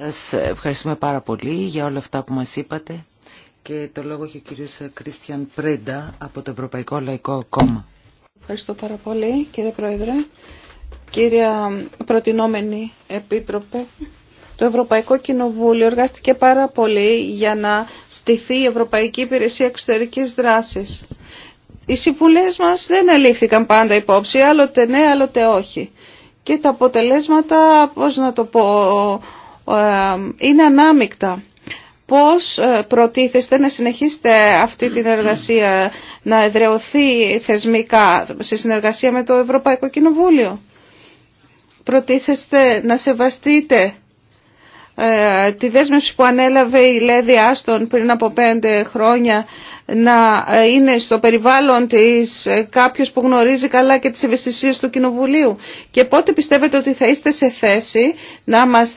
Σας ευχαριστούμε πάρα πολύ για όλα αυτά που μας είπατε και το λόγο έχει ο κύριος Κρίστιαν Πρέντα από το Ευρωπαϊκό Λαϊκό Κόμμα. Ευχαριστώ πάρα πολύ κύριε Πρόεδρε. Κύρια Προτινόμενη Επίτροπε, το Ευρωπαϊκό Κοινοβούλιο εργάστηκε πάρα πολύ για να στηθεί η Ευρωπαϊκή Υπηρεσία Εξωτερικής Δράσης. Οι συμβουλές μας δεν ελήφθηκαν πάντα υπόψη, άλλοτε ναι, άλλοτε όχι και τα αποτελέσματα, πώς να το πω, ε, είναι ανάμεικτα. Πώς ε, προτίθεστε να συνεχίσετε αυτή την εργασία, να εδρεωθεί θεσμικά σε συνεργασία με το Ευρωπαϊκό Κοινοβούλιο. Προτίθεστε να σεβαστείτε ε, τη δέσμευση που ανέλαβε η Λέδη Άστον πριν από πέντε χρόνια να ε, είναι στο περιβάλλον της ε, κάποιος που γνωρίζει καλά και τις ευαισθησίες του Κοινοβουλίου και πότε πιστεύετε ότι θα είστε σε θέση να μας,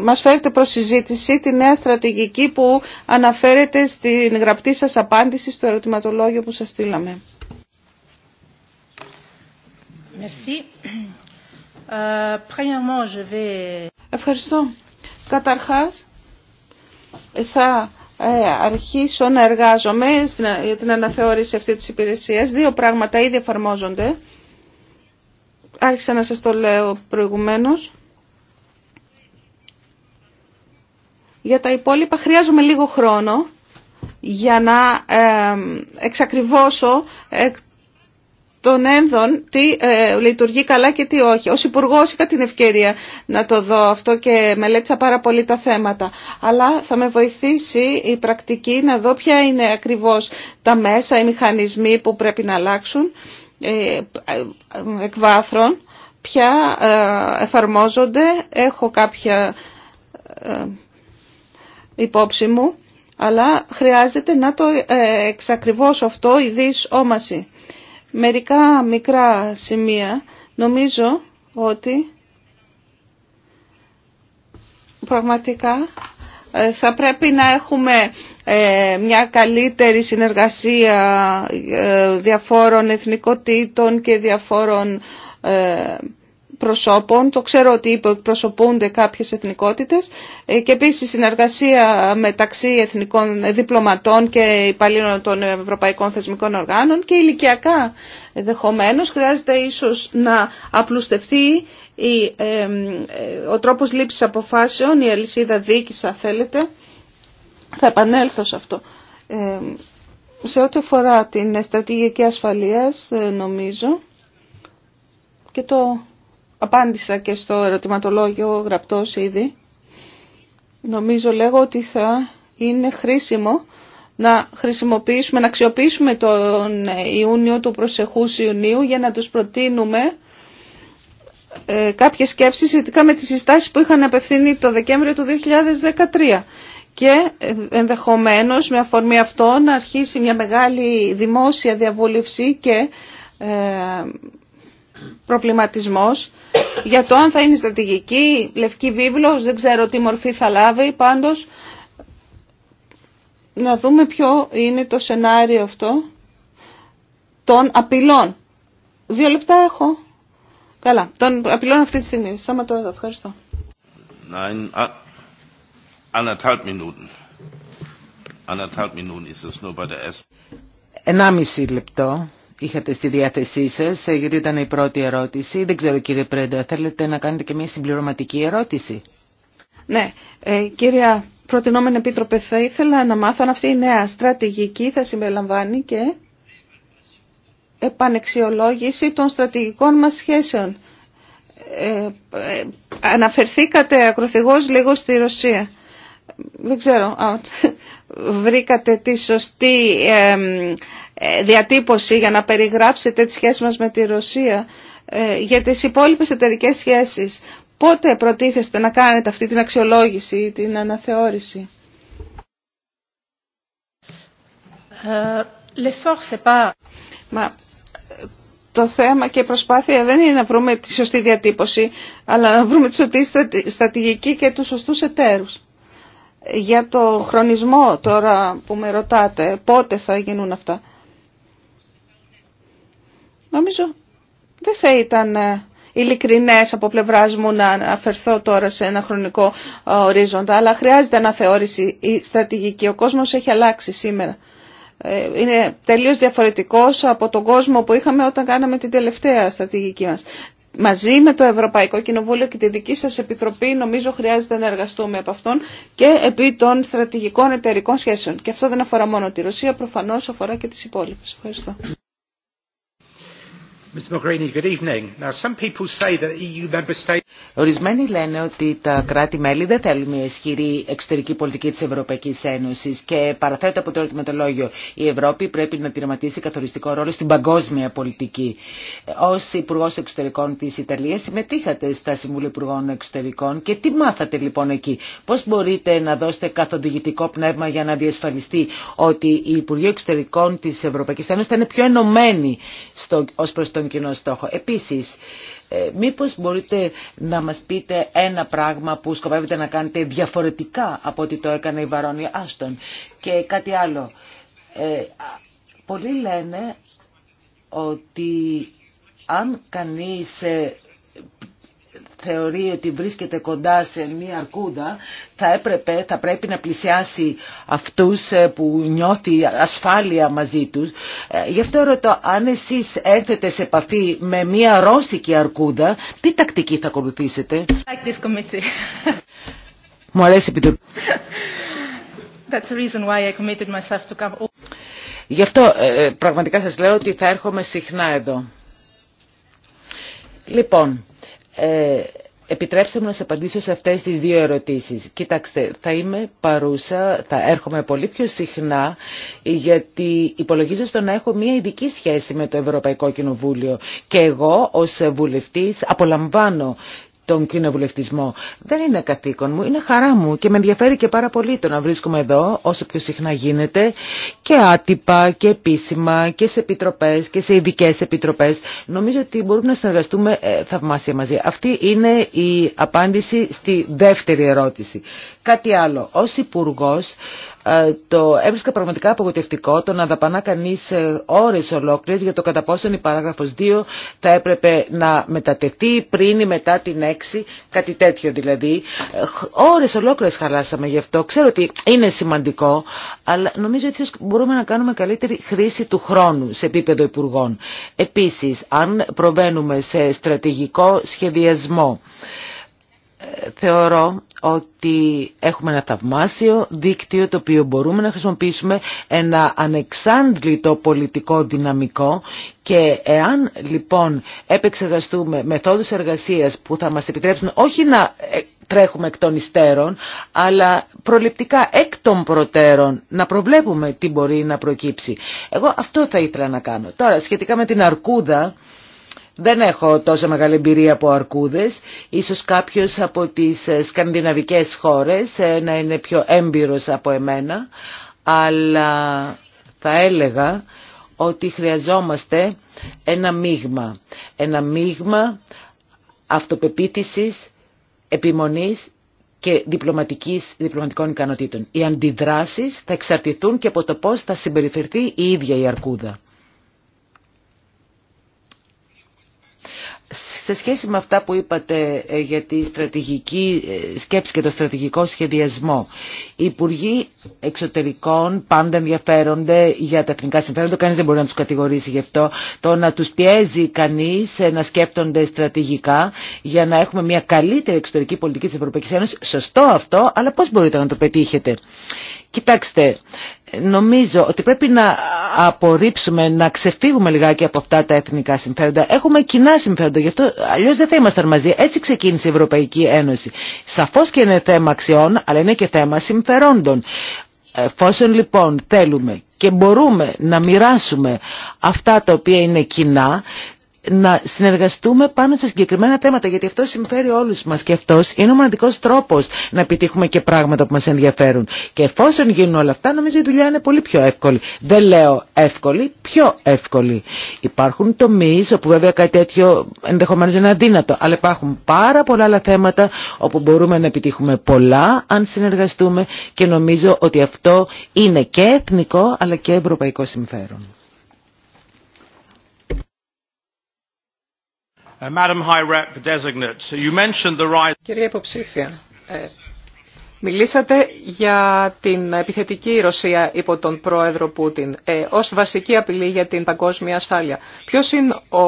μας φέρετε προς συζήτηση τη νέα στρατηγική που αναφέρεται στην γραπτή σας απάντηση στο ερωτηματολόγιο που σας στείλαμε. Euh, Ευχαριστώ. Καταρχάς, θα ε, αρχίσω να εργάζομαι για την αναθεώρηση αυτή της υπηρεσίας. Δύο πράγματα ήδη εφαρμόζονται. Άρχισα να σας το λέω προηγουμένως. Για τα υπόλοιπα χρειάζομαι λίγο χρόνο για να ε, εξακριβώσω τον ένδων τι ε, λειτουργεί καλά και τι όχι. Ως υπουργό είχα την ευκαιρία να το δω αυτό και μελέτησα πάρα πολύ τα θέματα. Αλλά θα με βοηθήσει η πρακτική να δω ποια είναι ακριβώς τα μέσα, οι μηχανισμοί που πρέπει να αλλάξουν ε, εκ βάθρων, ποια ε, εφαρμόζονται, έχω κάποια ε, υπόψη μου, αλλά χρειάζεται να το εξακριβώσω αυτό η δυσόμαση. Μερικά μικρά σημεία νομίζω ότι πραγματικά ε, θα πρέπει να έχουμε ε, μια καλύτερη συνεργασία ε, διαφόρων εθνικοτήτων και διαφόρων το ξέρω ότι εκπροσωπούνται κάποιες εθνικότητες ε, και επίσης συνεργασία μεταξύ εθνικών διπλωματών και υπαλλήλων των ευρωπαϊκών θεσμικών οργάνων και ηλικιακά ενδεχομένω χρειάζεται ίσως να απλουστευτεί ε, ε, ο τρόπος λήψης αποφάσεων, η αλυσίδα δίκης αν θέλετε. Θα επανέλθω σε αυτό. σε ό,τι αφορά την στρατηγική ασφαλείας νομίζω και το Απάντησα και στο ερωτηματολόγιο γραπτός ήδη. Νομίζω λέγω ότι θα είναι χρήσιμο να χρησιμοποιήσουμε, να αξιοποιήσουμε τον Ιούνιο, του προσεχούς Ιουνίου για να τους προτείνουμε ε, κάποιες σκέψεις σχετικά με τις συστάσεις που είχαν απευθύνει το Δεκέμβριο του 2013 και ε, ενδεχομένως με αφορμή αυτό να αρχίσει μια μεγάλη δημόσια διαβούλευση και ε, προβληματισμός για το αν θα είναι στρατηγική, λευκή βίβλο, δεν ξέρω τι μορφή θα λάβει, πάντως να δούμε ποιο είναι το σενάριο αυτό των απειλών. Δύο λεπτά έχω. Καλά, τον απειλών αυτή τη στιγμή. Σταματώ εδώ, ευχαριστώ. Nein, anderthalb Minuten. ist es nur bei der S. λεπτό είχατε στη διάθεσή σας, ε, γιατί ήταν η πρώτη ερώτηση. Δεν ξέρω κύριε Πρέντα, θέλετε να κάνετε και μια συμπληρωματική ερώτηση. Ναι, ε, κύρια Προτινόμενη Επίτροπε, θα ήθελα να μάθω αν αυτή η νέα στρατηγική θα συμπεριλαμβάνει και επανεξιολόγηση των στρατηγικών μας σχέσεων. Ε, ε, αναφερθήκατε ακροθυγώς λίγο στη Ρωσία. Δεν ξέρω, βρήκατε τη σωστή ε, διατύπωση για να περιγράψετε τη σχέση μας με τη Ρωσία ε, για τις υπόλοιπες εταιρικέ σχέσεις. Πότε προτίθεστε να κάνετε αυτή την αξιολόγηση ή την αναθεώρηση. Ε, Μα, το θέμα και η προσπάθεια δεν είναι να βρούμε τη σωστή διατύπωση, αλλά να βρούμε τη σωστή στρατηγική και τους σωστούς εταίρους. Για το χρονισμό τώρα που με ρωτάτε, πότε θα γίνουν αυτά. Νομίζω δεν θα ήταν ε, ειλικρινές από πλευράς μου να αφαιρθώ τώρα σε ένα χρονικό ε, ορίζοντα, αλλά χρειάζεται αναθεώρηση η στρατηγική. Ο κόσμος έχει αλλάξει σήμερα. Ε, είναι τελείως διαφορετικός από τον κόσμο που είχαμε όταν κάναμε την τελευταία στρατηγική μας. Μαζί με το Ευρωπαϊκό Κοινοβούλιο και τη δική σας Επιτροπή νομίζω χρειάζεται να εργαστούμε από αυτόν και επί των στρατηγικών εταιρικών σχέσεων. Και αυτό δεν αφορά μόνο τη Ρωσία, προφανώς αφορά και τις υπόλοιπες. Ευχαριστώ. Ορισμένοι λένε ότι τα κράτη-μέλη δεν θέλουν μια ισχυρή εξωτερική πολιτική της Ευρωπαϊκής Ένωσης και παραθέτω από το ερωτηματολόγιο η Ευρώπη πρέπει να πειραματίσει καθοριστικό ρόλο στην παγκόσμια πολιτική. Ως υπουργό Εξωτερικών της Ιταλίας συμμετείχατε στα Συμβούλια Υπουργών Εξωτερικών και τι μάθατε λοιπόν εκεί. Πώς μπορείτε να δώσετε καθοδηγητικό πνεύμα για να διασφαλιστεί ότι οι Υπουργοί Εξωτερικών της Ευρωπαϊκής Ένωσης θα είναι πιο ενωμένοι ω προ προς τον τον κοινό στόχο. Επίσης, ε, μήπως μπορείτε να μας πείτε ένα πράγμα που σκοπεύετε να κάνετε διαφορετικά από ό,τι το έκανε η Βαρόνια Άστον. Και κάτι άλλο. Ε, πολλοί λένε ότι αν κανείς ε, θεωρεί ότι βρίσκεται κοντά σε μία αρκούδα θα, έπρεπε, θα πρέπει να πλησιάσει αυτούς ε, που νιώθει ασφάλεια μαζί τους. Ε, γι' αυτό ρωτώ, αν εσείς έρθετε σε επαφή με μία ρώσικη αρκούδα, τι τακτική θα ακολουθήσετε. Like this committee. Μου αρέσει επιτροπή. That's the reason why I committed myself to come. Γι' αυτό ε, πραγματικά σας λέω ότι θα έρχομαι συχνά εδώ. Λοιπόν, ε, επιτρέψτε μου να σε απαντήσω σε αυτές τις δύο ερωτήσεις. Κοιτάξτε, θα είμαι παρούσα, θα έρχομαι πολύ πιο συχνά, γιατί υπολογίζω στο να έχω μια ειδική σχέση με το Ευρωπαϊκό Κοινοβούλιο. Και εγώ ως βουλευτής απολαμβάνω τον κοινοβουλευτισμό. Δεν είναι καθήκον μου, είναι χαρά μου και με ενδιαφέρει και πάρα πολύ το να βρίσκομαι εδώ όσο πιο συχνά γίνεται και άτυπα και επίσημα και σε επιτροπές και σε ειδικέ επιτροπές. Νομίζω ότι μπορούμε να συνεργαστούμε ε, θαυμάσια μαζί. Αυτή είναι η απάντηση στη δεύτερη ερώτηση. Κάτι άλλο. Ως υπουργό ε, το έβρισκα πραγματικά απογοητευτικό το να δαπανά κανείς ε, ώρες ολόκληρες για το κατά πόσον η παράγραφος 2 θα έπρεπε να μετατεθεί πριν ή μετά την 6, κάτι τέτοιο δηλαδή. Ε, ώρες ολόκληρες χαλάσαμε γι' αυτό. Ξέρω ότι είναι σημαντικό, αλλά νομίζω ότι μπορούμε να κάνουμε καλύτερη χρήση του χρόνου σε επίπεδο υπουργών. Επίση, αν προβαίνουμε σε στρατηγικό σχεδιασμό, θεωρώ ότι έχουμε ένα θαυμάσιο δίκτυο το οποίο μπορούμε να χρησιμοποιήσουμε ένα ανεξάντλητο πολιτικό δυναμικό και εάν λοιπόν επεξεργαστούμε μεθόδους εργασίας που θα μας επιτρέψουν όχι να ε, τρέχουμε εκ των υστέρων αλλά προληπτικά εκ των προτέρων να προβλέπουμε τι μπορεί να προκύψει. Εγώ αυτό θα ήθελα να κάνω. Τώρα σχετικά με την αρκούδα δεν έχω τόσο μεγάλη εμπειρία από αρκούδες. Ίσως κάποιος από τις ε, σκανδιναβικές χώρες ε, να είναι πιο έμπειρος από εμένα. Αλλά θα έλεγα ότι χρειαζόμαστε ένα μείγμα. Ένα μείγμα αυτοπεποίθησης, επιμονής και διπλωματικής, διπλωματικών ικανοτήτων. Οι αντιδράσεις θα εξαρτηθούν και από το πώς θα συμπεριφερθεί η ίδια η αρκούδα. Σε σχέση με αυτά που είπατε ε, για τη στρατηγική ε, σκέψη και το στρατηγικό σχεδιασμό, οι Υπουργοί Εξωτερικών πάντα ενδιαφέρονται για τα εθνικά συμφέροντα, κανείς δεν μπορεί να τους κατηγορήσει γι' αυτό. Το να τους πιέζει κανείς ε, να σκέπτονται στρατηγικά για να έχουμε μια καλύτερη εξωτερική πολιτική της Ευρωπαϊκής Ένωσης, σωστό αυτό, αλλά πώς μπορείτε να το πετύχετε. Κοιτάξτε, νομίζω ότι πρέπει να απορρίψουμε, να ξεφύγουμε λιγάκι από αυτά τα εθνικά συμφέροντα. Έχουμε κοινά συμφέροντα, γι' αυτό αλλιώ δεν θα ήμασταν μαζί. Έτσι ξεκίνησε η Ευρωπαϊκή Ένωση. Σαφώ και είναι θέμα αξιών, αλλά είναι και θέμα συμφερόντων. Φόσον λοιπόν θέλουμε και μπορούμε να μοιράσουμε αυτά τα οποία είναι κοινά, να συνεργαστούμε πάνω σε συγκεκριμένα θέματα, γιατί αυτό συμφέρει όλους μας και αυτός είναι ο μοναδικός τρόπος να επιτύχουμε και πράγματα που μας ενδιαφέρουν. Και εφόσον γίνουν όλα αυτά, νομίζω η δουλειά είναι πολύ πιο εύκολη. Δεν λέω εύκολη, πιο εύκολη. Υπάρχουν τομείς όπου βέβαια κάτι τέτοιο ενδεχομένω είναι αδύνατο, αλλά υπάρχουν πάρα πολλά άλλα θέματα όπου μπορούμε να επιτύχουμε πολλά αν συνεργαστούμε και νομίζω ότι αυτό είναι και εθνικό αλλά και ευρωπαϊκό συμφέρον. Uh, Κύριε υποψήφια, ε, μιλήσατε για την επιθετική Ρωσία υπό τον πρόεδρο Πούτιν ε, ως βασική απειλή για την παγκόσμια ασφάλεια. Ποιος είναι ο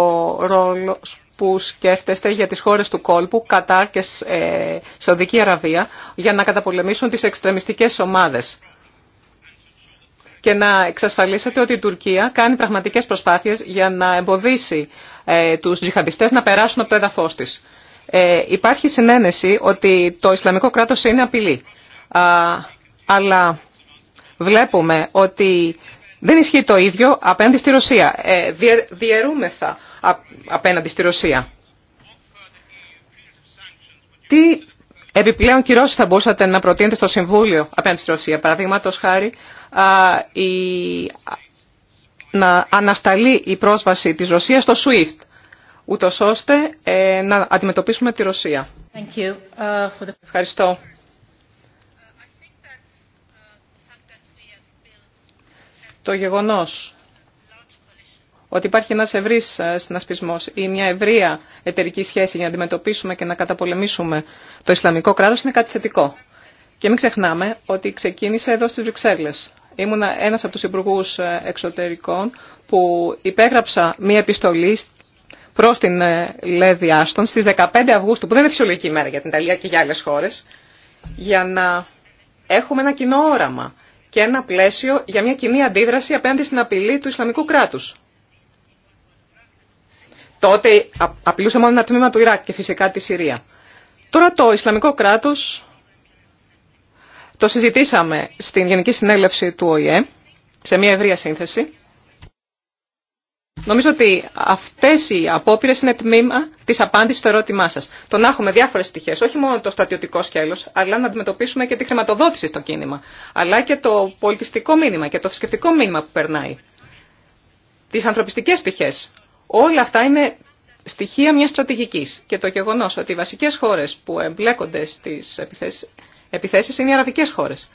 ρόλος που σκέφτεστε για τις χώρες του κόλπου, Κατάρ και ε, Σαουδική Αραβία, για να καταπολεμήσουν τις εξτρεμιστικές ομάδες και να εξασφαλίσετε ότι η Τουρκία κάνει πραγματικές προσπάθειες για να εμποδίσει ε, τους τζιχαντιστές να περάσουν από το έδαφος της. Ε, υπάρχει συνένεση ότι το Ισλαμικό κράτος είναι απειλή. αλλά βλέπουμε ότι δεν ισχύει το ίδιο απέναντι στη Ρωσία. Ε, διαιρούμεθα απέναντι στη Ρωσία. Τι επιπλέον κυρώσει θα μπορούσατε να προτείνετε στο Συμβούλιο απέναντι στη Ρωσία, παραδείγματο χάρη να ανασταλεί η πρόσβαση της Ρωσίας στο SWIFT, ούτω ώστε ε, να αντιμετωπίσουμε τη Ρωσία. Thank you. Uh, the... Ευχαριστώ. Το γεγονός ότι υπάρχει ένας ευρύς ε, συνασπισμός ή μια ευρεία εταιρική σχέση για να αντιμετωπίσουμε και να καταπολεμήσουμε το Ισλαμικό κράτος είναι κάτι θετικό. Και μην ξεχνάμε ότι ξεκίνησε εδώ στις Βρυξέλλες Ήμουν ένας από τους υπουργού ε, εξωτερικών που υπέγραψα μία επιστολή προς την ε, Λέδη Άστον στις 15 Αυγούστου, που δεν είναι φυσιολογική ημέρα για την Ιταλία και για άλλες χώρες, για να έχουμε ένα κοινό όραμα και ένα πλαίσιο για μια κοινή αντίδραση απέναντι στην απειλή του Ισλαμικού κράτους. Τότε απειλούσε μόνο ένα τμήμα του Ιράκ και φυσικά τη Συρία. Τώρα το Ισλαμικό κράτος το συζητήσαμε στην Γενική Συνέλευση του ΟΗΕ, σε μια ευρία σύνθεση. Νομίζω ότι αυτέ οι απόπειρε είναι τμήμα τη απάντηση στο ερώτημά σα. Το να έχουμε διάφορε πτυχέ, όχι μόνο το στρατιωτικό σκέλο, αλλά να αντιμετωπίσουμε και τη χρηματοδότηση στο κίνημα, αλλά και το πολιτιστικό μήνυμα και το θρησκευτικό μήνυμα που περνάει. Τι ανθρωπιστικέ πτυχέ. Όλα αυτά είναι στοιχεία μια στρατηγική. Και το γεγονό ότι οι βασικέ χώρε που εμπλέκονται στι επιθέσει επιθέσεις είναι οι αραβικές χώρες.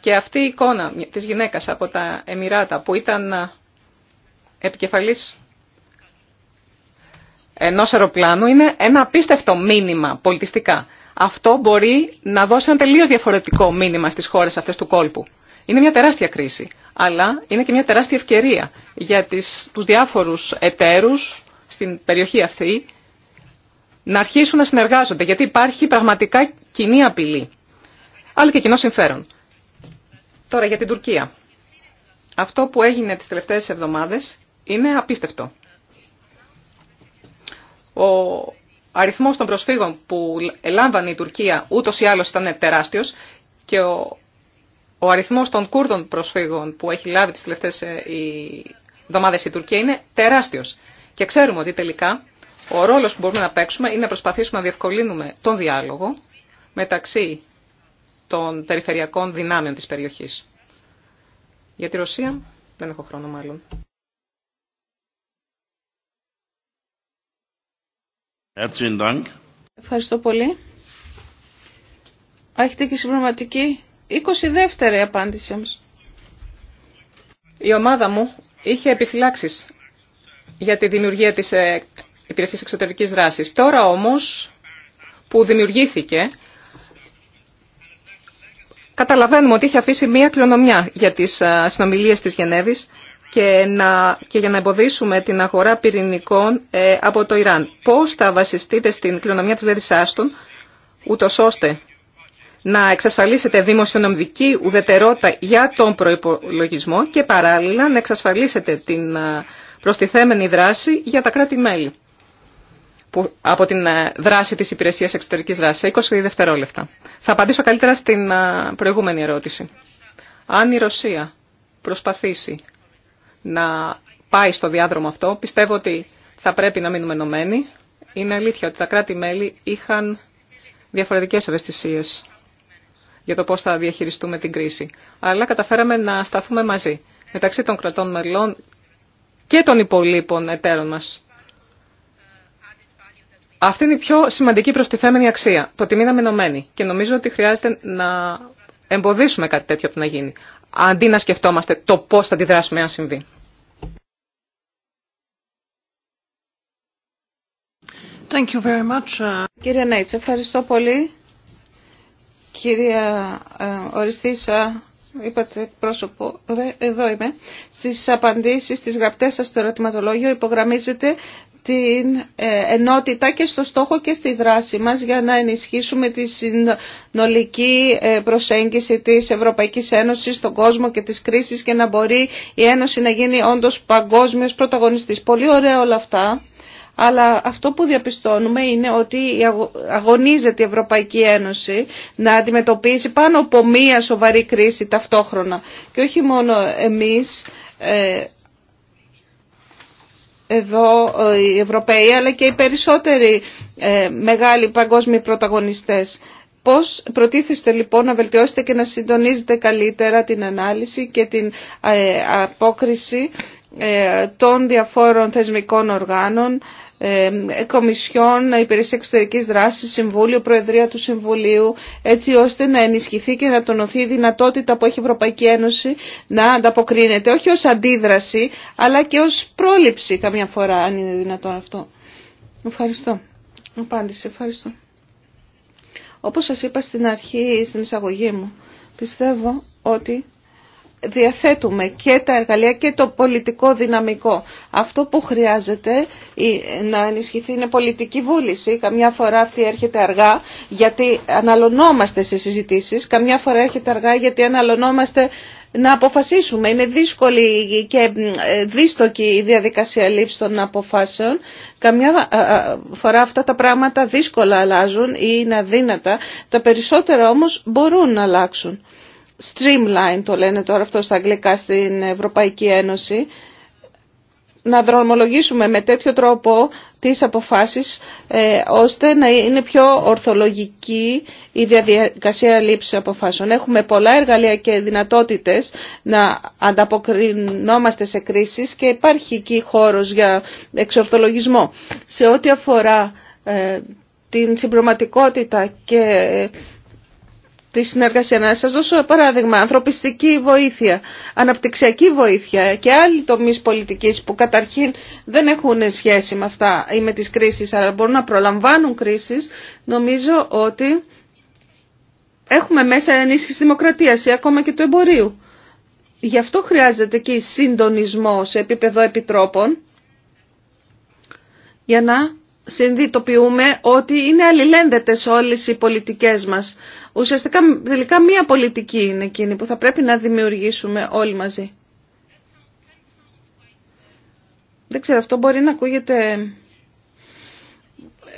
Και αυτή η εικόνα της γυναίκας από τα Εμμυράτα που ήταν ε, επικεφαλής ενός αεροπλάνου είναι ένα απίστευτο μήνυμα πολιτιστικά. Αυτό μπορεί να δώσει ένα τελείως διαφορετικό μήνυμα στις χώρες αυτές του κόλπου. Είναι μια τεράστια κρίση, αλλά είναι και μια τεράστια ευκαιρία για τις, τους διάφορους εταίρους στην περιοχή αυτή να αρχίσουν να συνεργάζονται, γιατί υπάρχει πραγματικά κοινή απειλή, Άλλο και κοινό συμφέρον. Τώρα για την Τουρκία. Αυτό που έγινε τις τελευταίες εβδομάδες είναι απίστευτο. Ο αριθμός των προσφύγων που ελάμβανε η Τουρκία ούτως ή άλλως ήταν τεράστιος και ο, ο αριθμός των Κούρδων προσφύγων που έχει λάβει τις τελευταίες ε, εβδομάδες η Τουρκία είναι τεράστιος. Και ξέρουμε ότι τελικά ο ρόλος που μπορούμε να παίξουμε είναι να προσπαθήσουμε να διευκολύνουμε τον διάλογο μεταξύ των περιφερειακών δυνάμεων της περιοχής. Για τη Ρωσία δεν έχω χρόνο μάλλον. Ευχαριστώ πολύ. Έχετε και συμπληρωματική 22η απάντηση όμως. Η απαντηση μας. η ομαδα μου είχε επιφυλάξεις για τη δημιουργία της ε, υπηρεσίες εξωτερικής δράσης. Τώρα όμως που δημιουργήθηκε, καταλαβαίνουμε ότι έχει αφήσει μία κληρονομιά για τις συνομιλίες της Γενέβης και, να, και για να εμποδίσουμε την αγορά πυρηνικών ε, από το Ιράν. Πώς θα βασιστείτε στην κληρονομιά της Λέδης Άστον, ούτως ώστε να εξασφαλίσετε δημοσιονομική ουδετερότητα για τον προϋπολογισμό και παράλληλα να εξασφαλίσετε την προστιθέμενη δράση για τα κράτη-μέλη από την ε, δράση της υπηρεσίας εξωτερικής δράσης. 20 δευτερόλεπτα. Θα απαντήσω καλύτερα στην ε, προηγούμενη ερώτηση. Αν η Ρωσία προσπαθήσει να πάει στο διάδρομο αυτό, πιστεύω ότι θα πρέπει να μείνουμε ενωμένοι. Είναι αλήθεια ότι τα κράτη-μέλη είχαν διαφορετικές ευαισθησίες για το πώς θα διαχειριστούμε την κρίση. Αλλά καταφέραμε να σταθούμε μαζί μεταξύ των κρατών μελών και των υπολείπων εταίρων μας αυτή είναι η πιο σημαντική προστιθέμενη αξία, το ότι μείναμε ενωμένοι. Και νομίζω ότι χρειάζεται να εμποδίσουμε κάτι τέτοιο από να γίνει, αντί να σκεφτόμαστε το πώς θα αντιδράσουμε αν συμβεί. Thank you very much. Κύριε Νέιτς, ευχαριστώ πολύ. Κυρία ε, Οριστήσα, είπατε πρόσωπο, εδώ είμαι. Στις απαντήσεις, στις γραπτές σας στο ερωτηματολόγιο υπογραμμίζεται την ε, ενότητα και στο στόχο και στη δράση μας για να ενισχύσουμε τη συνολική ε, προσέγγιση της Ευρωπαϊκής Ένωσης στον κόσμο και της κρίσης και να μπορεί η Ένωση να γίνει όντως παγκόσμιος πρωταγωνιστής. Πολύ ωραία όλα αυτά. Αλλά αυτό που διαπιστώνουμε είναι ότι αγωνίζεται η Ευρωπαϊκή Ένωση να αντιμετωπίσει πάνω από μία σοβαρή κρίση ταυτόχρονα. Και όχι μόνο εμείς ε, εδώ ε, οι Ευρωπαίοι αλλά και οι περισσότεροι ε, μεγάλοι παγκόσμιοι πρωταγωνιστές. Πώς προτίθεστε λοιπόν να βελτιώσετε και να συντονίζετε καλύτερα την ανάλυση και την ε, απόκριση των διαφόρων θεσμικών οργάνων Κομισιόν, Υπηρεσία Εξωτερική δράση Συμβούλιο, Προεδρία του Συμβουλίου, έτσι ώστε να ενισχυθεί και να τονωθεί η δυνατότητα που έχει η Ευρωπαϊκή Ένωση να ανταποκρίνεται, όχι ως αντίδραση, αλλά και ως πρόληψη καμιά φορά, αν είναι δυνατόν αυτό. Ευχαριστώ. Απάντηση, ευχαριστώ. Όπως σας είπα στην αρχή, στην εισαγωγή μου, πιστεύω ότι διαθέτουμε και τα εργαλεία και το πολιτικό δυναμικό. Αυτό που χρειάζεται να ενισχυθεί είναι πολιτική βούληση. Καμιά φορά αυτή έρχεται αργά γιατί αναλωνόμαστε σε συζητήσεις. Καμιά φορά έρχεται αργά γιατί αναλωνόμαστε να αποφασίσουμε. Είναι δύσκολη και ε, δύστοκη η διαδικασία λήψη των αποφάσεων. Καμιά ε, ε, φορά αυτά τα πράγματα δύσκολα αλλάζουν ή είναι αδύνατα. Τα περισσότερα όμως μπορούν να αλλάξουν streamline το λένε τώρα αυτό στα αγγλικά στην Ευρωπαϊκή Ένωση, να δρομολογήσουμε με τέτοιο τρόπο τις αποφάσεις ε, ώστε να είναι πιο ορθολογική η διαδικασία λήψης αποφάσεων. Έχουμε πολλά εργαλεία και δυνατότητες να ανταποκρινόμαστε σε κρίσεις και υπάρχει εκεί χώρος για εξορθολογισμό. Σε ό,τι αφορά ε, την συμπροματικότητα και ε, τη συνεργασία. Να σας δώσω ένα παράδειγμα, ανθρωπιστική βοήθεια, αναπτυξιακή βοήθεια και άλλοι τομείς πολιτικής που καταρχήν δεν έχουν σχέση με αυτά ή με τις κρίσεις, αλλά μπορούν να προλαμβάνουν κρίσεις, νομίζω ότι έχουμε μέσα ενίσχυση δημοκρατίας ή ακόμα και του εμπορίου. Γι' αυτό χρειάζεται και συντονισμό σε επίπεδο επιτρόπων για να συνδυτοποιούμε ότι είναι αλληλένδετες όλες οι πολιτικές μας. Ουσιαστικά τελικά μία πολιτική είναι εκείνη που θα πρέπει να δημιουργήσουμε όλοι μαζί. Δεν ξέρω, αυτό μπορεί να ακούγεται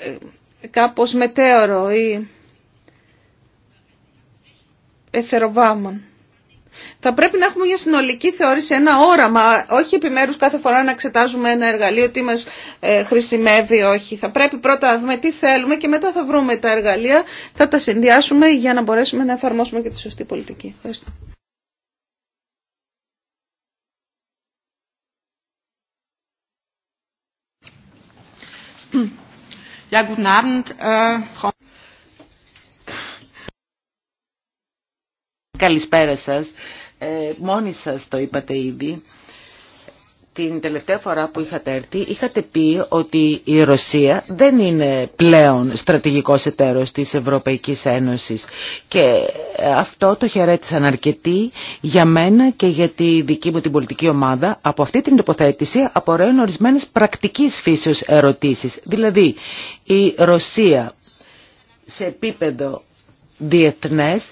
ε, κάπως μετέωρο ή εθεροβάμων. Θα πρέπει να έχουμε μια συνολική θεώρηση, ένα όραμα, όχι επιμέρους κάθε φορά να εξετάζουμε ένα εργαλείο, τι μας ε, χρησιμεύει, όχι. Θα πρέπει πρώτα να δούμε τι θέλουμε και μετά θα βρούμε τα εργαλεία, θα τα συνδυάσουμε για να μπορέσουμε να εφαρμόσουμε και τη σωστή πολιτική. Ευχαριστώ. Ja, guten Abend, äh, Καλησπέρα σας. Ε, μόνοι σας το είπατε ήδη. Την τελευταία φορά που είχατε έρθει είχατε πει ότι η Ρωσία δεν είναι πλέον στρατηγικός εταίρος της Ευρωπαϊκής Ένωσης και αυτό το χαιρέτησαν αρκετοί για μένα και για τη δική μου την πολιτική ομάδα. Από αυτή την τοποθέτηση απορρέουν ορισμένες πρακτικής φύσεως ερωτήσεις. Δηλαδή η Ρωσία σε επίπεδο διεθνές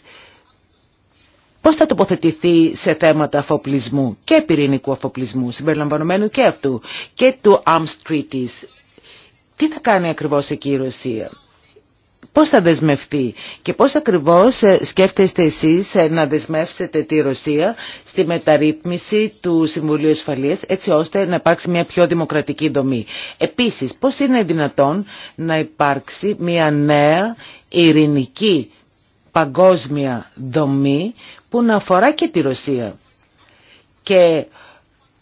πώς θα τοποθετηθεί σε θέματα αφοπλισμού και πυρηνικού αφοπλισμού, συμπεριλαμβανομένου και αυτού, και του Arms Τι θα κάνει ακριβώς εκεί η Ρωσία. Πώς θα δεσμευτεί και πώς ακριβώς ε, σκέφτεστε εσείς ε, να δεσμεύσετε τη Ρωσία στη μεταρρύθμιση του Συμβουλίου Ασφαλείας έτσι ώστε να υπάρξει μια πιο δημοκρατική δομή. Επίσης, πώς είναι δυνατόν να υπάρξει μια νέα ειρηνική παγκόσμια δομή που να αφορά και τη Ρωσία. Και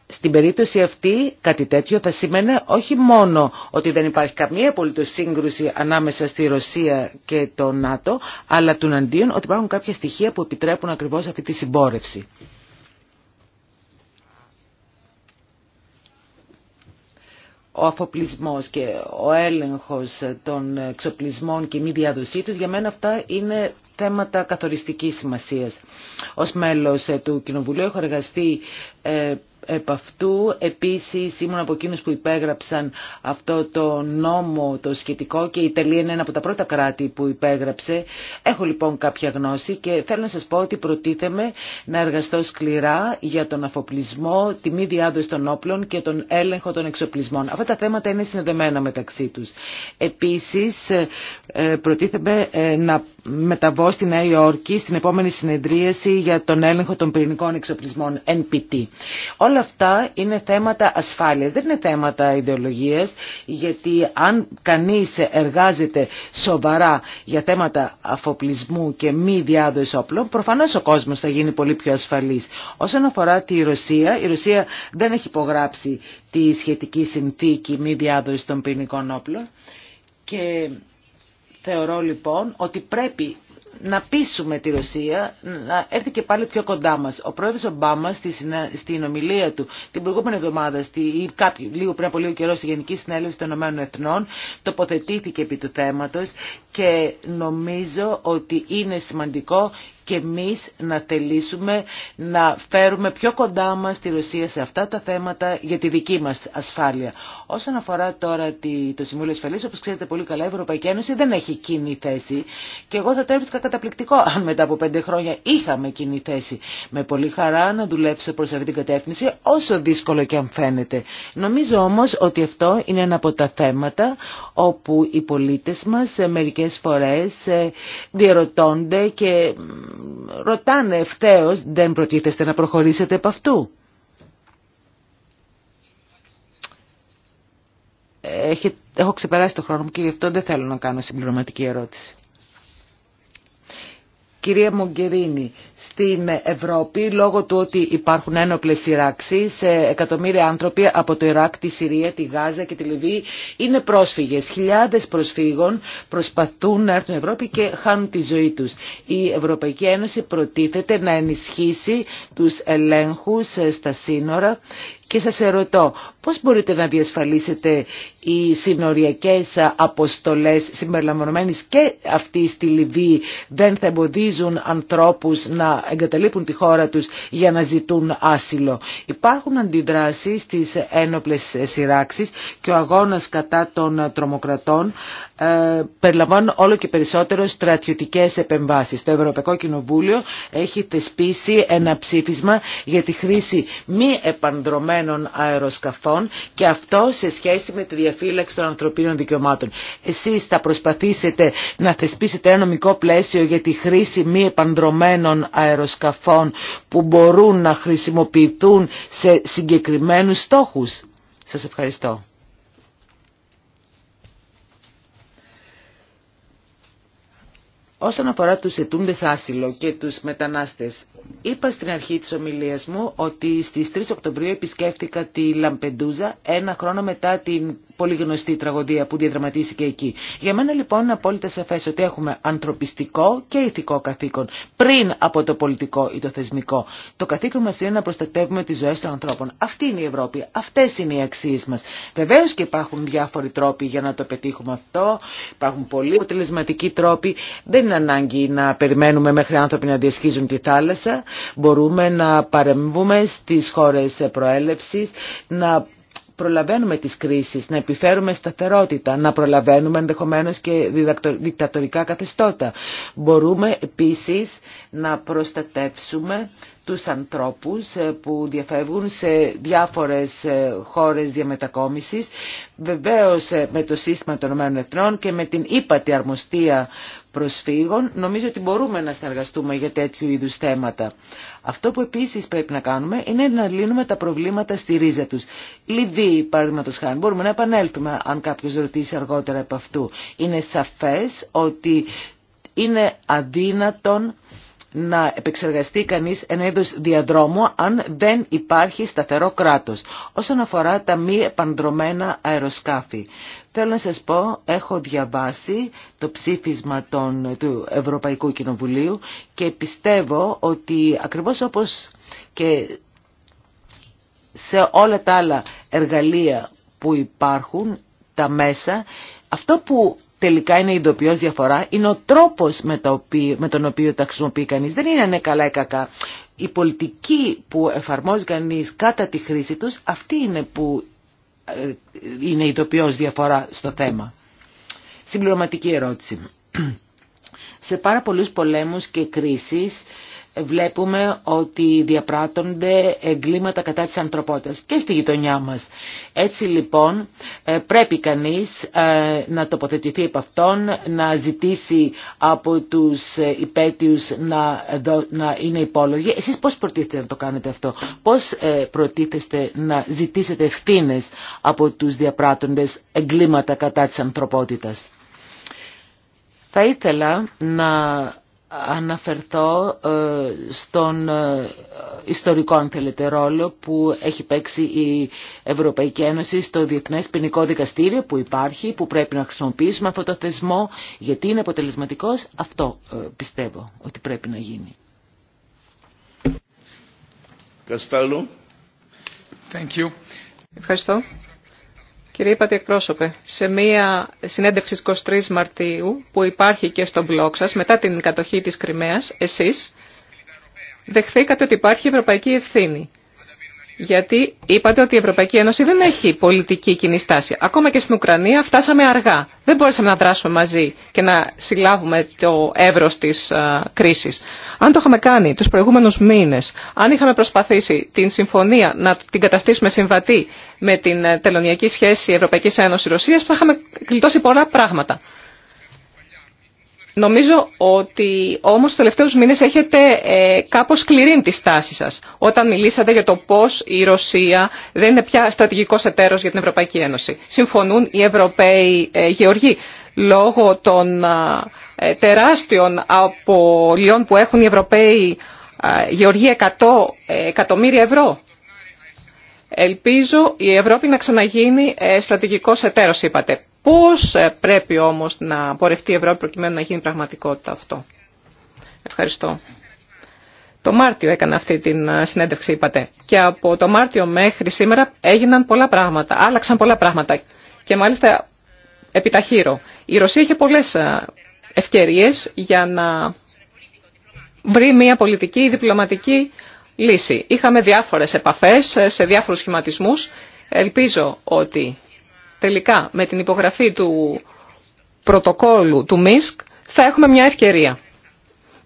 στην περίπτωση αυτή κάτι τέτοιο θα σημαίνει όχι μόνο ότι δεν υπάρχει καμία απολύτως σύγκρουση ανάμεσα στη Ρωσία και το ΝΑΤΟ, αλλά του ότι υπάρχουν κάποια στοιχεία που επιτρέπουν ακριβώς αυτή τη συμπόρευση. ο αφοπλισμός και ο έλεγχος των εξοπλισμών και η μη διάδοσή τους, για μένα αυτά είναι θέματα καθοριστικής σημασίας. Ως μέλος του Κοινοβουλίου έχω εργαστεί ε, Επ' αυτού επίσης ήμουν από εκείνους που υπέγραψαν αυτό το νόμο το σχετικό και η Ιταλία είναι ένα από τα πρώτα κράτη που υπέγραψε. Έχω λοιπόν κάποια γνώση και θέλω να σας πω ότι προτίθεμαι να εργαστώ σκληρά για τον αφοπλισμό, τη μη διάδοση των όπλων και τον έλεγχο των εξοπλισμών. Αυτά τα θέματα είναι συνδεμένα μεταξύ τους. Επίσης ε, προτίθεμαι ε, να μεταβώ στη Νέα Υόρκη στην επόμενη συνεδρίαση για τον έλεγχο των πυρηνικών εξοπλισμών NPT. Όλα αυτά είναι θέματα ασφάλειας, δεν είναι θέματα ιδεολογίας, γιατί αν κανείς εργάζεται σοβαρά για θέματα αφοπλισμού και μη διάδοση όπλων, προφανώς ο κόσμος θα γίνει πολύ πιο ασφαλής. Όσον αφορά τη Ρωσία, η Ρωσία δεν έχει υπογράψει τη σχετική συνθήκη μη διάδοση των ποινικών όπλων και θεωρώ λοιπόν ότι πρέπει να πείσουμε τη Ρωσία να έρθει και πάλι πιο κοντά μας. Ο πρόεδρος Ομπάμα στη στην ομιλία του την προηγούμενη εβδομάδα στη... ή κάποιο, λίγο πριν από λίγο καιρό στη Γενική Συνέλευση των Ηνωμένων Εθνών τοποθετήθηκε επί του θέματος και νομίζω ότι είναι σημαντικό και εμείς να θελήσουμε να φέρουμε πιο κοντά μας τη Ρωσία σε αυτά τα θέματα για τη δική μας ασφάλεια. Όσον αφορά τώρα το Συμβούλιο Ασφαλής, όπως ξέρετε πολύ καλά, η Ευρωπαϊκή Ένωση δεν έχει κοινή θέση και εγώ θα το έβρισκα καταπληκτικό αν μετά από πέντε χρόνια είχαμε κοινή θέση. Με πολύ χαρά να δουλέψω προς αυτή την κατεύθυνση, όσο δύσκολο και αν φαίνεται. Νομίζω όμως ότι αυτό είναι ένα από τα θέματα όπου οι πολίτες μας ε, μερικές φορές ε, διερωτώνται και ρωτάνε ευθέως, δεν προτίθεστε να προχωρήσετε από αυτού. Έχω ξεπεράσει το χρόνο μου και γι' αυτό δεν θέλω να κάνω συμπληρωματική ερώτηση κυρία Μογκερίνη, στην Ευρώπη, λόγω του ότι υπάρχουν ένοπλες σειράξεις, σε εκατομμύρια άνθρωποι από το Ιράκ, τη Συρία, τη Γάζα και τη Λιβύη είναι πρόσφυγες. Χιλιάδες προσφύγων προσπαθούν να έρθουν στην Ευρώπη και χάνουν τη ζωή τους. Η Ευρωπαϊκή Ένωση προτίθεται να ενισχύσει τους ελέγχους ε, στα σύνορα και σας ερωτώ, πώς μπορείτε να διασφαλίσετε οι συνοριακές αποστολές συμπεριλαμβανομένες και αυτή στη Λιβύη δεν θα εμποδίζουν ανθρώπους να εγκαταλείπουν τη χώρα τους για να ζητούν άσυλο. Υπάρχουν αντιδράσεις στις ένοπλες σειράξεις και ο αγώνας κατά των τρομοκρατών ε, περιλαμβάνουν όλο και περισσότερο στρατιωτικές επεμβάσεις. Το Ευρωπαϊκό Κοινοβούλιο έχει θεσπίσει ένα ψήφισμα για τη χρήση μη επανδρομένων αεροσκαφών και αυτό σε σχέση με τη διαφύλαξη των ανθρωπίνων δικαιωμάτων. Εσείς θα προσπαθήσετε να θεσπίσετε ένα νομικό πλαίσιο για τη χρήση μη επανδρομένων αεροσκαφών που μπορούν να χρησιμοποιηθούν σε συγκεκριμένους στόχους. Σα ευχαριστώ. Όσον αφορά τους ετούντες άσυλο και τους μετανάστες, Είπα στην αρχή της ομιλίας μου ότι στις 3 Οκτωβρίου επισκέφτηκα τη Λαμπεντούζα ένα χρόνο μετά την πολύ γνωστή τραγωδία που διαδραματίστηκε εκεί. Για μένα λοιπόν είναι απόλυτα σαφές ότι έχουμε ανθρωπιστικό και ηθικό καθήκον πριν από το πολιτικό ή το θεσμικό. Το καθήκον μας είναι να προστατεύουμε τις ζωές των ανθρώπων. Αυτή είναι η Ευρώπη, αυτές είναι οι αξίες μας. Βεβαίω και υπάρχουν διάφοροι τρόποι για να το πετύχουμε αυτό, υπάρχουν πολλοί αποτελεσματικοί τρόποι. Δεν είναι ανάγκη να περιμένουμε μέχρι άνθρωποι να διασχίζουν τη θάλασσα μπορούμε να παρεμβούμε στις χώρες προέλευσης, να προλαβαίνουμε τις κρίσεις, να επιφέρουμε σταθερότητα, να προλαβαίνουμε ενδεχομένως και δικτατορικά καθεστώτα. Μπορούμε επίσης να προστατεύσουμε τους ανθρώπους ε, που διαφεύγουν σε διάφορες ε, χώρες διαμετακόμισης, βεβαίως ε, με το σύστημα των ΗΕ και με την ύπατη αρμοστία προσφύγων, νομίζω ότι μπορούμε να συνεργαστούμε για τέτοιου είδους θέματα. Αυτό που επίσης πρέπει να κάνουμε είναι να λύνουμε τα προβλήματα στη ρίζα τους. Λιβύη, παραδείγματος χάρη, μπορούμε να επανέλθουμε αν κάποιος ρωτήσει αργότερα από αυτού. Είναι σαφές ότι είναι αδύνατον να επεξεργαστεί κανείς ένα είδος διαδρόμου αν δεν υπάρχει σταθερό κράτος. Όσον αφορά τα μη επανδρομένα αεροσκάφη. Θέλω να σας πω, έχω διαβάσει το ψήφισμα του Ευρωπαϊκού Κοινοβουλίου και πιστεύω ότι ακριβώς όπως και σε όλα τα άλλα εργαλεία που υπάρχουν, τα μέσα, αυτό που τελικά είναι η ειδοποιώς διαφορά είναι ο τρόπος με, τον οποίο τα χρησιμοποιεί κανείς. Δεν είναι ναι, καλά ή κακά. Η πολιτική που εφαρμόζει κανείς κατά τη χρήση τους, αυτή είναι που ε, είναι η ειδοποιός αυτη ειναι που ειναι η ειδοποιώς διαφορα στο θέμα. Συμπληρωματική ερώτηση. Σε πάρα πολλούς πολέμους και κρίσεις βλέπουμε ότι διαπράττονται εγκλήματα κατά της ανθρωπότητας και στη γειτονιά μας. Έτσι λοιπόν ε, πρέπει κανείς ε, να τοποθετηθεί από αυτόν, να ζητήσει από τους ε, υπέτειους να, να είναι υπόλογοι. Εσείς πώς προτίθετε να το κάνετε αυτό, πώς προτίθεστε να ζητήσετε ευθύνε από τους διαπράττοντες εγκλήματα κατά της ανθρωπότητας. Θα ήθελα να αναφερθώ ε, στον ε, ιστορικό αν θέλετε ρόλο που έχει παίξει η Ευρωπαϊκή Ένωση στο Διεθνές Ποινικό Δικαστήριο που υπάρχει, που πρέπει να χρησιμοποιήσουμε αυτό το θεσμό γιατί είναι αποτελεσματικός. Αυτό ε, πιστεύω ότι πρέπει να γίνει. Thank Ευχαριστώ. Κύριε Υπάτη εκπρόσωπε, σε μία συνέντευξη 23 Μαρτίου που υπάρχει και στο blog σας, μετά την κατοχή της Κρυμαίας, εσείς δεχθήκατε ότι υπάρχει ευρωπαϊκή ευθύνη γιατί είπατε ότι η Ευρωπαϊκή Ένωση δεν έχει πολιτική κοινή στάση. Ακόμα και στην Ουκρανία φτάσαμε αργά. Δεν μπόρεσαμε να δράσουμε μαζί και να συλλάβουμε το εύρο τη κρίση. Αν το είχαμε κάνει του προηγούμενου μήνε, αν είχαμε προσπαθήσει την συμφωνία να την καταστήσουμε συμβατή με την ε, τελωνιακή σχέση Ευρωπαϊκή Ένωση-Ρωσία, θα είχαμε γλιτώσει πολλά πράγματα. Νομίζω ότι όμως τους τελευταίους μήνες έχετε ε, κάπως σκληρήν τη στάση σας όταν μιλήσατε για το πώς η Ρωσία δεν είναι πια στρατηγικός εταίρος για την Ευρωπαϊκή Ένωση. Συμφωνούν οι Ευρωπαίοι ε, γεωργοί λόγω των ε, τεράστιων απολειών που έχουν οι Ευρωπαίοι ε, γεωργοί 100 ε, εκατομμύρια ευρώ. Ελπίζω η Ευρώπη να ξαναγίνει στρατηγικός εταίρος, είπατε. Πώς ε, πρέπει όμως να πορευτεί η Ευρώπη προκειμένου να γίνει πραγματικότητα αυτό. Ευχαριστώ. Το Μάρτιο έκανα αυτή την ε, συνέντευξη, είπατε. Και από το Μάρτιο μέχρι σήμερα έγιναν πολλά πράγματα, άλλαξαν πολλά πράγματα. Και μάλιστα επιταχύρω. Η Ρωσία είχε πολλές ε, ευκαιρίες για να βρει μια πολιτική ή διπλωματική λύση. Είχαμε διάφορες επαφές σε διάφορους σχηματισμούς. Ελπίζω ότι τελικά με την υπογραφή του πρωτοκόλου του ΜΙΣΚ θα έχουμε μια ευκαιρία.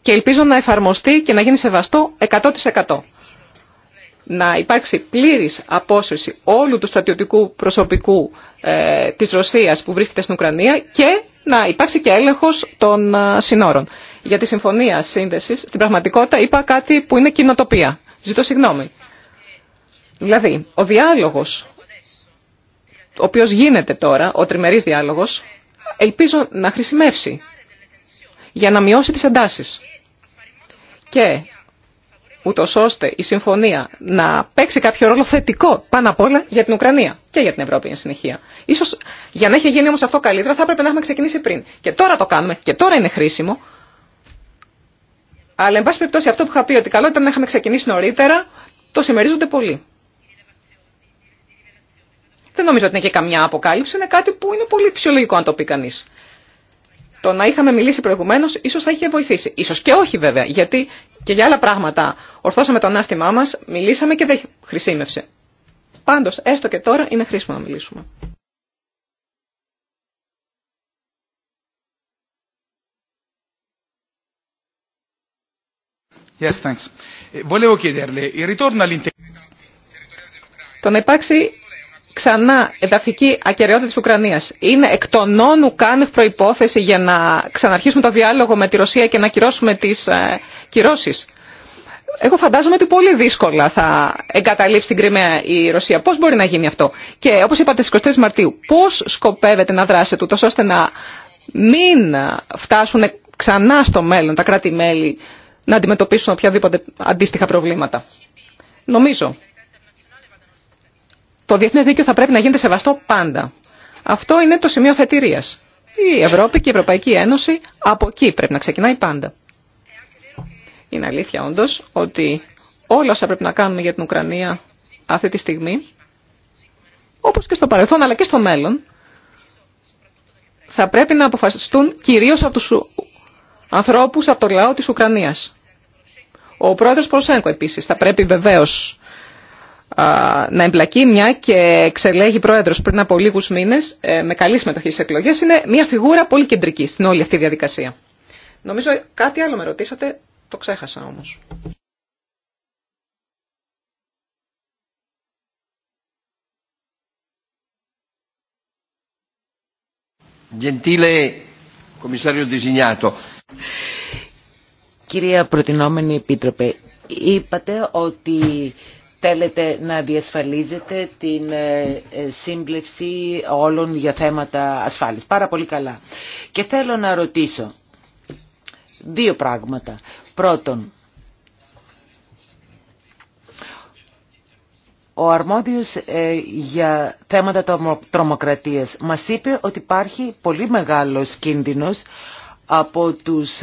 Και ελπίζω να εφαρμοστεί και να γίνει σεβαστό 100%. Να υπάρξει πλήρης απόσυρση όλου του στρατιωτικού προσωπικού ε, της Ρωσίας που βρίσκεται στην Ουκρανία και να υπάρξει και έλεγχος των ε, συνόρων. Για τη συμφωνία σύνδεσης, στην πραγματικότητα είπα κάτι που είναι κοινοτοπία. Ζητώ συγγνώμη. Δηλαδή, ο διάλογος ο οποίος γίνεται τώρα, ο τριμερής διάλογος, ελπίζω να χρησιμεύσει για να μειώσει τις εντάσεις. Και ούτω ώστε η συμφωνία να παίξει κάποιο ρόλο θετικό πάνω απ' όλα για την Ουκρανία και για την Ευρώπη εν συνεχεία. Ίσως για να έχει γίνει όμως αυτό καλύτερα θα έπρεπε να έχουμε ξεκινήσει πριν. Και τώρα το κάνουμε και τώρα είναι χρήσιμο. Αλλά εν πάση περιπτώσει αυτό που είχα πει ότι καλό ήταν να είχαμε ξεκινήσει νωρίτερα, το συμμερίζονται πολύ δεν νομίζω ότι είναι και καμιά αποκάλυψη, είναι κάτι που είναι πολύ φυσιολογικό αν το πει κανεί. Το να είχαμε μιλήσει προηγουμένω ίσω θα είχε βοηθήσει. σω και όχι βέβαια, γιατί και για άλλα πράγματα ορθώσαμε το ανάστημά μα, μιλήσαμε και δεν χρησιμεύσε. Πάντω, έστω και τώρα είναι χρήσιμο να μιλήσουμε. Yes, thanks. Ε, volevo chiederle, il ritorno Το να υπάρξει ξανά εδαφική ακεραιότητα της Ουκρανίας. Είναι εκ των όνου κάνευ προϋπόθεση για να ξαναρχίσουμε το διάλογο με τη Ρωσία και να κυρώσουμε τις ε, κυρώσεις. Εγώ φαντάζομαι ότι πολύ δύσκολα θα εγκαταλείψει την Κρυμαία η Ρωσία. Πώς μπορεί να γίνει αυτό. Και όπως είπατε στις 23 Μαρτίου, πώς σκοπεύετε να δράσετε τούτο ώστε να μην φτάσουν ξανά στο μέλλον τα κράτη-μέλη να αντιμετωπίσουν οποιαδήποτε αντίστοιχα προβλήματα. Νομίζω το διεθνές δίκαιο θα πρέπει να γίνεται σεβαστό πάντα. Αυτό είναι το σημείο αφετηρία. Η Ευρώπη και η Ευρωπαϊκή Ένωση από εκεί πρέπει να ξεκινάει πάντα. Είναι αλήθεια όντω, ότι όλα όσα πρέπει να κάνουμε για την Ουκρανία αυτή τη στιγμή, όπως και στο παρελθόν αλλά και στο μέλλον, θα πρέπει να αποφασιστούν κυρίω από του ανθρώπου, από το λαό τη Ουκρανίας. Ο πρόεδρο Προσέγκο επίση θα πρέπει βεβαίω να εμπλακεί μια και εξελέγει πρόεδρο πριν από λίγου μήνε ε, με καλή συμμετοχή στι εκλογέ είναι μια φιγούρα πολύ κεντρική στην όλη αυτή διαδικασία. Νομίζω κάτι άλλο με ρωτήσατε, το ξέχασα όμω. Κυρία Προτινόμενη Επίτροπε, είπατε ότι θέλετε να διασφαλίζετε την ε, ε, σύμπλευση όλων για θέματα ασφάλειας. Πάρα πολύ καλά. Και θέλω να ρωτήσω δύο πράγματα. Πρώτον, ο αρμόδιος ε, για θέματα τρομοκρατίας μας είπε ότι υπάρχει πολύ μεγάλος κίνδυνος από τους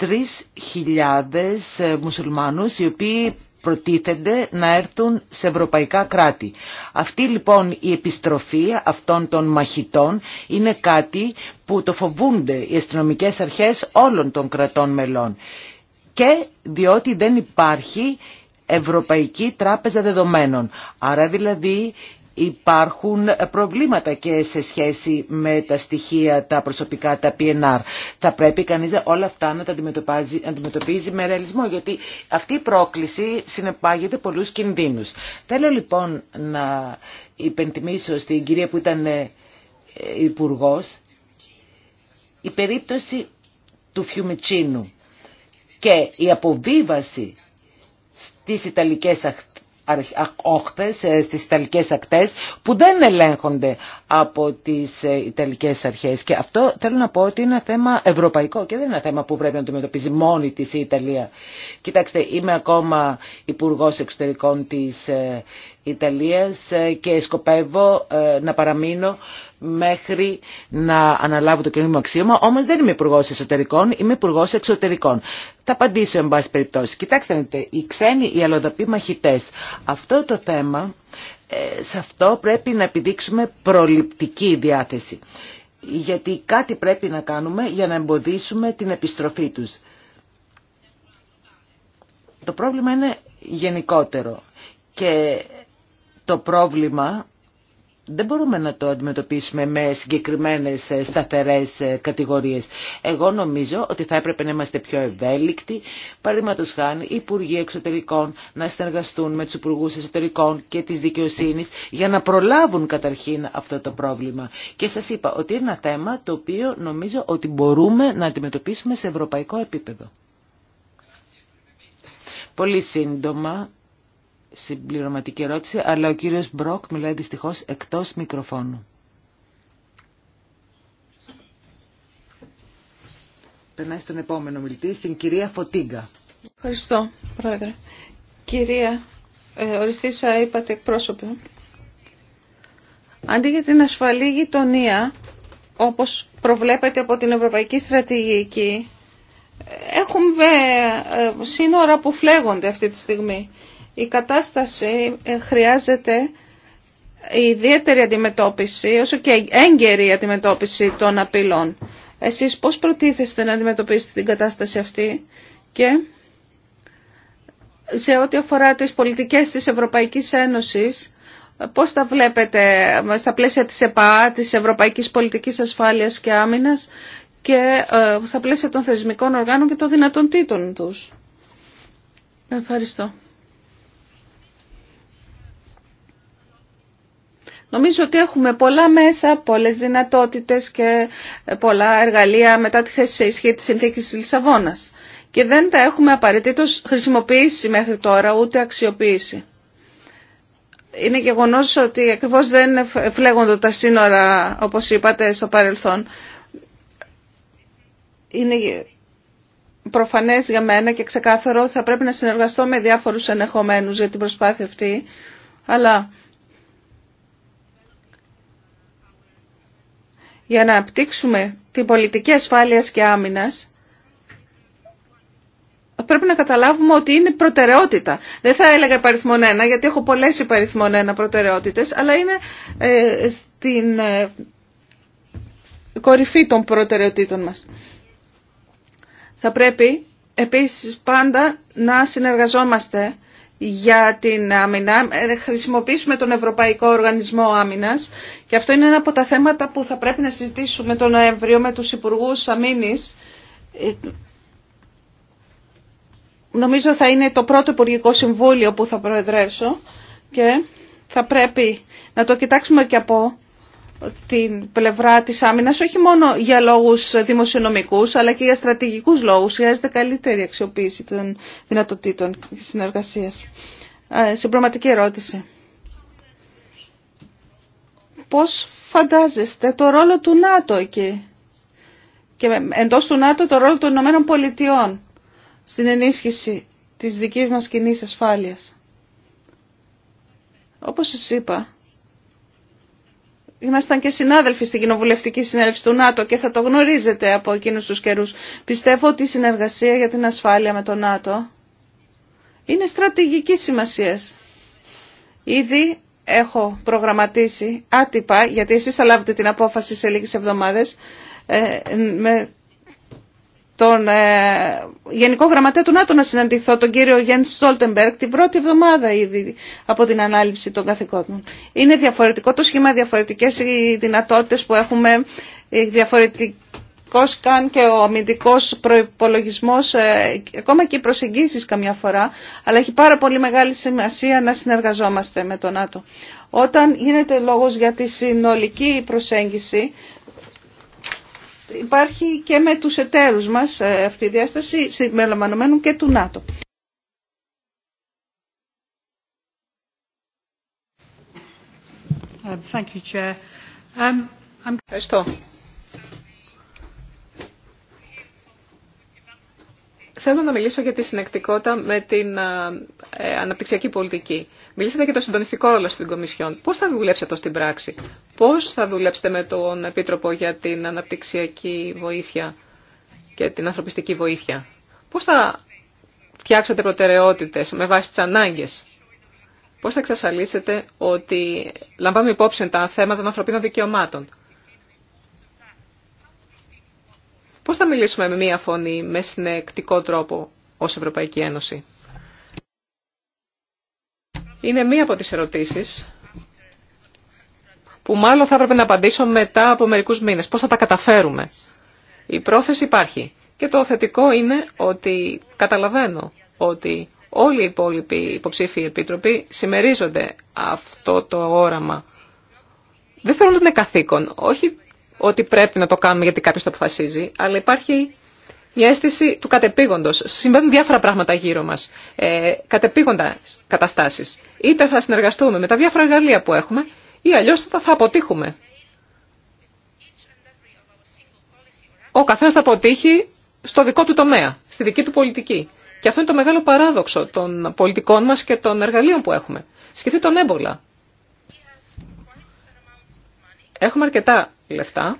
3.000 μουσουλμάνους οι οποίοι προτίθενται να έρθουν σε ευρωπαϊκά κράτη. Αυτή λοιπόν η επιστροφή αυτών των μαχητών είναι κάτι που το φοβούνται οι αστυνομικέ αρχές όλων των κρατών μελών και διότι δεν υπάρχει Ευρωπαϊκή Τράπεζα Δεδομένων. Άρα δηλαδή υπάρχουν προβλήματα και σε σχέση με τα στοιχεία τα προσωπικά, τα PNR. Θα πρέπει κανείς όλα αυτά να τα αντιμετωπίζει, αντιμετωπίζει με ρεαλισμό, γιατί αυτή η πρόκληση συνεπάγεται πολλούς κινδύνους. Θέλω λοιπόν να υπενθυμίσω στην κυρία που ήταν ε, υπουργό η περίπτωση του Φιουμιτσίνου και η αποβίβαση στις Ιταλικές όχθες, ε, στις Ιταλικές ακτές που δεν ελέγχονται από τις ε, Ιταλικές αρχές. Και αυτό θέλω να πω ότι είναι ένα θέμα ευρωπαϊκό και δεν είναι ένα θέμα που πρέπει να το μετωπίζει μόνη της η Ιταλία. Κοιτάξτε, είμαι ακόμα υπουργό Εξωτερικών της ε, Ιταλίας και σκοπεύω να παραμείνω μέχρι να αναλάβω το μου αξίωμα, όμως δεν είμαι υπουργό εσωτερικών, είμαι υπουργό εξωτερικών. Θα απαντήσω, εν πάση περιπτώσει. Κοιτάξτε, οι ξένοι, οι αλλοδαποί μαχητές. Αυτό το θέμα, ε, σε αυτό πρέπει να επιδείξουμε προληπτική διάθεση. Γιατί κάτι πρέπει να κάνουμε για να εμποδίσουμε την επιστροφή τους. Το πρόβλημα είναι γενικότερο. Και το πρόβλημα δεν μπορούμε να το αντιμετωπίσουμε με συγκεκριμένες ε, σταθερές ε, κατηγορίες. Εγώ νομίζω ότι θα έπρεπε να είμαστε πιο ευέλικτοι, παραδείγματο χάνει οι Υπουργοί Εξωτερικών να συνεργαστούν με τους Υπουργού Εσωτερικών και της Δικαιοσύνης για να προλάβουν καταρχήν αυτό το πρόβλημα. Και σας είπα ότι είναι ένα θέμα το οποίο νομίζω ότι μπορούμε να αντιμετωπίσουμε σε ευρωπαϊκό επίπεδο. Πολύ σύντομα συμπληρωματική ερώτηση, αλλά ο κύριος Μπροκ μιλάει δυστυχώς εκτός μικροφώνου. Περνάει στον επόμενο μιλητή, στην κυρία Φωτίγκα. Ευχαριστώ, Πρόεδρε. Κυρία, ε, οριστήσα είπατε εκπρόσωπο. Αντί για την ασφαλή γειτονία, όπως προβλέπεται από την Ευρωπαϊκή Στρατηγική, έχουμε ε, σύνορα που φλέγονται αυτή τη στιγμή. Η κατάσταση ε, χρειάζεται ιδιαίτερη αντιμετώπιση, όσο και έγκαιρη αντιμετώπιση των απειλών. Εσείς πώς προτίθεστε να αντιμετωπίσετε την κατάσταση αυτή και σε ό,τι αφορά τις πολιτικές της Ευρωπαϊκής Ένωσης, πώς τα βλέπετε στα πλαίσια της ΕΠΑ, της Ευρωπαϊκής Πολιτικής Ασφάλειας και Άμυνας και ε, στα πλαίσια των θεσμικών οργάνων και των δυνατοντήτων τους. Ευχαριστώ. Νομίζω ότι έχουμε πολλά μέσα, πολλές δυνατότητες και πολλά εργαλεία μετά τη θέση σε ισχύ της συνθήκης της Λισαβόνας. Και δεν τα έχουμε απαραίτητο χρησιμοποιήσει μέχρι τώρα, ούτε αξιοποιήσει. Είναι γεγονός ότι ακριβώς δεν φλέγονται τα σύνορα, όπως είπατε, στο παρελθόν. Είναι προφανές για μένα και ξεκάθαρο θα πρέπει να συνεργαστώ με διάφορους ενεχομένους για την προσπάθεια αυτή, αλλά για να απτύξουμε την πολιτική ασφάλειας και άμυνας, πρέπει να καταλάβουμε ότι είναι προτεραιότητα. Δεν θα έλεγα υπαριθμόν γιατί έχω πολλές υπαριθμόν προτεραιότητες, αλλά είναι ε, στην ε, κορυφή των προτεραιοτήτων μας. Θα πρέπει επίσης πάντα να συνεργαζόμαστε για την άμυνα, ε, χρησιμοποιήσουμε τον Ευρωπαϊκό Οργανισμό Άμυνας και αυτό είναι ένα από τα θέματα που θα πρέπει να συζητήσουμε τον Νοέμβριο με τους Υπουργούς Αμήνης. Ε, νομίζω θα είναι το πρώτο Υπουργικό Συμβούλιο που θα προεδρεύσω και θα πρέπει να το κοιτάξουμε και από την πλευρά της άμυνας, όχι μόνο για λόγους δημοσιονομικούς, αλλά και για στρατηγικούς λόγους. Χρειάζεται καλύτερη αξιοποίηση των δυνατοτήτων της συνεργασίας. Ε, συμπροματική ερώτηση. Πώς φαντάζεστε το ρόλο του ΝΑΤΟ εκεί και εντός του ΝΑΤΟ το ρόλο των Ηνωμένων Πολιτειών στην ενίσχυση της δικής μας κοινής ασφάλειας. Όπως σας είπα, Ήμασταν και συνάδελφοι στην κοινοβουλευτική συνέλευση του ΝΑΤΟ και θα το γνωρίζετε από εκείνους τους καιρούς. Πιστεύω ότι η συνεργασία για την ασφάλεια με το ΝΑΤΟ είναι στρατηγική σημασία. Ήδη έχω προγραμματίσει άτυπα, γιατί εσείς θα λάβετε την απόφαση σε λίγες εβδομάδες, ε, με τον ε, Γενικό Γραμματέα του ΝΑΤΟ να συναντηθώ, τον κύριο Γιάννη Στόλτεμπεργκ, την πρώτη εβδομάδα ήδη από την ανάληψη των καθηκόντων. Είναι διαφορετικό το σχήμα, διαφορετικές οι δυνατότητες που έχουμε, ε, διαφορετικός καν και ο αμυντικός προϋπολογισμός, ε, ακόμα και οι προσεγγίσεις καμιά φορά, αλλά έχει πάρα πολύ μεγάλη σημασία να συνεργαζόμαστε με τον ΝΑΤΟ. Όταν γίνεται λόγος για τη συνολική προσέγγιση, υπάρχει και με τους εταίρους μας ε, αυτή η διάσταση συμπεριλαμβανομένου και του ΝΑΤΟ. Um, um, Ευχαριστώ. Θέλω να μιλήσω για τη συνεκτικότητα με την ε, ε, αναπτυξιακή πολιτική. Μιλήσατε για το συντονιστικό ρόλο στην Κομισιόν. Πώς θα δουλέψετε αυτό στην πράξη. Πώς θα δουλέψετε με τον Επίτροπο για την αναπτυξιακή βοήθεια και την ανθρωπιστική βοήθεια. Πώς θα φτιάξετε προτεραιότητες με βάση τις ανάγκες. Πώς θα εξασφαλίσετε ότι λαμβάνουμε υπόψη τα θέματα των ανθρωπίνων δικαιωμάτων. Πώς θα μιλήσουμε με μία φωνή, με συνεκτικό τρόπο ως Ευρωπαϊκή Ένωση. Είναι μία από τις ερωτήσεις που μάλλον θα έπρεπε να απαντήσω μετά από μερικούς μήνες. Πώς θα τα καταφέρουμε. Η πρόθεση υπάρχει. Και το θετικό είναι ότι καταλαβαίνω ότι όλοι οι υπόλοιποι υποψήφοι επίτροποι συμμερίζονται αυτό το όραμα. Δεν θέλουν να είναι καθήκον. Όχι ότι πρέπει να το κάνουμε γιατί κάποιο το αποφασίζει, αλλά υπάρχει μια αίσθηση του κατεπήγοντος. Συμβαίνουν διάφορα πράγματα γύρω μας, ε, κατεπήγοντα καταστάσεις. Είτε θα συνεργαστούμε με τα διάφορα εργαλεία που έχουμε ή αλλιώς θα, θα αποτύχουμε. Ο καθένας θα αποτύχει στο δικό του τομέα, στη δική του πολιτική. Και αυτό είναι το μεγάλο παράδοξο των πολιτικών μας και των εργαλείων που έχουμε. Σκεφτείτε τον έμπολα. Έχουμε αρκετά λεφτά,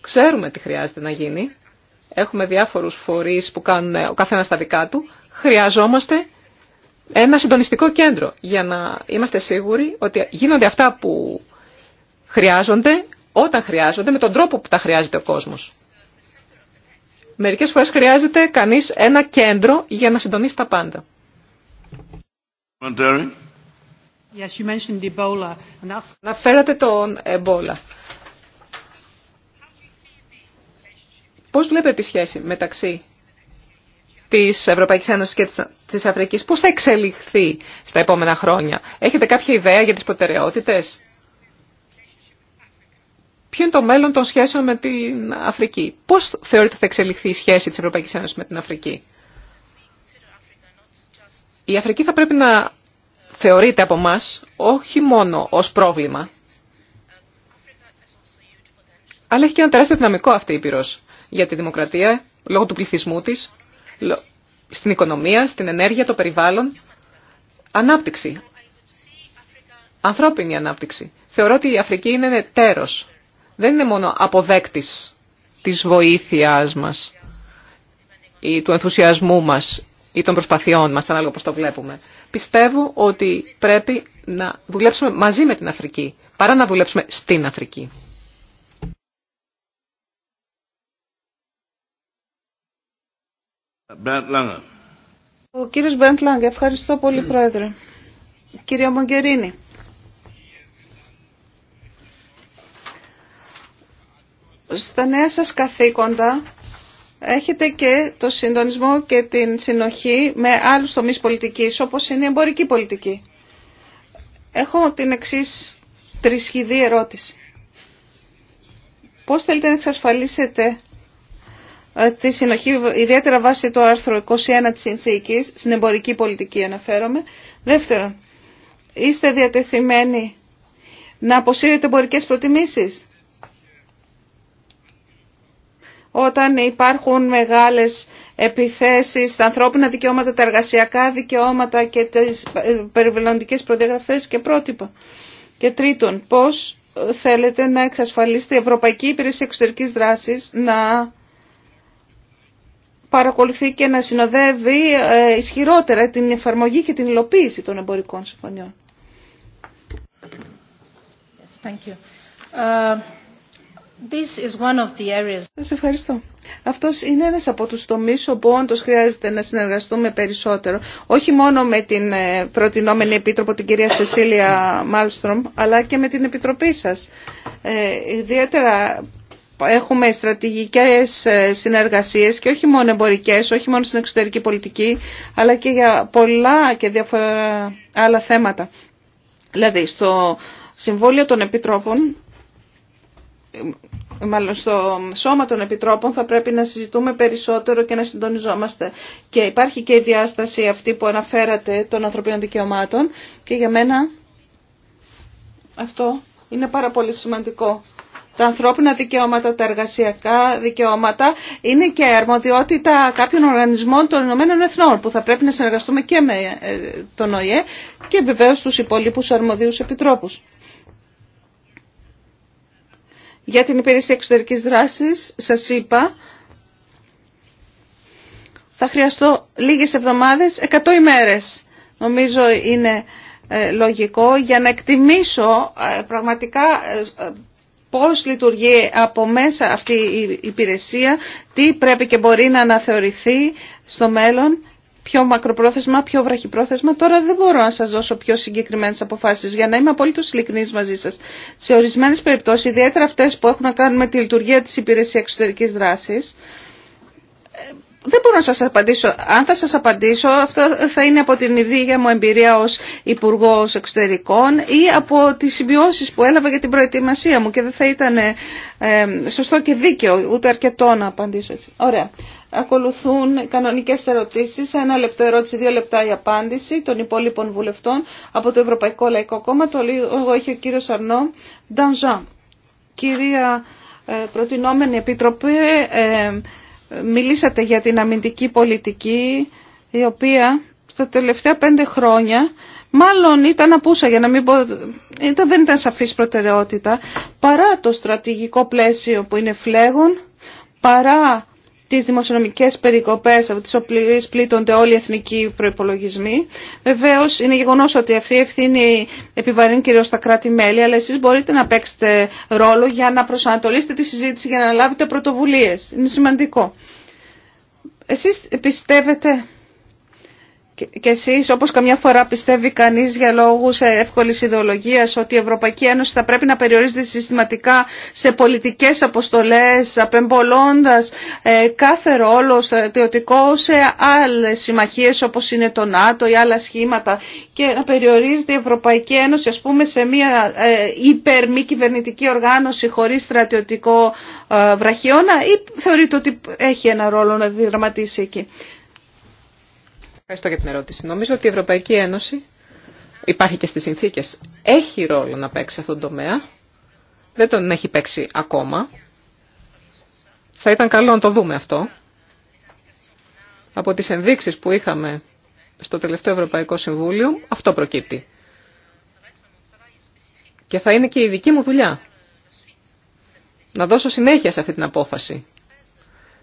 ξέρουμε τι χρειάζεται να γίνει, έχουμε διάφορους φορείς που κάνουν ο καθένας τα δικά του, χρειαζόμαστε ένα συντονιστικό κέντρο για να είμαστε σίγουροι ότι γίνονται αυτά που χρειάζονται, όταν χρειάζονται, με τον τρόπο που τα χρειάζεται ο κόσμος. Μερικές φορές χρειάζεται κανείς ένα κέντρο για να συντονίσει τα πάντα. Yes, you mentioned Ebola. And that's... Αναφέρατε τον Ebola. Πώς βλέπετε τη σχέση μεταξύ της Ευρωπαϊκής Ένωσης και της Αφρικής, πώς θα εξελιχθεί στα επόμενα χρόνια. Έχετε κάποια ιδέα για τις προτεραιότητες. Ποιο είναι το μέλλον των σχέσεων με την Αφρική. Πώς θεωρείτε θα εξελιχθεί η σχέση της Ευρωπαϊκής Ένωσης με την Αφρική. Η Αφρική θα πρέπει να θεωρείται από εμά όχι μόνο ως πρόβλημα, αλλά έχει και ένα τεράστιο δυναμικό αυτή η πυρος για τη δημοκρατία, λόγω του πληθυσμού της, στην οικονομία, στην ενέργεια, το περιβάλλον. Ανάπτυξη. Ανθρώπινη ανάπτυξη. Θεωρώ ότι η Αφρική είναι τέρος. Δεν είναι μόνο αποδέκτης της βοήθειάς μας ή του ενθουσιασμού μας ή των προσπαθειών μας, ανάλογα πώς το βλέπουμε. Πιστεύω ότι πρέπει να δουλέψουμε μαζί με την Αφρική, παρά να δουλέψουμε στην Αφρική. Ο κύριος Μπέντ ευχαριστώ πολύ Πρόεδρε. Κύριε Μογκερίνη. Στα νέα σας καθήκοντα έχετε και το συντονισμό και την συνοχή με άλλους τομείς πολιτικής, όπως είναι η εμπορική πολιτική. Έχω την εξής τρισχυδή ερώτηση. Πώς θέλετε να εξασφαλίσετε ε, τη συνοχή, ιδιαίτερα βάσει το άρθρο 21 της συνθήκης, στην εμπορική πολιτική αναφέρομαι. Δεύτερον, είστε διατεθειμένοι να αποσύρετε εμπορικές προτιμήσεις όταν υπάρχουν μεγάλες επιθέσεις στα ανθρώπινα δικαιώματα, τα εργασιακά δικαιώματα και τις περιβαλλοντικές προδιαγραφές και πρότυπα. Και τρίτον, πώς θέλετε να εξασφαλίσετε η Ευρωπαϊκή Υπηρεσία Εξωτερικής Δράσης να παρακολουθεί και να συνοδεύει ε, ισχυρότερα την εφαρμογή και την υλοποίηση των εμπορικών συμφωνιών. Yes, thank ε, ευχαριστώ. Αυτός είναι ένας από τους τομείς όπου όντως χρειάζεται να συνεργαστούμε περισσότερο. Όχι μόνο με την ε, προτινόμενη επίτροπο την κυρία Σεσίλια Μάλστρομ, αλλά και με την επιτροπή σας. Ε, ιδιαίτερα έχουμε στρατηγικές ε, συνεργασίες και όχι μόνο εμπορικές, όχι μόνο στην εξωτερική πολιτική, αλλά και για πολλά και διάφορα άλλα θέματα. Δηλαδή, στο Συμβόλιο των Επιτρόπων ε, μάλλον στο σώμα των επιτρόπων θα πρέπει να συζητούμε περισσότερο και να συντονιζόμαστε. Και υπάρχει και η διάσταση αυτή που αναφέρατε των ανθρωπίνων δικαιωμάτων και για μένα αυτό είναι πάρα πολύ σημαντικό. Τα ανθρώπινα δικαιώματα, τα εργασιακά δικαιώματα είναι και αρμοδιότητα κάποιων οργανισμών των Ηνωμένων Εθνών που θα πρέπει να συνεργαστούμε και με ε, τον ΟΗΕ και βεβαίως τους υπόλοιπους αρμοδίους επιτρόπους. Για την υπηρεσία εξωτερικής δράσης, σας είπα, θα χρειαστώ λίγες εβδομάδες, 100 ημέρες. Νομίζω είναι ε, λογικό για να εκτιμήσω ε, πραγματικά ε, πώς λειτουργεί από μέσα αυτή η υπηρεσία, τι πρέπει και μπορεί να αναθεωρηθεί στο μέλλον πιο μακροπρόθεσμα, πιο βραχυπρόθεσμα. Τώρα δεν μπορώ να σας δώσω πιο συγκεκριμένες αποφάσεις για να είμαι απόλυτος ειλικρινής μαζί σας. Σε ορισμένες περιπτώσεις, ιδιαίτερα αυτές που έχουν να κάνουν με τη λειτουργία της υπηρεσίας εξωτερικής δράσης, ε, δεν μπορώ να σας απαντήσω. Αν θα σας απαντήσω, αυτό θα είναι από την ίδια μου εμπειρία ως υπουργό Εξωτερικών ή από τις συμπιώσει που έλαβα για την προετοιμασία μου και δεν θα ήταν ε, ε, σωστό και δίκαιο ούτε αρκετό να απαντήσω έτσι. Ωραία. Ακολουθούν κανονικές ερωτήσεις, ένα λεπτό ερώτηση, δύο λεπτά η απάντηση των υπόλοιπων βουλευτών από το Ευρωπαϊκό Λαϊκό Κόμμα. Το λίγο έχει ο κύριος Αρνό Ντανζά. Κυρία ε, Προτινόμενη Επίτροπε, ε, μιλήσατε για την αμυντική πολιτική η οποία στα τελευταία πέντε χρόνια μάλλον ήταν απούσα για να μην πω, ήταν, δεν ήταν σαφής προτεραιότητα παρά το στρατηγικό πλαίσιο που είναι φλέγον, παρά τις δημοσιονομικές περικοπές από τις οποίες πλήττονται όλοι οι εθνικοί προϋπολογισμοί. Βεβαίως είναι γεγονός ότι αυτή η ευθύνη επιβαρύνει κυρίως τα κράτη-μέλη, αλλά εσείς μπορείτε να παίξετε ρόλο για να προσανατολίσετε τη συζήτηση για να λάβετε πρωτοβουλίες. Είναι σημαντικό. Εσείς πιστεύετε και εσείς, όπως καμιά φορά πιστεύει κανείς για λόγους εύκολης ιδεολογίας, ότι η Ευρωπαϊκή Ένωση θα πρέπει να περιορίζεται συστηματικά σε πολιτικές αποστολές, απεμπολώντας ε, κάθε ρόλο στρατιωτικό σε άλλες συμμαχίες όπως είναι το ΝΑΤΟ ή άλλα σχήματα και να περιορίζεται η Ευρωπαϊκή Ένωση ας πούμε σε μια ε, υπερ κυβερνητική οργάνωση χωρίς στρατιωτικό ε, βραχιώνα ή θεωρείτε ότι έχει ένα ρόλο να διδραματίσει εκεί. Ευχαριστώ για την ερώτηση. Νομίζω ότι η Ευρωπαϊκή Ένωση υπάρχει και στις συνθήκες. Έχει ρόλο να παίξει σε αυτόν τον τομέα. Δεν τον έχει παίξει ακόμα. Θα ήταν καλό να το δούμε αυτό. Από τις ενδείξεις που είχαμε στο τελευταίο Ευρωπαϊκό Συμβούλιο, αυτό προκύπτει. Και θα είναι και η δική μου δουλειά να δώσω συνέχεια σε αυτή την απόφαση.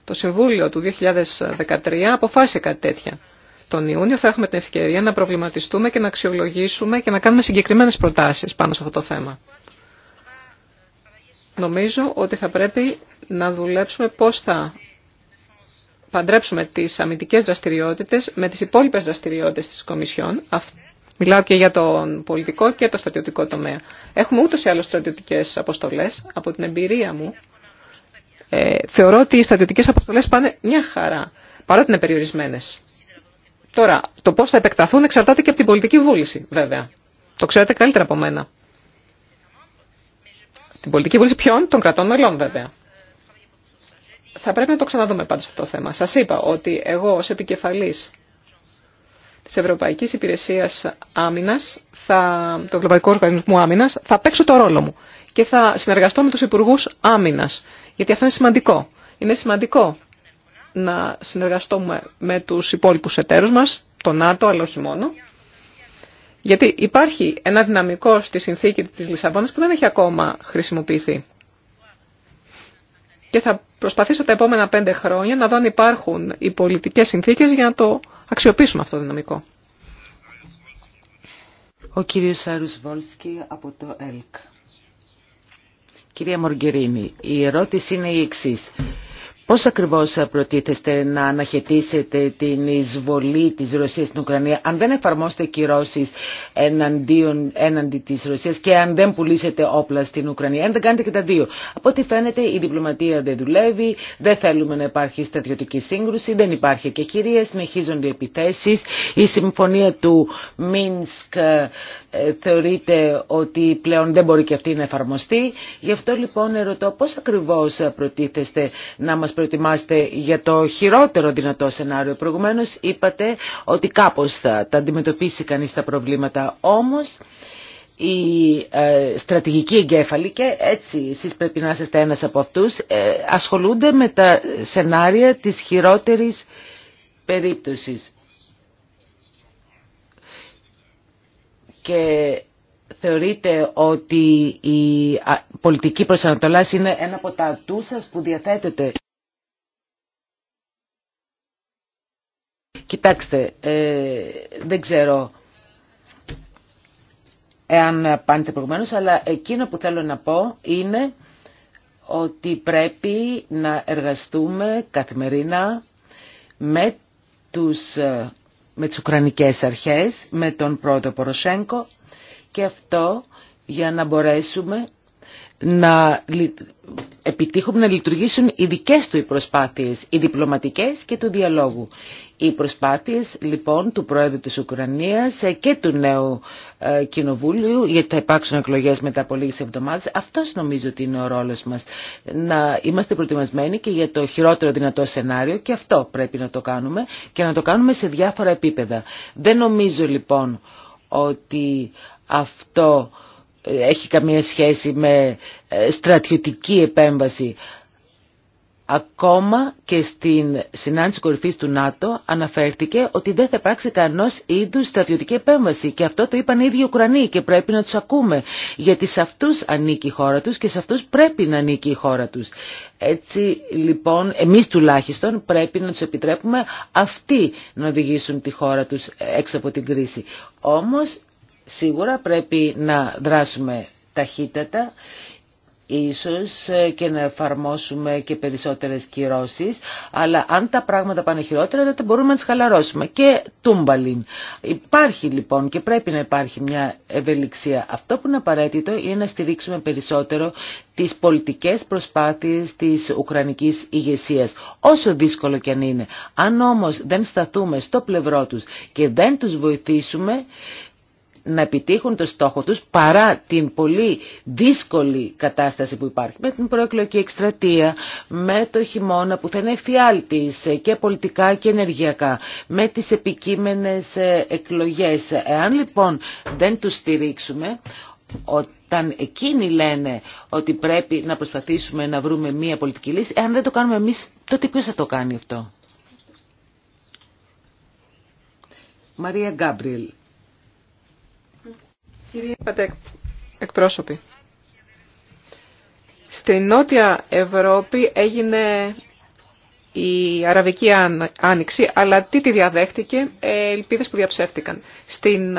Το Συμβούλιο του 2013 αποφάσισε κάτι τέτοια τον Ιούνιο θα έχουμε την ευκαιρία να προβληματιστούμε και να αξιολογήσουμε και να κάνουμε συγκεκριμένες προτάσεις πάνω σε αυτό το θέμα. Νομίζω ότι θα πρέπει να δουλέψουμε πώς θα παντρέψουμε τις αμυντικές δραστηριότητες με τις υπόλοιπες δραστηριότητες της Κομισιόν. Μιλάω και για τον πολιτικό και το στρατιωτικό τομέα. Έχουμε ούτως ή άλλως στρατιωτικές αποστολές. Από την εμπειρία μου ε, θεωρώ ότι οι στρατιωτικές αποστολές πάνε μια χαρά, παρότι είναι περιορισμένες. Τώρα, το πώς θα επεκταθούν εξαρτάται και από την πολιτική βούληση, βέβαια. Το ξέρετε καλύτερα από μένα. Την πολιτική βούληση ποιών, των κρατών μελών, βέβαια. Θα πρέπει να το ξαναδούμε πάντως αυτό το θέμα. Σας είπα ότι εγώ ως επικεφαλής της Ευρωπαϊκής Υπηρεσίας Άμυνας, θα, του Ευρωπαϊκού Οργανισμού Άμυνας, θα παίξω το ρόλο μου και θα συνεργαστώ με τους Υπουργούς Άμυνας, γιατί αυτό είναι σημαντικό. Είναι σημαντικό να συνεργαστούμε με τους υπόλοιπους εταίρους μας, το ΝΑΤΟ αλλά όχι μόνο. Γιατί υπάρχει ένα δυναμικό στη συνθήκη της Λισαβόνας που δεν έχει ακόμα χρησιμοποιηθεί. Και θα προσπαθήσω τα επόμενα πέντε χρόνια να δω αν υπάρχουν οι πολιτικές συνθήκες για να το αξιοποιήσουμε αυτό το δυναμικό. Ο κύριος Σάρους Βόλσκι από το ΕΛΚ. Κυρία Μοργκερίνη, η ερώτηση είναι η εξής. Πώς ακριβώς προτίθεστε να αναχαιτήσετε την εισβολή της Ρωσίας στην Ουκρανία αν δεν εφαρμόσετε κυρώσεις εναντίον, έναντι της Ρωσίας και αν δεν πουλήσετε όπλα στην Ουκρανία, αν δεν κάνετε και τα δύο. Από ό,τι φαίνεται η διπλωματία δεν δουλεύει, δεν θέλουμε να υπάρχει στρατιωτική σύγκρουση, δεν υπάρχει και κυρία, συνεχίζονται οι επιθέσεις. Η συμφωνία του Μίνσκ ε, θεωρείται ότι πλέον δεν μπορεί και αυτή να εφαρμοστεί. Γι' αυτό λοιπόν ερωτώ πώς ακριβώς προτίθεστε να μας Προετοιμάστε για το χειρότερο δυνατό σενάριο. Προηγουμένως είπατε ότι κάπως θα τα αντιμετωπίσει κανείς τα προβλήματα. Όμως η ε, στρατηγικοί και έτσι εσείς πρέπει να είστε ένας από αυτούς ε, ασχολούνται με τα σενάρια της χειρότερης περίπτωσης. Και θεωρείτε ότι η πολιτική προσανατολάς είναι ένα από τα ατού σας που διαθέτεται. Κοιτάξτε, ε, δεν ξέρω εάν απάντησα προηγουμένω, αλλά εκείνο που θέλω να πω είναι ότι πρέπει να εργαστούμε καθημερινά με, τους, ε, με τις Ουκρανικές αρχές, με τον πρώτο Ποροσέγκο και αυτό για να μπορέσουμε να επιτύχουμε να λειτουργήσουν οι δικές του οι προσπάθειες, οι διπλωματικές και του διαλόγου. Οι προσπάθειες λοιπόν του Πρόεδρου της Ουκρανίας και του νέου ε, κοινοβούλου, γιατί θα υπάρξουν εκλογές μετά από λίγες εβδομάδες, αυτός νομίζω ότι είναι ο ρόλος μας. Να είμαστε προετοιμασμένοι και για το χειρότερο δυνατό σενάριο και αυτό πρέπει να το κάνουμε και να το κάνουμε σε διάφορα επίπεδα. Δεν νομίζω λοιπόν ότι αυτό έχει καμία σχέση με ε, στρατιωτική επέμβαση. Ακόμα και στην συνάντηση κορυφής του ΝΑΤΟ αναφέρθηκε ότι δεν θα υπάρξει κανός είδους στρατιωτική επέμβαση και αυτό το είπαν οι ίδιοι Ουκρανοί και πρέπει να τους ακούμε γιατί σε αυτούς ανήκει η χώρα τους και σε αυτούς πρέπει να ανήκει η χώρα τους. Έτσι λοιπόν εμείς τουλάχιστον πρέπει να τους επιτρέπουμε αυτοί να οδηγήσουν τη χώρα τους έξω από την κρίση. Όμως Σίγουρα πρέπει να δράσουμε ταχύτατα ίσως ε, και να εφαρμόσουμε και περισσότερες κυρώσεις, αλλά αν τα πράγματα πάνε χειρότερα τότε μπορούμε να τις χαλαρώσουμε. Και τούμπαλιν. Υπάρχει λοιπόν και πρέπει να υπάρχει μια ευελιξία. Αυτό που είναι απαραίτητο είναι να στηρίξουμε περισσότερο τις πολιτικές προσπάθειες της Ουκρανικής ηγεσία. Όσο δύσκολο και αν είναι. Αν όμως δεν σταθούμε στο πλευρό τους και δεν τους βοηθήσουμε, να επιτύχουν το στόχο τους παρά την πολύ δύσκολη κατάσταση που υπάρχει με την προεκλογική εκστρατεία, με το χειμώνα που θα είναι εφιάλτης και πολιτικά και ενεργειακά, με τις επικείμενες ε, εκλογές. Εάν λοιπόν δεν τους στηρίξουμε, όταν εκείνοι λένε ότι πρέπει να προσπαθήσουμε να βρούμε μία πολιτική λύση, εάν δεν το κάνουμε εμείς, τότε ποιος θα το κάνει αυτό. Μαρία Γκάμπριελ. Κύριε Πατέκ, εκπρόσωποι. Στην Νότια Ευρώπη έγινε η Αραβική Άνοιξη, αλλά τι τη διαδέχτηκε, ε, ελπίδες που διαψεύτηκαν. Στην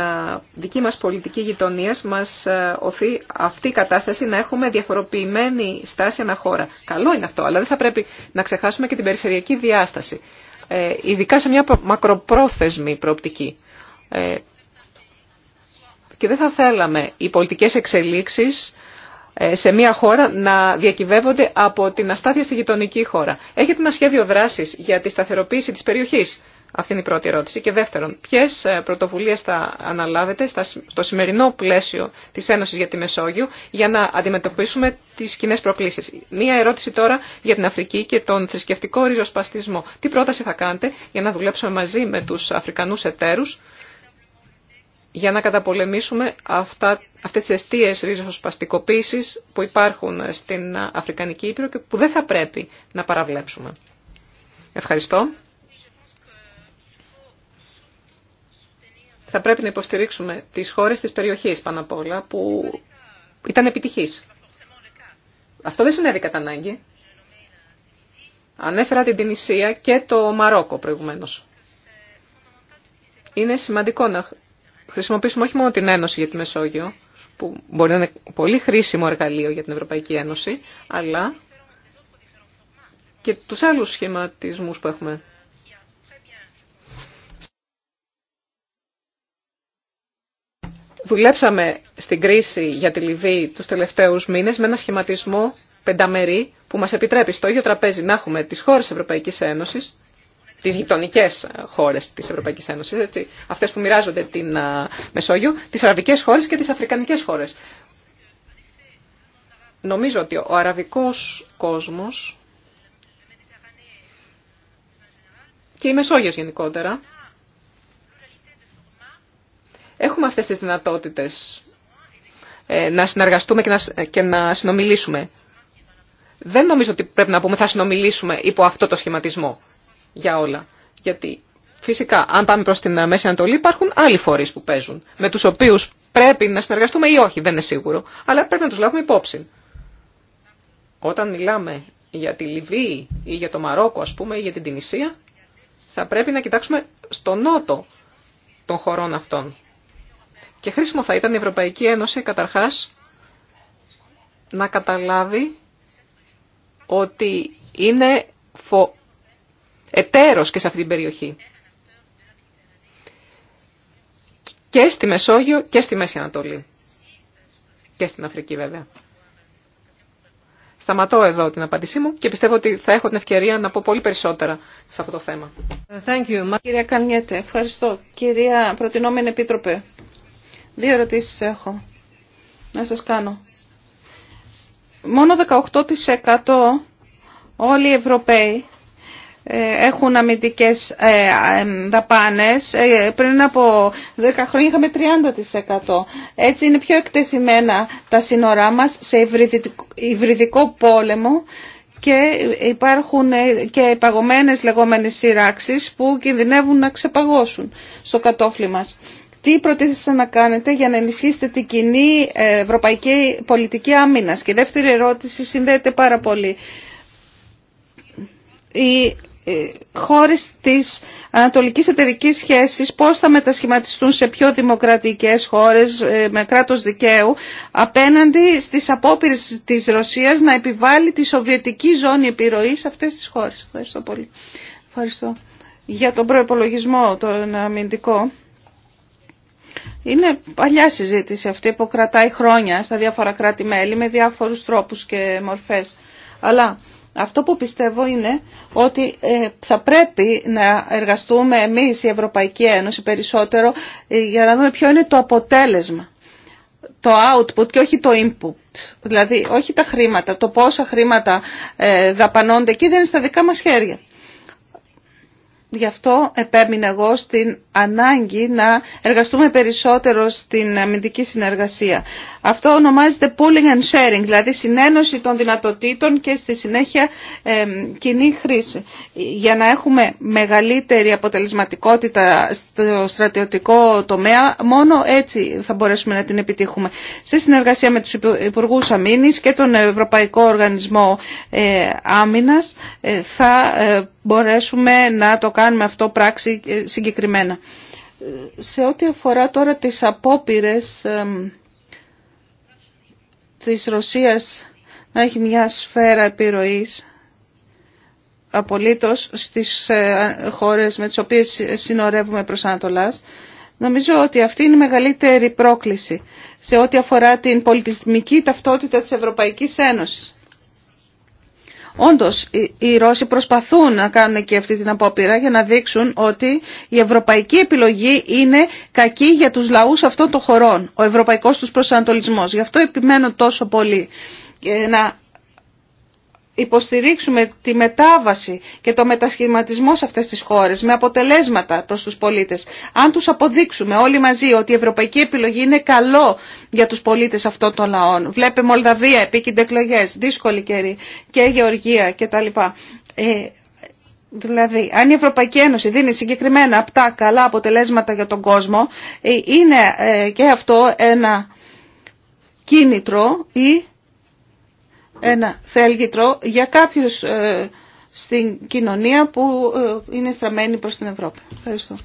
δική μας πολιτική γειτονίας μας ε, οθεί αυτή η κατάσταση να έχουμε διαφοροποιημένη στάση χώρα. Καλό είναι αυτό, αλλά δεν θα πρέπει να ξεχάσουμε και την περιφερειακή διάσταση, ε, ειδικά σε μια μακροπρόθεσμη προοπτική και δεν θα θέλαμε οι πολιτικές εξελίξεις ε, σε μια χώρα να διακυβεύονται από την αστάθεια στη γειτονική χώρα. Έχετε ένα σχέδιο δράσης για τη σταθεροποίηση της περιοχής. Αυτή είναι η πρώτη ερώτηση. Και δεύτερον, ποιε ε, πρωτοβουλίες θα αναλάβετε στο σημερινό πλαίσιο της Ένωσης για τη Μεσόγειο για να αντιμετωπίσουμε τις κοινέ προκλήσεις. Μία ερώτηση τώρα για την Αφρική και τον θρησκευτικό ριζοσπαστισμό. Τι πρόταση θα κάνετε για να δουλέψουμε μαζί με του Αφρικανού εταίρους για να καταπολεμήσουμε αυτά, αυτές τις αιστείες ριζοσπαστικοποίησης που υπάρχουν στην Αφρικανική Ήπειρο και που δεν θα πρέπει να παραβλέψουμε. Ευχαριστώ. Θα πρέπει να υποστηρίξουμε τις χώρες της περιοχής πάνω απ' όλα που ήταν επιτυχής. Αυτό δεν συνέβη κατά ανάγκη. Ανέφερα την Τινησία και το Μαρόκο προηγουμένως. Είναι σημαντικό να χρησιμοποιήσουμε όχι μόνο την Ένωση για τη Μεσόγειο, που μπορεί να είναι πολύ χρήσιμο εργαλείο για την Ευρωπαϊκή Ένωση, αλλά και τους άλλους σχηματισμούς που έχουμε. Δουλέψαμε στην κρίση για τη Λιβύη τους τελευταίους μήνες με ένα σχηματισμό πενταμερή που μας επιτρέπει στο ίδιο τραπέζι να έχουμε τις χώρες Ευρωπαϊκής Ένωσης, τι γειτονικέ χώρες της Ευρωπαϊκής Ένωσης, αυτέ αυτές που μοιράζονται την Μεσόγειο, τις αραβικές χώρες και τις αφρικανικές χώρες. Νομίζω ότι ο αραβικός κόσμος και η Μεσόγειος γενικότερα, έχουμε αυτές τις δυνατότητες ε, να συνεργαστούμε και να, ε, και να συνομιλήσουμε. Δεν νομίζω ότι πρέπει να πούμε θα συνομιλήσουμε υπό αυτό το σχηματισμό για όλα. Γιατί φυσικά αν πάμε προς την Μέση Ανατολή υπάρχουν άλλοι φορείς που παίζουν, με τους οποίους πρέπει να συνεργαστούμε ή όχι, δεν είναι σίγουρο, αλλά πρέπει να τους λάβουμε υπόψη. Όταν μιλάμε για τη Λιβύη ή για το Μαρόκο ας πούμε ή για την Τινησία, θα πρέπει να κοιτάξουμε στο νότο των χωρών αυτών. Και χρήσιμο θα ήταν η Ευρωπαϊκή Ένωση καταρχάς να καταλάβει ότι είναι φο εταίρος και σε αυτή την περιοχή. Και στη Μεσόγειο και στη Μέση Ανατολή. Και στην Αφρική βέβαια. Σταματώ εδώ την απάντησή μου και πιστεύω ότι θα έχω την ευκαιρία να πω πολύ περισσότερα σε αυτό το θέμα. Thank you. Κυρία Καλνιέτε, ευχαριστώ. Κυρία Προτινόμενη Επίτροπε, δύο ερωτήσεις έχω να σας κάνω. Μόνο 18% όλοι οι Ευρωπαίοι ε, έχουν αμυντικές ε, ε, δαπάνες. Πριν από 10 χρόνια είχαμε 30%. Έτσι είναι πιο εκτεθειμένα τα σύνορά μας σε υβριδικό πόλεμο και υπάρχουν και παγωμένες λεγόμενες σειράξεις που κινδυνεύουν να ξεπαγώσουν στο κατόφλι μας. Τι προτίθεστε να κάνετε για να ενισχύσετε την κοινή ευρωπαϊκή πολιτική άμυνας. Και η δεύτερη ερώτηση συνδέεται πάρα πολύ. Ε, χώρες της ανατολικής εταιρικής σχέσης πώς θα μετασχηματιστούν σε πιο δημοκρατικές χώρες ε, με κράτος δικαίου απέναντι στις απόπειρες της Ρωσίας να επιβάλλει τη σοβιετική ζώνη επιρροής σε αυτές τις χώρες. Ευχαριστώ πολύ. Ευχαριστώ. Για τον προϋπολογισμό τον αμυντικό. Είναι παλιά συζήτηση αυτή που κρατάει χρόνια στα διάφορα κράτη-μέλη με διάφορους τρόπους και μορφές. Αλλά αυτό που πιστεύω είναι ότι ε, θα πρέπει να εργαστούμε εμείς η Ευρωπαϊκή Ένωση περισσότερο ε, για να δούμε ποιο είναι το αποτέλεσμα, το output και όχι το input. Δηλαδή όχι τα χρήματα, το πόσα χρήματα ε, δαπανώνται εκεί δεν είναι στα δικά μας χέρια. Γι' αυτό επέμεινα εγώ στην ανάγκη να εργαστούμε περισσότερο στην αμυντική συνεργασία. Αυτό ονομάζεται pooling and sharing, δηλαδή συνένωση των δυνατοτήτων και στη συνέχεια κοινή χρήση. Για να έχουμε μεγαλύτερη αποτελεσματικότητα στο στρατιωτικό τομέα, μόνο έτσι θα μπορέσουμε να την επιτύχουμε. Σε συνεργασία με τους Υπουργούς Αμήνης και τον Ευρωπαϊκό Οργανισμό ε, Άμυνας ε, θα ε, μπορέσουμε να το κάνουμε αυτό πράξη ε, συγκεκριμένα. Ε, σε ό,τι αφορά τώρα τις απόπειρες της Ρωσίας να έχει μια σφαίρα επιρροής απολύτως στις ε, χώρες με τις οποίες συνορεύουμε προς Ανατολάς, Νομίζω ότι αυτή είναι η μεγαλύτερη πρόκληση σε ό,τι αφορά την πολιτισμική ταυτότητα της Ευρωπαϊκής Ένωσης. Όντω, οι Ρώσοι προσπαθούν να κάνουν και αυτή την απόπειρα για να δείξουν ότι η ευρωπαϊκή επιλογή είναι κακή για τους λαούς αυτών των χωρών, ο ευρωπαϊκός του προσανατολισμός. Γι' αυτό επιμένω τόσο πολύ ε, να υποστηρίξουμε τη μετάβαση και το μετασχηματισμό σε αυτές τις χώρες με αποτελέσματα προς τους πολίτες. Αν τους αποδείξουμε όλοι μαζί ότι η ευρωπαϊκή επιλογή είναι καλό για τους πολίτες αυτών των λαών. Βλέπε Μολδαβία, επί εκλογέ, δύσκολη καιρή και Γεωργία κτλ. Ε, δηλαδή, αν η Ευρωπαϊκή Ένωση δίνει συγκεκριμένα αυτά καλά αποτελέσματα για τον κόσμο, ε, είναι ε, και αυτό ένα κίνητρο ή ένα θέλγητρο για κάποιους ε, στην κοινωνία που ε, είναι στραμμένοι προς την Ευρώπη. Ευχαριστώ.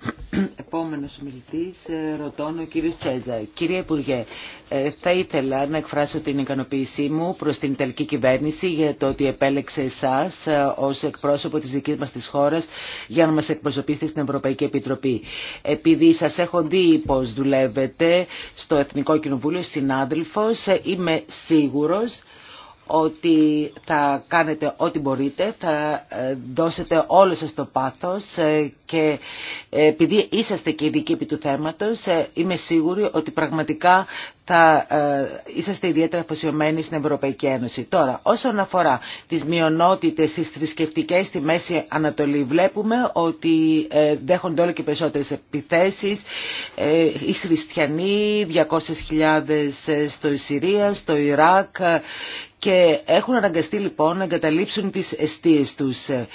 Επόμενος μιλητής, ε, ρωτών, ο κύριος Τσέζα. Κύριε Υπουργέ, ε, θα ήθελα να εκφράσω την ικανοποίησή μου προς την Ιταλική κυβέρνηση για το ότι επέλεξε εσάς ε, ως εκπρόσωπο της δικής μας της χώρας για να μας εκπροσωπήσετε στην Ευρωπαϊκή Επιτροπή. Επειδή σας έχω δει πώς δουλεύετε στο Εθνικό Κοινοβούλιο, συνάδελφος, είμαι σίγουρος ότι θα κάνετε ό,τι μπορείτε, θα ε, δώσετε όλο σας το πάθος ε, και ε, επειδή είσαστε και ειδικοί επί του θέματος, είμαι σίγουρη ότι πραγματικά θα είσαστε ιδιαίτερα αφοσιωμένοι στην Ευρωπαϊκή Ένωση. Τώρα, όσον αφορά τις μειονότητες, τις θρησκευτικέ στη Μέση Ανατολή, βλέπουμε ότι δέχονται όλο και περισσότερες επιθέσεις. οι χριστιανοί, 200.000 στο Συρία, στο Ιράκ, και έχουν αναγκαστεί λοιπόν να εγκαταλείψουν τις αιστείες τους ε,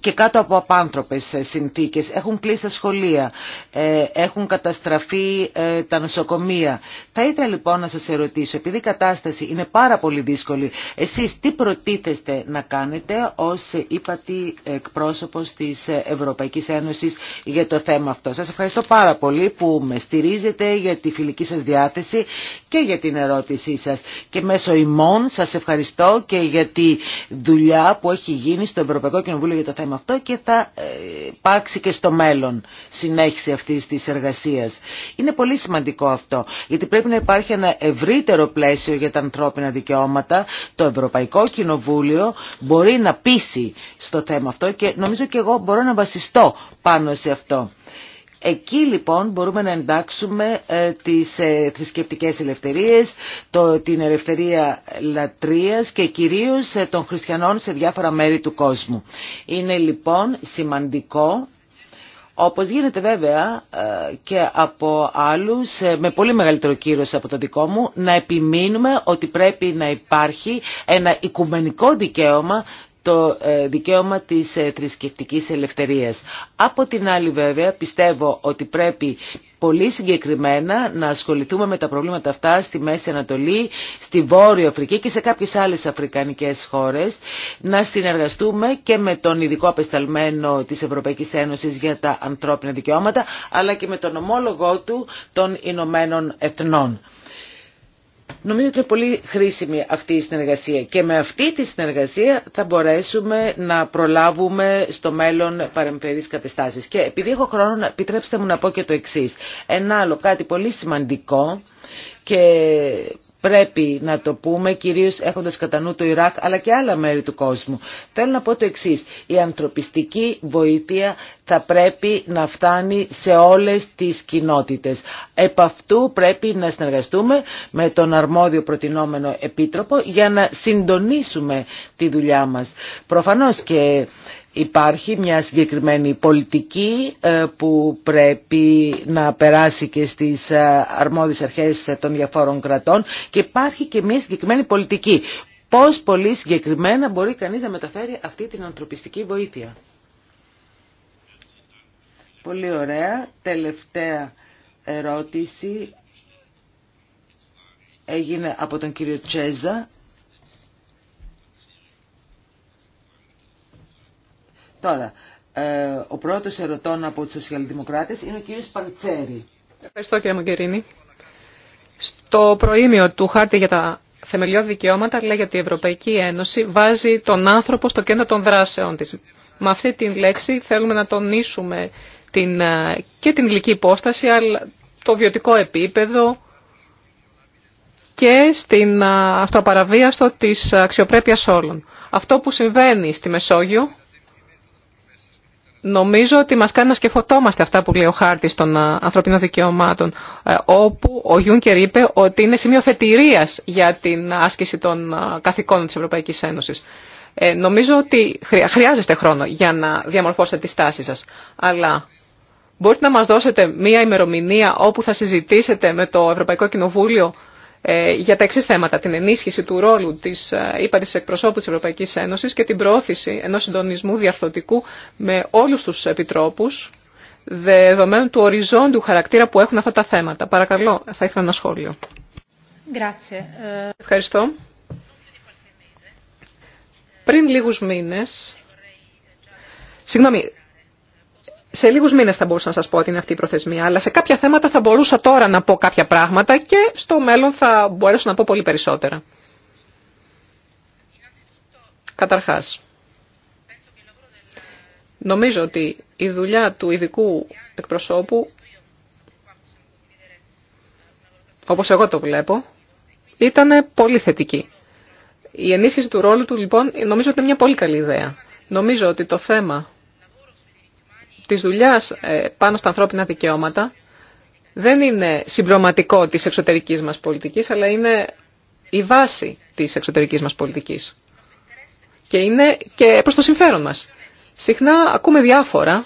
και κάτω από απάνθρωπες ε, συνθήκες. Έχουν κλείσει τα σχολεία, ε, έχουν καταστραφεί τα νοσοκομεία. Θα ήθελα λοιπόν να σας ερωτήσω, επειδή η κατάσταση είναι πάρα πολύ δύσκολη, εσείς τι προτίθεστε να κάνετε ως ύπατη εκπρόσωπος της Ευρωπαϊκής Ένωσης για το θέμα αυτό. Σας ευχαριστώ πάρα πολύ που με στηρίζετε για τη φιλική σας διάθεση και για την ερώτησή σας. Και μέσω ημών σας σε ευχαριστώ και για τη δουλειά που έχει γίνει στο Ευρωπαϊκό Κοινοβούλιο για το θέμα αυτό και θα ε, υπάρξει και στο μέλλον συνέχιση αυτής της εργασίας. Είναι πολύ σημαντικό αυτό, γιατί πρέπει να υπάρχει ένα ευρύτερο πλαίσιο για τα ανθρώπινα δικαιώματα. Το Ευρωπαϊκό Κοινοβούλιο μπορεί να πείσει στο θέμα αυτό και νομίζω και εγώ μπορώ να βασιστώ πάνω σε αυτό. Εκεί λοιπόν μπορούμε να εντάξουμε ε, τις θρησκευτικές ε, ελευθερίες, την ελευθερία λατρείας και κυρίως ε, των χριστιανών σε διάφορα μέρη του κόσμου. Είναι λοιπόν σημαντικό όπως γίνεται βέβαια και από άλλους, με πολύ μεγαλύτερο κύρος από το δικό μου, να επιμείνουμε ότι πρέπει να υπάρχει ένα οικουμενικό δικαίωμα το ε, δικαίωμα της ε, θρησκευτικής ελευθερίας. Από την άλλη βέβαια πιστεύω ότι πρέπει πολύ συγκεκριμένα να ασχοληθούμε με τα προβλήματα αυτά στη Μέση Ανατολή, στη Βόρεια Αφρική και σε κάποιες άλλες αφρικανικές χώρες, να συνεργαστούμε και με τον ειδικό απεσταλμένο της Ευρωπαϊκής Ένωσης για τα ανθρώπινα δικαιώματα, αλλά και με τον ομόλογό του των Ηνωμένων Εθνών. Νομίζω ότι είναι πολύ χρήσιμη αυτή η συνεργασία και με αυτή τη συνεργασία θα μπορέσουμε να προλάβουμε στο μέλλον παρεμφερείς καταστάσεις. Και επειδή έχω χρόνο, επιτρέψτε μου να πω και το εξής. Ένα άλλο κάτι πολύ σημαντικό και πρέπει να το πούμε κυρίως έχοντας κατά νου το Ιράκ αλλά και άλλα μέρη του κόσμου. Θέλω να πω το εξής, η ανθρωπιστική βοήθεια θα πρέπει να φτάνει σε όλες τις κοινότητες. Επ' αυτού πρέπει να συνεργαστούμε με τον αρμόδιο προτινόμενο επίτροπο για να συντονίσουμε τη δουλειά μας. Προφανώς και Υπάρχει μια συγκεκριμένη πολιτική ε, που πρέπει να περάσει και στις ε, αρμόδιες αρχές των διαφόρων κρατών και υπάρχει και μια συγκεκριμένη πολιτική. Πώς πολύ συγκεκριμένα μπορεί κανείς να μεταφέρει αυτή την ανθρωπιστική βοήθεια. Πολύ ωραία. Τελευταία ερώτηση έγινε από τον κύριο Τσέζα. Τώρα, ε, ο πρώτος ερωτών από τους σοσιαλδημοκράτες είναι ο κύριος Παρτσέρη. Ευχαριστώ κύριε Μογκερίνη. Στο προήμιο του χάρτη για τα θεμελιώδη δικαιώματα λέγεται ότι η Ευρωπαϊκή Ένωση βάζει τον άνθρωπο στο κέντρο των δράσεών της. Με αυτή τη λέξη θέλουμε να τονίσουμε την, ε, και την γλυκή υπόσταση, αλλά το βιωτικό επίπεδο και στην, ε, στο της αξιοπρέπειας όλων. Αυτό που συμβαίνει στη Μεσόγειο Νομίζω ότι μας κάνει να σκεφτόμαστε αυτά που λέει ο χάρτη των ανθρωπίνων δικαιωμάτων, ε, όπου ο Γιούνκερ είπε ότι είναι σημείο θετηρίας για την άσκηση των καθηκόνων της Ευρωπαϊκής Ένωσης. Ε, νομίζω ότι χρειάζεστε χρόνο για να διαμορφώσετε τις τάσεις σας. Αλλά μπορείτε να μας δώσετε μία ημερομηνία όπου θα συζητήσετε με το Ευρωπαϊκό Κοινοβούλιο ε, για τα εξή θέματα. Την ενίσχυση του ρόλου τη ύπαρτη ε, εκπροσώπου τη Ευρωπαϊκή Ένωση και την προώθηση ενό συντονισμού διαρθωτικού με όλου του επιτρόπου δεδομένου του οριζόντιου χαρακτήρα που έχουν αυτά τα θέματα. Παρακαλώ, θα ήθελα ένα σχόλιο. Ε, Ευχαριστώ. Πριν λίγους μήνες, συγγνώμη, σε λίγου μήνε θα μπορούσα να σα πω ότι είναι αυτή η προθεσμία, αλλά σε κάποια θέματα θα μπορούσα τώρα να πω κάποια πράγματα και στο μέλλον θα μπορέσω να πω πολύ περισσότερα. Καταρχά. νομίζω ότι η δουλειά του ειδικού εκπροσώπου, όπως εγώ το βλέπω, ήταν πολύ θετική. Η ενίσχυση του ρόλου του, λοιπόν, νομίζω ότι είναι μια πολύ καλή ιδέα. Νομίζω ότι το θέμα της δουλειάς ε, πάνω στα ανθρώπινα δικαιώματα δεν είναι συμπληρωματικό της εξωτερικής μας πολιτικής, αλλά είναι η βάση της εξωτερικής μας πολιτικής. Και είναι και προς το συμφέρον μας. Συχνά ακούμε διάφορα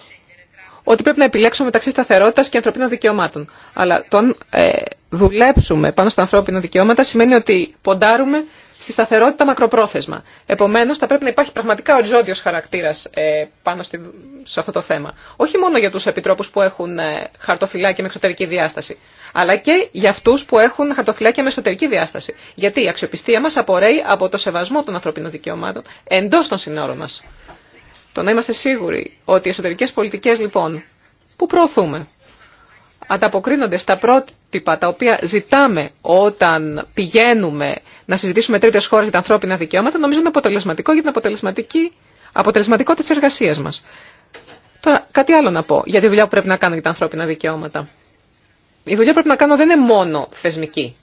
ότι πρέπει να επιλέξουμε μεταξύ σταθερότητα και ανθρωπίνων δικαιωμάτων. Αλλά το αν ε, δουλέψουμε πάνω στα ανθρώπινα δικαιώματα σημαίνει ότι ποντάρουμε στη σταθερότητα μακροπρόθεσμα. Επομένω, θα πρέπει να υπάρχει πραγματικά οριζόντιο χαρακτήρα ε, πάνω στη, σε αυτό το θέμα. Όχι μόνο για του επιτρόπου που έχουν ε, χαρτοφυλάκια με εξωτερική διάσταση, αλλά και για αυτού που έχουν χαρτοφυλάκια με εσωτερική διάσταση. Γιατί η αξιοπιστία μα απορρέει από το σεβασμό των ανθρωπίνων δικαιωμάτων εντό των συνόρων μα. Το να είμαστε σίγουροι ότι οι εσωτερικέ πολιτικέ, λοιπόν, που προωθούμε, ανταποκρίνονται στα πρότυπα τα οποία ζητάμε όταν πηγαίνουμε να συζητήσουμε τρίτε χώρε για τα ανθρώπινα δικαιώματα, νομίζω είναι αποτελεσματικό για την αποτελεσματική, αποτελεσματικότητα τη εργασία μα. Τώρα, κάτι άλλο να πω για τη δουλειά που πρέπει να κάνω για τα ανθρώπινα δικαιώματα. Η δουλειά που πρέπει να κάνω δεν είναι μόνο θεσμική.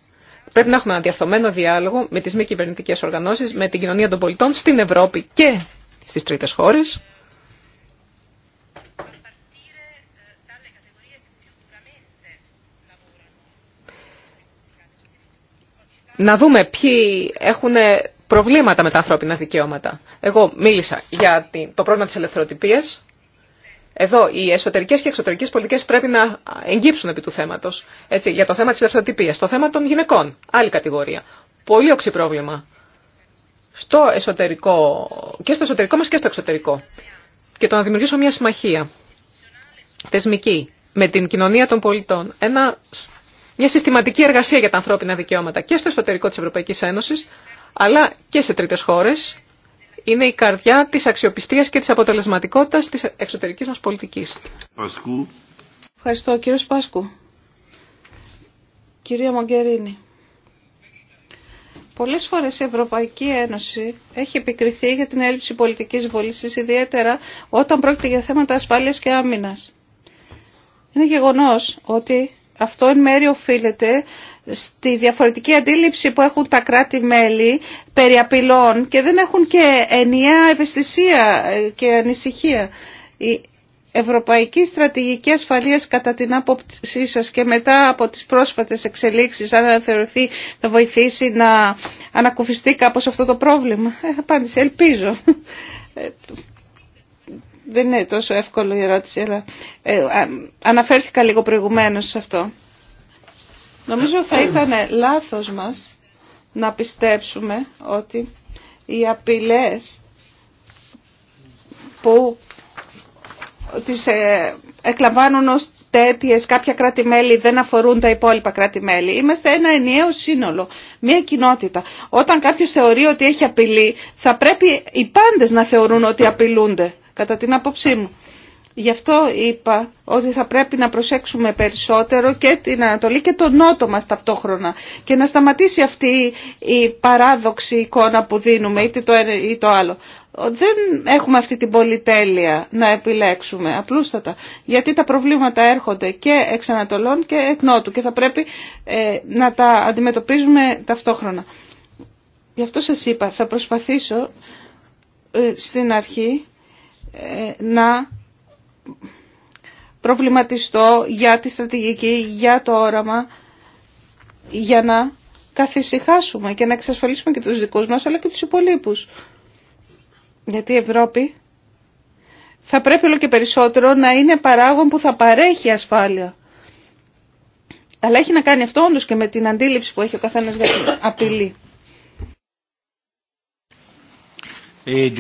Πρέπει να έχουμε ένα διαρθωμένο διάλογο με τι μη κυβερνητικέ οργανώσει, με την κοινωνία των πολιτών στην Ευρώπη και στι τρίτε χώρε. να δούμε ποιοι έχουν προβλήματα με τα ανθρώπινα δικαιώματα. Εγώ μίλησα για το πρόβλημα της ελευθεροτυπίας. Εδώ οι εσωτερικές και εξωτερικές πολιτικές πρέπει να εγγύψουν επί του θέματος. Έτσι, για το θέμα της ελευθεροτυπίας. Το θέμα των γυναικών. Άλλη κατηγορία. Πολύ οξύ πρόβλημα. Στο εσωτερικό, και στο εσωτερικό μας και στο εξωτερικό. Και το να δημιουργήσω μια συμμαχία θεσμική με την κοινωνία των πολιτών. Ένα μια συστηματική εργασία για τα ανθρώπινα δικαιώματα και στο εσωτερικό της Ευρωπαϊκής Ένωσης, αλλά και σε τρίτες χώρες, είναι η καρδιά της αξιοπιστίας και της αποτελεσματικότητας της εξωτερικής μας πολιτικής. Πασκού. Ευχαριστώ, κύριο Πάσκου. Κυρία Μογκερίνη. Πολλές φορές η Ευρωπαϊκή Ένωση έχει επικριθεί για την έλλειψη πολιτικής βολήσης, ιδιαίτερα όταν πρόκειται για θέματα ασφάλειας και άμυνας. Είναι γεγονός ότι αυτό εν μέρει οφείλεται στη διαφορετική αντίληψη που έχουν τα κράτη-μέλη περί απειλών και δεν έχουν και ενιαία ευαισθησία ε, και ανησυχία. Η Ευρωπαϊκή Στρατηγική Ασφαλείας κατά την άποψή σας και μετά από τις πρόσφατες εξελίξεις, αν θεωρηθεί να βοηθήσει να ανακουφιστεί κάπως αυτό το πρόβλημα. Ε, ελπίζω. Ε, δεν είναι τόσο εύκολο η ερώτηση, αλλά ε, αναφέρθηκα λίγο προηγουμένως σε αυτό. Νομίζω θα ήταν λάθος μας να πιστέψουμε ότι οι απειλές που τις ε, εκλαμβάνουν ως τέτοιες κάποια κράτη-μέλη δεν αφορούν τα υπόλοιπα κράτη-μέλη. Είμαστε ένα ενιαίο σύνολο, μια κοινότητα. Όταν κάποιος θεωρεί ότι έχει απειλή, θα πρέπει οι πάντες να θεωρούν ότι απειλούνται κατά την άποψή μου. Γι' αυτό είπα ότι θα πρέπει να προσέξουμε περισσότερο και την Ανατολή και τον Νότο μας ταυτόχρονα και να σταματήσει αυτή η παράδοξη εικόνα που δίνουμε είτε το ένα ή το άλλο. Δεν έχουμε αυτή την πολυτέλεια να επιλέξουμε απλούστατα γιατί τα προβλήματα έρχονται και εξ Ανατολών και εκ Νότου και θα πρέπει ε, να τα αντιμετωπίζουμε ταυτόχρονα. Γι' αυτό σας είπα θα προσπαθήσω ε, στην αρχή ε, να προβληματιστώ για τη στρατηγική, για το όραμα, για να καθησυχάσουμε και να εξασφαλίσουμε και τους δικούς μας αλλά και τους υπολείπους. Γιατί η Ευρώπη θα πρέπει όλο και περισσότερο να είναι παράγον που θα παρέχει ασφάλεια. Αλλά έχει να κάνει αυτό όντως και με την αντίληψη που έχει ο καθένας για την απειλή. E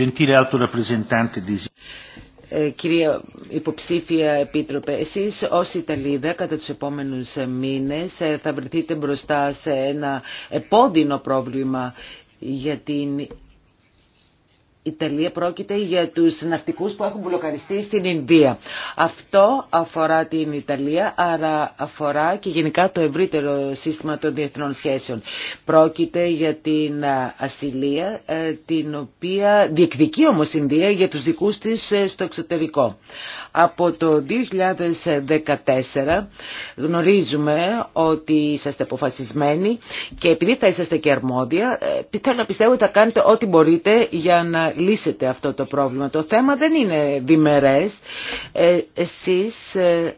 ε, κυρία υποψήφια επίτροπε, εσείς ως Ιταλίδα κατά τους επόμενους μήνες ε, θα βρεθείτε μπροστά σε ένα επώδυνο πρόβλημα για την Ιταλία πρόκειται για τους ναυτικούς που έχουν μπλοκαριστεί στην Ινδία. Αυτό αφορά την Ιταλία, άρα αφορά και γενικά το ευρύτερο σύστημα των διεθνών σχέσεων. Πρόκειται για την ασυλία, ε, την οποία διεκδικεί όμως η Ινδία για τους δικούς της ε, στο εξωτερικό. Από το 2014 γνωρίζουμε ότι είσαστε αποφασισμένοι και επειδή θα είσαστε και αρμόδια, ε, θέλω να πιστεύω ότι θα κάνετε ό,τι μπορείτε για να λύσετε αυτό το πρόβλημα. Το θέμα δεν είναι διμερές. Ε, εσείς ε,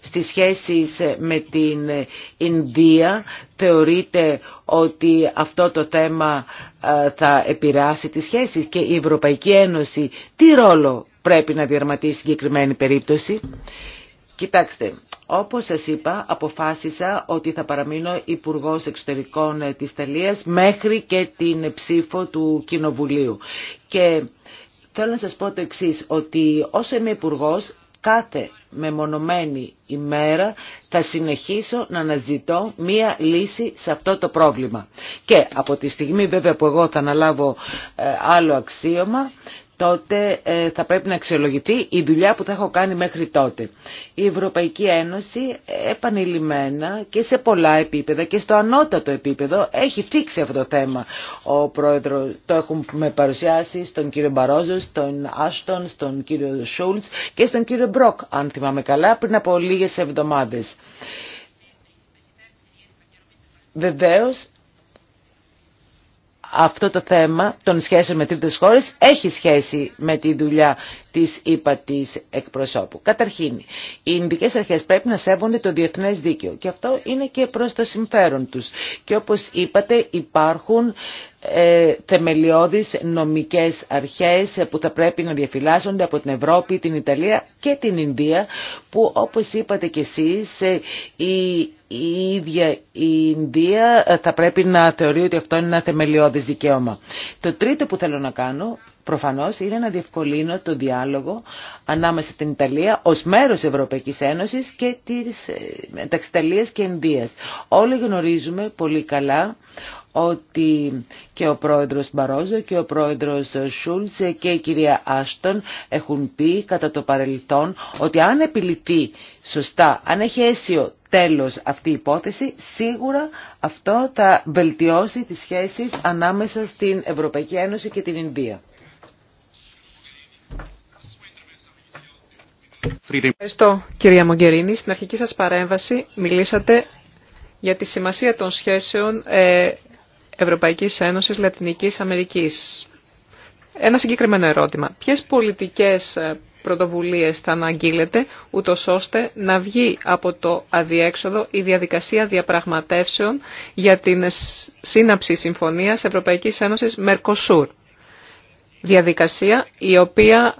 στις σχέσεις με την Ινδία θεωρείτε ότι αυτό το θέμα ε, θα επηρεάσει τις σχέσεις και η Ευρωπαϊκή Ένωση τι ρόλο πρέπει να διαρματίσει συγκεκριμένη περίπτωση. Κοιτάξτε, όπως σας είπα, αποφάσισα ότι θα παραμείνω υπουργό Εξωτερικών ε, της ταλίας μέχρι και την ψήφο του Κοινοβουλίου. Και θέλω να σας πω το εξής, ότι όσο είμαι υπουργό κάθε μεμονωμένη ημέρα θα συνεχίσω να αναζητώ μία λύση σε αυτό το πρόβλημα. Και από τη στιγμή βέβαια που εγώ θα αναλάβω ε, άλλο αξίωμα, τότε ε, θα πρέπει να αξιολογηθεί η δουλειά που θα έχω κάνει μέχρι τότε. Η Ευρωπαϊκή Ένωση επανειλημμένα και σε πολλά επίπεδα και στο ανώτατο επίπεδο έχει θίξει αυτό το θέμα. Ο πρόεδρος το έχουμε παρουσιάσει στον κύριο Μπαρόζο, στον Άστον, στον κύριο Σούλτ και στον κύριο Μπροκ, αν θυμάμαι καλά, πριν από λίγες εβδομάδες αυτό το θέμα των σχέσεων με τρίτες χώρες έχει σχέση με τη δουλειά της ΥΠΑ της εκπροσώπου. Καταρχήν, οι Ινδικές Αρχές πρέπει να σέβονται το διεθνές δίκαιο και αυτό είναι και προς το συμφέρον τους. Και όπως είπατε υπάρχουν ε, θεμελιώδεις νομικές αρχές που θα πρέπει να διαφυλάσσονται από την Ευρώπη, την Ιταλία και την Ινδία που όπως είπατε κι εσείς ε, η ίδια η Ινδία ε, θα πρέπει να θεωρεί ότι αυτό είναι ένα θεμελιώδης δικαίωμα. Το τρίτο που θέλω να κάνω προφανώς είναι να διευκολύνω το διάλογο ανάμεσα στην Ιταλία ως μέρος Ευρωπαϊκής Ένωσης και της μεταξύ Ιταλίας και Ινδίας. Όλοι γνωρίζουμε πολύ καλά ότι και ο πρόεδρος Μπαρόζο και ο πρόεδρος Σούλτς και η κυρία Άστον έχουν πει κατά το παρελθόν ότι αν επιληθεί σωστά, αν έχει αίσιο τέλος αυτή η υπόθεση, σίγουρα αυτό θα βελτιώσει τις σχέσεις ανάμεσα στην Ευρωπαϊκή Ένωση και την Ινδία. Ευχαριστώ κυρία Μογκερίνη. Στην αρχική σας παρέμβαση μιλήσατε για τη σημασία των σχέσεων ε, Ευρωπαϊκής Ένωσης Λατινικής Αμερικής. Ένα συγκεκριμένο ερώτημα. Ποιες πολιτικές ε, πρωτοβουλίες θα αναγγείλετε, ούτω ώστε να βγει από το αδιέξοδο η διαδικασία διαπραγματεύσεων για την σύναψη συμφωνίας Ευρωπαϊκής Ένωσης Μερκοσούρ. Διαδικασία η οποία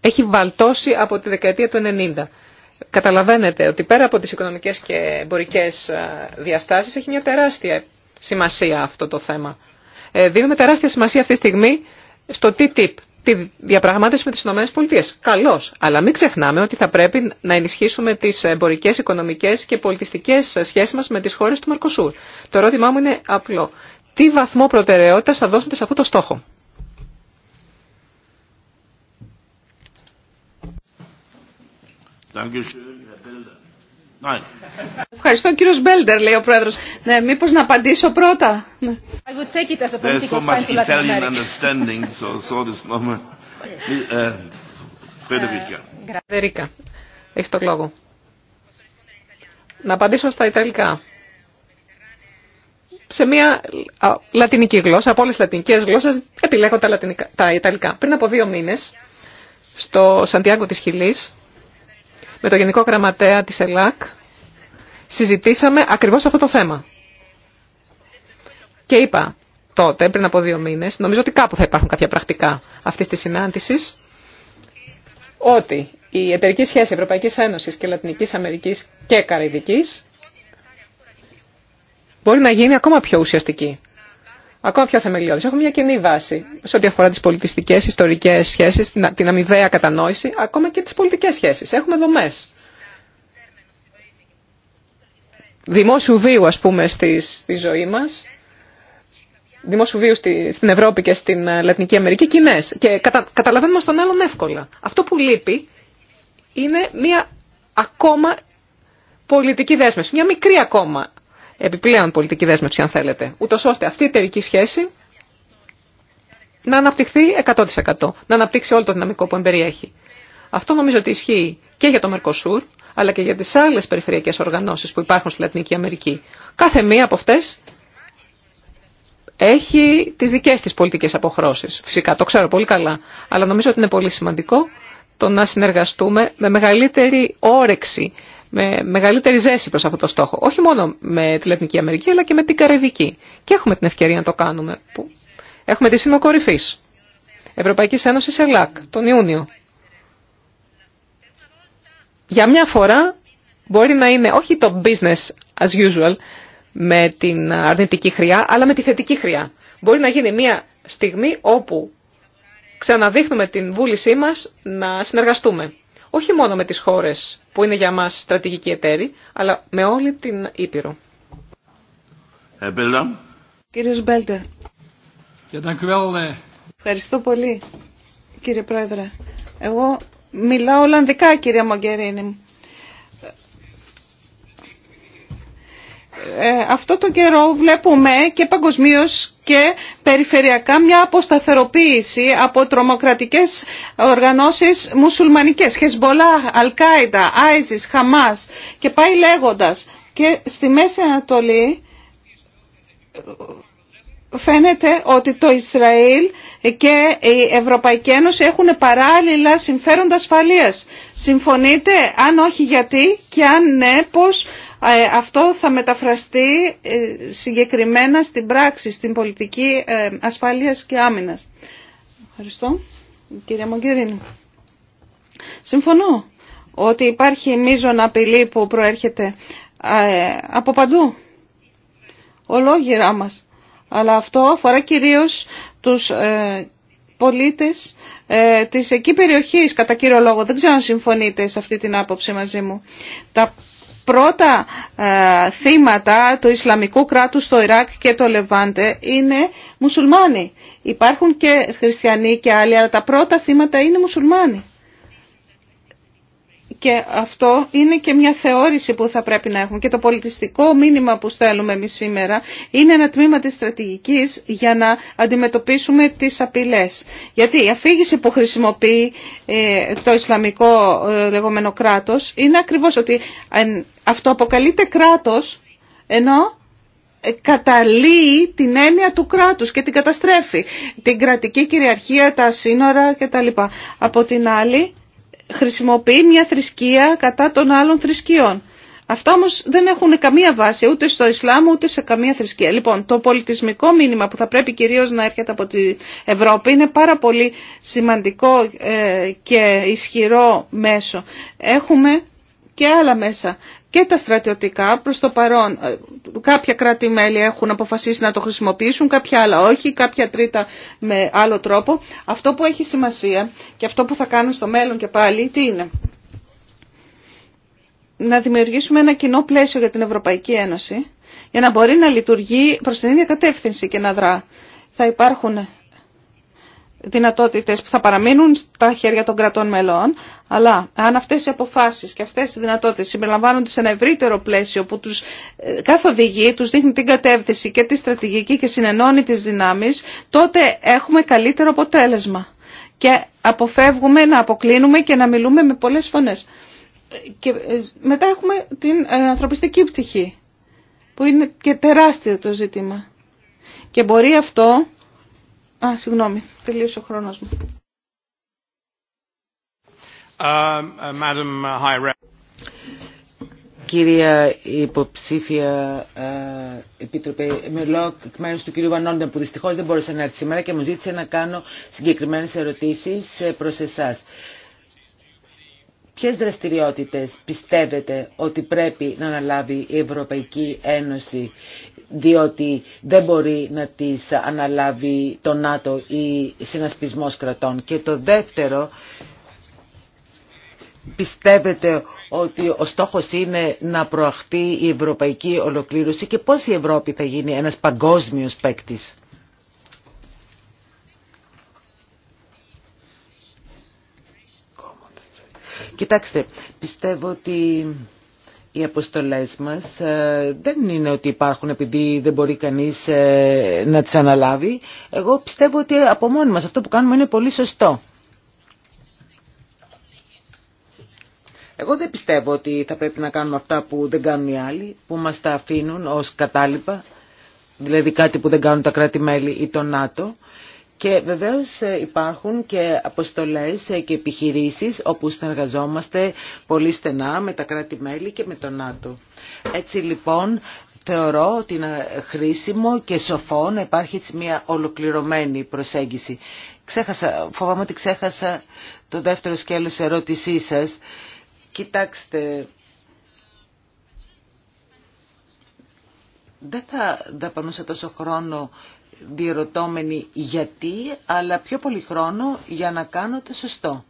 έχει βαλτώσει από τη δεκαετία του 90. Καταλαβαίνετε ότι πέρα από τις οικονομικές και εμπορικές ε, διαστάσεις έχει μια τεράστια σημασία αυτό το θέμα. Ε, δίνουμε τεράστια σημασία αυτή τη στιγμή στο TTIP, τη διαπραγμάτευση με τις ΗΠΑ. Καλώ. αλλά μην ξεχνάμε ότι θα πρέπει να ενισχύσουμε τις εμπορικές, οικονομικές και πολιτιστικέ σχέσεις μας με τις χώρες του Μαρκοσούρ. Το ερώτημά μου είναι απλό. Τι βαθμό προτεραιότητα θα δώσετε σε αυτό το στόχο. Ευχαριστώ κύριο Μπέλντερ, λέει ο πρόεδρο. Ναι, μήπως να απαντήσω πρώτα. Φεδερίκα, I so much Italian understanding, so, eh, Έχεις το λόγο. Να απαντήσω στα Ιταλικά. Σε μια λατινική γλώσσα, από όλε τι λατινικέ γλώσσε, επιλέγω τα, Ιταλικά. Πριν από δύο μήνε στο Σαντιάγκο τη Χιλή με το Γενικό Γραμματέα της ΕΛΑΚ συζητήσαμε ακριβώς αυτό το θέμα. Και είπα τότε, πριν από δύο μήνες, νομίζω ότι κάπου θα υπάρχουν κάποια πρακτικά αυτής της συνάντησης, ότι η εταιρική σχέση Ευρωπαϊκής Ένωσης και Λατινικής Αμερικής και Καραϊβικής μπορεί να γίνει ακόμα πιο ουσιαστική ακόμα πιο θεμελιώδης. Έχουμε μια κοινή βάση σε ό,τι αφορά τις πολιτιστικές, ιστορικές σχέσεις, την αμοιβαία κατανόηση, ακόμα και τις πολιτικές σχέσεις. Έχουμε δομές. Δημόσιου βίου, ας πούμε, στη, στη ζωή μας, δημόσιου βίου στη, στην Ευρώπη και στην ε, Λατινική Αμερική, κοινέ. Και κατα, καταλαβαίνουμε στον άλλον εύκολα. Αυτό που λείπει είναι μια ακόμα πολιτική δέσμευση, μια μικρή ακόμα επιπλέον πολιτική δέσμευση, αν θέλετε, ούτω ώστε αυτή η εταιρική σχέση να αναπτυχθεί 100%, να αναπτύξει όλο το δυναμικό που εμπεριέχει. Αυτό νομίζω ότι ισχύει και για το Μερκοσούρ, αλλά και για τι άλλε περιφερειακέ οργανώσει που υπάρχουν στη Λατινική Αμερική. Κάθε μία από αυτέ έχει τι δικέ της πολιτικέ αποχρώσεις. Φυσικά, το ξέρω πολύ καλά, αλλά νομίζω ότι είναι πολύ σημαντικό το να συνεργαστούμε με μεγαλύτερη όρεξη με μεγαλύτερη ζέση προς αυτό το στόχο. Όχι μόνο με τη Λατινική Αμερική, αλλά και με την Καραϊβική. Και έχουμε την ευκαιρία να το κάνουμε. Που... Έχουμε τη Σύνο Κορυφής. Ευρωπαϊκής Ένωσης ΕΛΑΚ, τον Ιούνιο. Για μια φορά μπορεί να είναι όχι το business as usual με την αρνητική χρειά, αλλά με τη θετική χρειά. Μπορεί να γίνει μια στιγμή όπου ξαναδείχνουμε την βούλησή μας να συνεργαστούμε. Όχι μόνο με τις χώρες που είναι για μας στρατηγική εταίρη, αλλά με όλη την Ήπειρο. Εμπέλα. Κύριος Μπέλτερ. Eh. Ευχαριστώ πολύ, κύριε Πρόεδρε. Εγώ μιλάω Ολλανδικά, κύριε Μογκερίνη. Ε, αυτό τον καιρό βλέπουμε και παγκοσμίω και περιφερειακά μια αποσταθεροποίηση από τρομοκρατικές οργανώσεις μουσουλμανικές, Χεσμπολά, Αλκάιντα, Άιζης, Χαμάς και πάει λέγοντας. Και στη Μέση Ανατολή φαίνεται ότι το Ισραήλ και η Ευρωπαϊκή Ένωση έχουν παράλληλα συμφέροντα ασφαλείας. Συμφωνείτε, αν όχι γιατί και αν ναι, πώς ε, αυτό θα μεταφραστεί ε, συγκεκριμένα στην πράξη, στην πολιτική ε, ασφάλειας και άμυνας. Ευχαριστώ. Κυρία Μογκερίνη. Συμφωνώ ότι υπάρχει μείζων απειλή που προέρχεται από παντού, ολόγυρά μας. Αλλά αυτό αφορά κυρίως τους πολίτες της εκεί περιοχής κατά κύριο λόγο. Δεν ξέρω αν συμφωνείτε σε αυτή την άποψη μαζί μου. Τα πρώτα ε, θύματα του Ισλαμικού κράτους στο Ιράκ και το Λεβάντε είναι μουσουλμάνοι. Υπάρχουν και χριστιανοί και άλλοι, αλλά τα πρώτα θύματα είναι μουσουλμάνοι. Και αυτό είναι και μια θεώρηση που θα πρέπει να έχουμε. Και το πολιτιστικό μήνυμα που στέλνουμε εμείς σήμερα είναι ένα τμήμα της στρατηγικής για να αντιμετωπίσουμε τις απειλές. Γιατί η αφήγηση που χρησιμοποιεί ε, το Ισλαμικό ε, λεγόμενο κράτος είναι ακριβώς ότι ε, αυτό αποκαλείται κράτος ενώ καταλύει την έννοια του κράτους και την καταστρέφει. Την κρατική κυριαρχία, τα σύνορα κτλ. Από την άλλη χρησιμοποιεί μια θρησκεία κατά των άλλων θρησκείων. Αυτά όμως δεν έχουν καμία βάση ούτε στο Ισλάμ ούτε σε καμία θρησκεία. Λοιπόν, το πολιτισμικό μήνυμα που θα πρέπει κυρίως να έρχεται από την Ευρώπη είναι πάρα πολύ σημαντικό ε, και ισχυρό μέσο. Έχουμε και άλλα μέσα και τα στρατιωτικά προς το παρόν. Ε, κάποια κράτη-μέλη έχουν αποφασίσει να το χρησιμοποιήσουν, κάποια άλλα όχι, κάποια τρίτα με άλλο τρόπο. Αυτό που έχει σημασία και αυτό που θα κάνουν στο μέλλον και πάλι, τι είναι. Να δημιουργήσουμε ένα κοινό πλαίσιο για την Ευρωπαϊκή Ένωση, για να μπορεί να λειτουργεί προς την ίδια κατεύθυνση και να δρά. Θα υπάρχουν δυνατότητες που θα παραμείνουν στα χέρια των κρατών μελών, αλλά αν αυτές οι αποφάσεις και αυτές οι δυνατότητες συμπεριλαμβάνονται σε ένα ευρύτερο πλαίσιο που τους ε, καθοδηγεί, τους δείχνει την κατεύθυνση και τη στρατηγική και συνενώνει τις δυνάμεις, τότε έχουμε καλύτερο αποτέλεσμα και αποφεύγουμε να αποκλίνουμε και να μιλούμε με πολλές φωνές. Και ε, μετά έχουμε την ε, ανθρωπιστική πτυχή, που είναι και τεράστιο το ζήτημα. Και μπορεί αυτό Α, συγγνώμη, τελείωσε ο χρόνος μου. Um, uh, Κυρία υποψήφια uh, επίτροπε, μιλώ εκ μέρους του κυρίου Βανόντα που δυστυχώς δεν μπορούσε να έρθει σήμερα και μου ζήτησε να κάνω συγκεκριμένες ερωτήσεις ε, προς εσάς. Ποιες δραστηριότητες πιστεύετε ότι πρέπει να αναλάβει η Ευρωπαϊκή Ένωση διότι δεν μπορεί να τις αναλάβει το ΝΑΤΟ ή συνασπισμός κρατών. Και το δεύτερο, πιστεύετε ότι ο στόχος είναι να προαχθεί η ευρωπαϊκή ολοκλήρωση και πώς η Ευρώπη θα γίνει ένας παγκόσμιος παίκτη. Κοιτάξτε, πιστεύω ότι οι αποστολές μας ε, δεν είναι ότι υπάρχουν επειδή δεν μπορεί κανείς ε, να τις αναλάβει. Εγώ πιστεύω ότι από μόνοι μας αυτό που κάνουμε είναι πολύ σωστό. Εγώ δεν πιστεύω ότι θα πρέπει να κάνουμε αυτά που δεν κάνουν οι άλλοι, που μας τα αφήνουν ως κατάλοιπα, δηλαδή κάτι που δεν κάνουν τα κράτη-μέλη ή το ΝΑΤΟ. Και βεβαίως ε, υπάρχουν και αποστολές ε, και επιχειρήσεις όπου συνεργαζόμαστε πολύ στενά με τα κράτη-μέλη και με τον ΝΑΤΟ. Έτσι λοιπόν θεωρώ ότι είναι χρήσιμο και σοφό να υπάρχει έτσι μια ολοκληρωμένη προσέγγιση. Ξέχασα, φοβάμαι ότι ξέχασα το δεύτερο σκέλος ερώτησή σας. Κοιτάξτε, δεν θα δαπανούσα τόσο χρόνο διερωτώμενοι γιατί, αλλά πιο πολύ χρόνο για να κάνω το σωστό.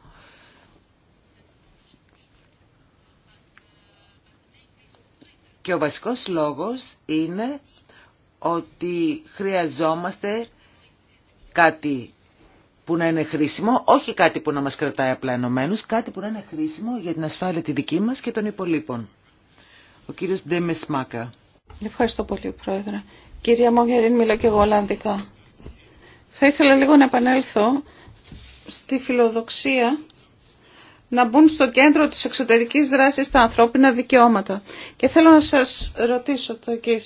Και ο βασικός λόγος είναι ότι χρειαζόμαστε κάτι που να είναι χρήσιμο, όχι κάτι που να μας κρατάει απλά ενωμένους, κάτι που να είναι χρήσιμο για την ασφάλεια τη δική μας και των υπολείπων. Ο κύριος Ντέμες Μάκα. Ευχαριστώ πολύ, Πρόεδρε. Κυρία Μόγεριν, μιλώ και εγώ Ολλανδικά. Θα ήθελα λίγο να επανέλθω στη φιλοδοξία να μπουν στο κέντρο της εξωτερικής δράσης τα ανθρώπινα δικαιώματα. Και θέλω να σας ρωτήσω το εκεί.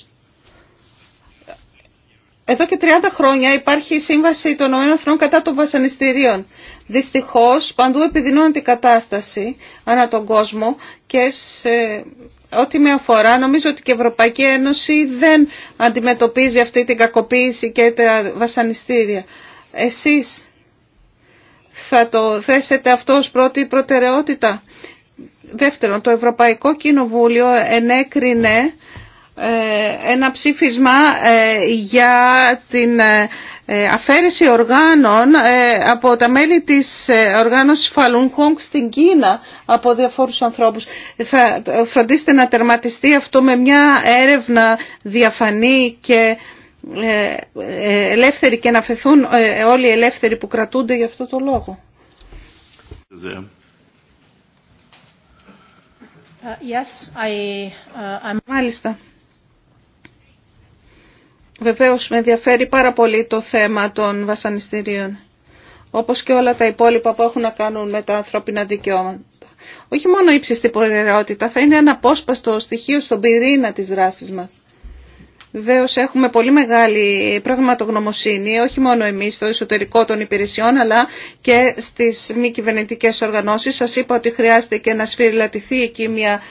Εδώ και 30 χρόνια υπάρχει η Σύμβαση των ΟΕΕ κατά των βασανιστήριων. Δυστυχώς παντού επιδεινώνεται η κατάσταση ανά τον κόσμο και σε ό,τι με αφορά νομίζω ότι και η Ευρωπαϊκή Ένωση δεν αντιμετωπίζει αυτή την κακοποίηση και τα βασανιστήρια. Εσείς θα το θέσετε αυτό ως πρώτη προτεραιότητα. Δεύτερον, το Ευρωπαϊκό Κοινοβούλιο ενέκρινε ε, ένα ψήφισμα ε, για την ε, αφαίρεση οργάνων από τα μέλη της οργάνωσης Falun Gong στην Κίνα από διαφόρους ανθρώπους. Θα φροντίστε να τερματιστεί αυτό με μια έρευνα διαφανή και ελεύθερη και να φεθούν όλοι οι ελεύθεροι που κρατούνται για αυτό το λόγο. Uh, yes, I, uh, Μάλιστα. Βεβαίως με ενδιαφέρει πάρα πολύ το θέμα των βασανιστήριων, όπως και όλα τα υπόλοιπα που έχουν να κάνουν με τα ανθρώπινα δικαιώματα. Όχι μόνο ύψιστη προτεραιότητα, θα είναι ένα πόσπαστο στοιχείο στον πυρήνα της δράσης μας. Βεβαίω έχουμε πολύ μεγάλη πραγματογνωμοσύνη, όχι μόνο εμεί στο εσωτερικό των υπηρεσιών, αλλά και στι μη κυβερνητικέ οργανώσει. Σα είπα ότι χρειάζεται και να σφυριλατηθεί εκεί μια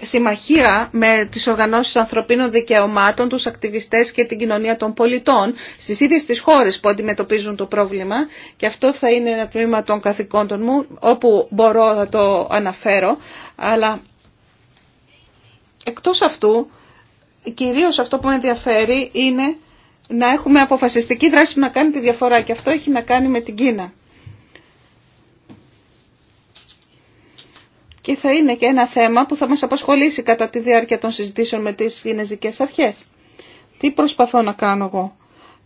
συμμαχία με τι οργανώσει ανθρωπίνων δικαιωμάτων, του ακτιβιστέ και την κοινωνία των πολιτών στι ίδιε τι χώρε που αντιμετωπίζουν το πρόβλημα. Και αυτό θα είναι ένα τμήμα των καθηκόντων μου, όπου μπορώ να το αναφέρω. Αλλά εκτός αυτού, κυρίως αυτό που με ενδιαφέρει είναι να έχουμε αποφασιστική δράση που να κάνει τη διαφορά και αυτό έχει να κάνει με την Κίνα. Και θα είναι και ένα θέμα που θα μας απασχολήσει κατά τη διάρκεια των συζητήσεων με τις κινέζικες αρχές. Τι προσπαθώ να κάνω εγώ.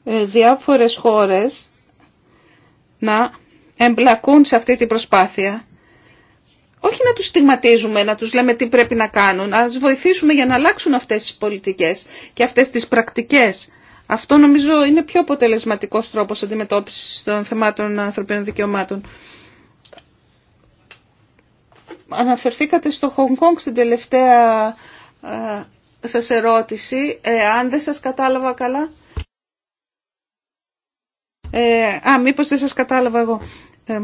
Ε, διάφορες χώρες να εμπλακούν σε αυτή την προσπάθεια όχι να τους στιγματίζουμε, να τους λέμε τι πρέπει να κάνουν, να τους βοηθήσουμε για να αλλάξουν αυτές τις πολιτικές και αυτές τις πρακτικές. Αυτό νομίζω είναι πιο αποτελεσματικός τρόπος αντιμετώπισης των θεμάτων ανθρωπίνων δικαιωμάτων. Αναφερθήκατε στο Hong Kong στην τελευταία σας ερώτηση, ε, αν δεν σας κατάλαβα καλά. Ε, α, μήπως δεν σας κατάλαβα εγώ. Ε,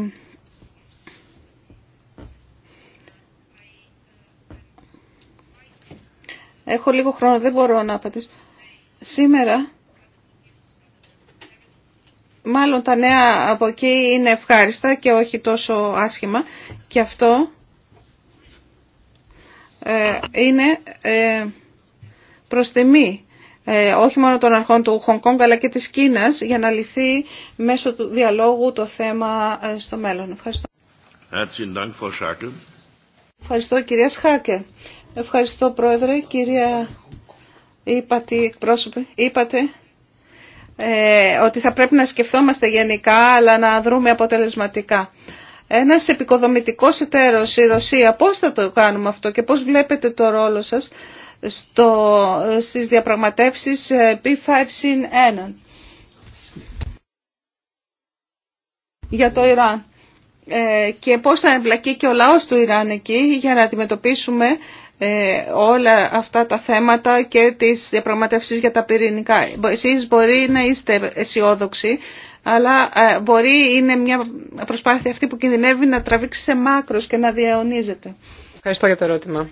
Έχω λίγο χρόνο, δεν μπορώ να απαντήσω. Σήμερα, μάλλον τα νέα από εκεί είναι ευχάριστα και όχι τόσο άσχημα. Και αυτό ε, είναι ε, προς τιμή ε, όχι μόνο των αρχών του Χονγκ αλλά και της Κίνας για να λυθεί μέσω του διαλόγου το θέμα στο μέλλον. Ευχαριστώ. Ευχαριστώ κυρία Σχάκε. Ευχαριστώ Πρόεδρε, κυρία είπατε, εκπρόσωπε, είπατε ε, ότι θα πρέπει να σκεφτόμαστε γενικά αλλά να δρούμε αποτελεσματικά. Ένα επικοδομητικός εταίρος, η Ρωσία, πώς θα το κάνουμε αυτό και πώς βλέπετε το ρόλο σας στο, στις διαπραγματεύσεις P5 συν 1 για το Ιράν ε, και πώς θα εμπλακεί και ο λαός του Ιράν εκεί για να αντιμετωπίσουμε ε, όλα αυτά τα θέματα και τις διαπραγματεύσεις για τα πυρηνικά. Εσείς μπορεί να είστε αισιόδοξοι, αλλά ε, μπορεί είναι μια προσπάθεια αυτή που κινδυνεύει να τραβήξει σε μάκρος και να διαονίζεται. Ευχαριστώ για το ερώτημα.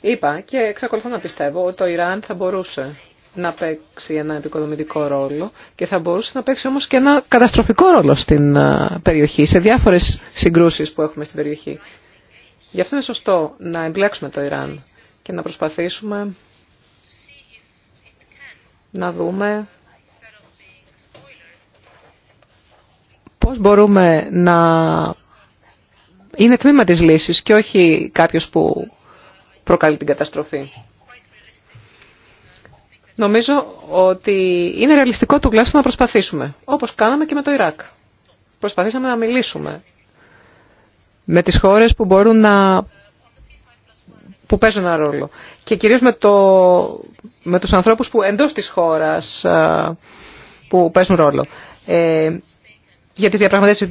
Είπα και εξακολουθώ να πιστεύω ότι το Ιράν θα μπορούσε να παίξει ένα επικοδομητικό ρόλο και θα μπορούσε να παίξει όμως και ένα καταστροφικό ρόλο στην ε, περιοχή, σε διάφορες συγκρούσεις που έχουμε στην περιοχή. Γι' αυτό είναι σωστό να εμπλέξουμε το Ιράν και να προσπαθήσουμε να δούμε πώς μπορούμε να είναι τμήμα της λύσης και όχι κάποιος που προκαλεί την καταστροφή. Νομίζω ότι είναι ρεαλιστικό τουλάχιστον να προσπαθήσουμε, όπως κάναμε και με το Ιράκ. Προσπαθήσαμε να μιλήσουμε με τις χώρες που μπορούν να που παίζουν ένα ρόλο. Και κυρίως με, το, με τους ανθρώπους που εντός της χώρας που παίζουν ρόλο. Ε, για τις διαπραγματεύσεις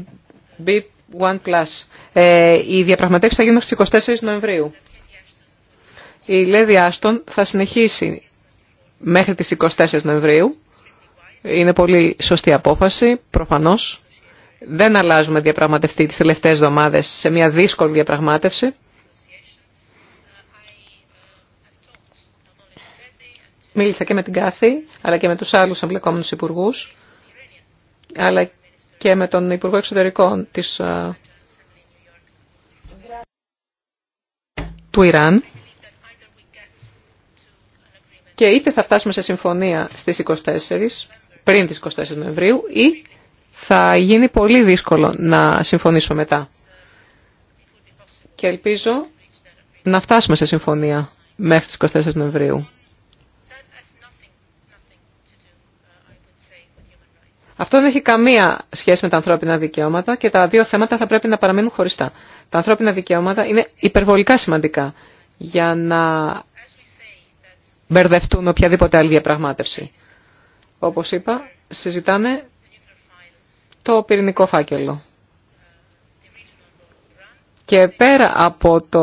B1+. Ε, οι διαπραγματεύσεις θα γίνουν στις 24 Νοεμβρίου. Η Λέδη Άστον θα συνεχίσει μέχρι τις 24 Νοεμβρίου. Είναι πολύ σωστή απόφαση, προφανώς δεν αλλάζουμε διαπραγματευτή τις τελευταίες εβδομάδες σε μια δύσκολη διαπραγμάτευση. Μίλησα και με την Κάθη, αλλά και με τους άλλους εμπλεκόμενους υπουργούς, αλλά και με τον Υπουργό Εξωτερικών της, ε, του Ιράν. Και είτε θα φτάσουμε σε συμφωνία στις 24, πριν τις 24 Νοεμβρίου, ή θα γίνει πολύ δύσκολο να συμφωνήσω μετά. Και ελπίζω να φτάσουμε σε συμφωνία μέχρι τις 24 Νοεμβρίου. Αυτό δεν έχει καμία σχέση με τα ανθρώπινα δικαιώματα και τα δύο θέματα θα πρέπει να παραμείνουν χωριστά. Τα ανθρώπινα δικαιώματα είναι υπερβολικά σημαντικά για να μπερδευτούν οποιαδήποτε άλλη διαπραγμάτευση. Όπως είπα, συζητάνε το πυρηνικό φάκελο. Και πέρα από το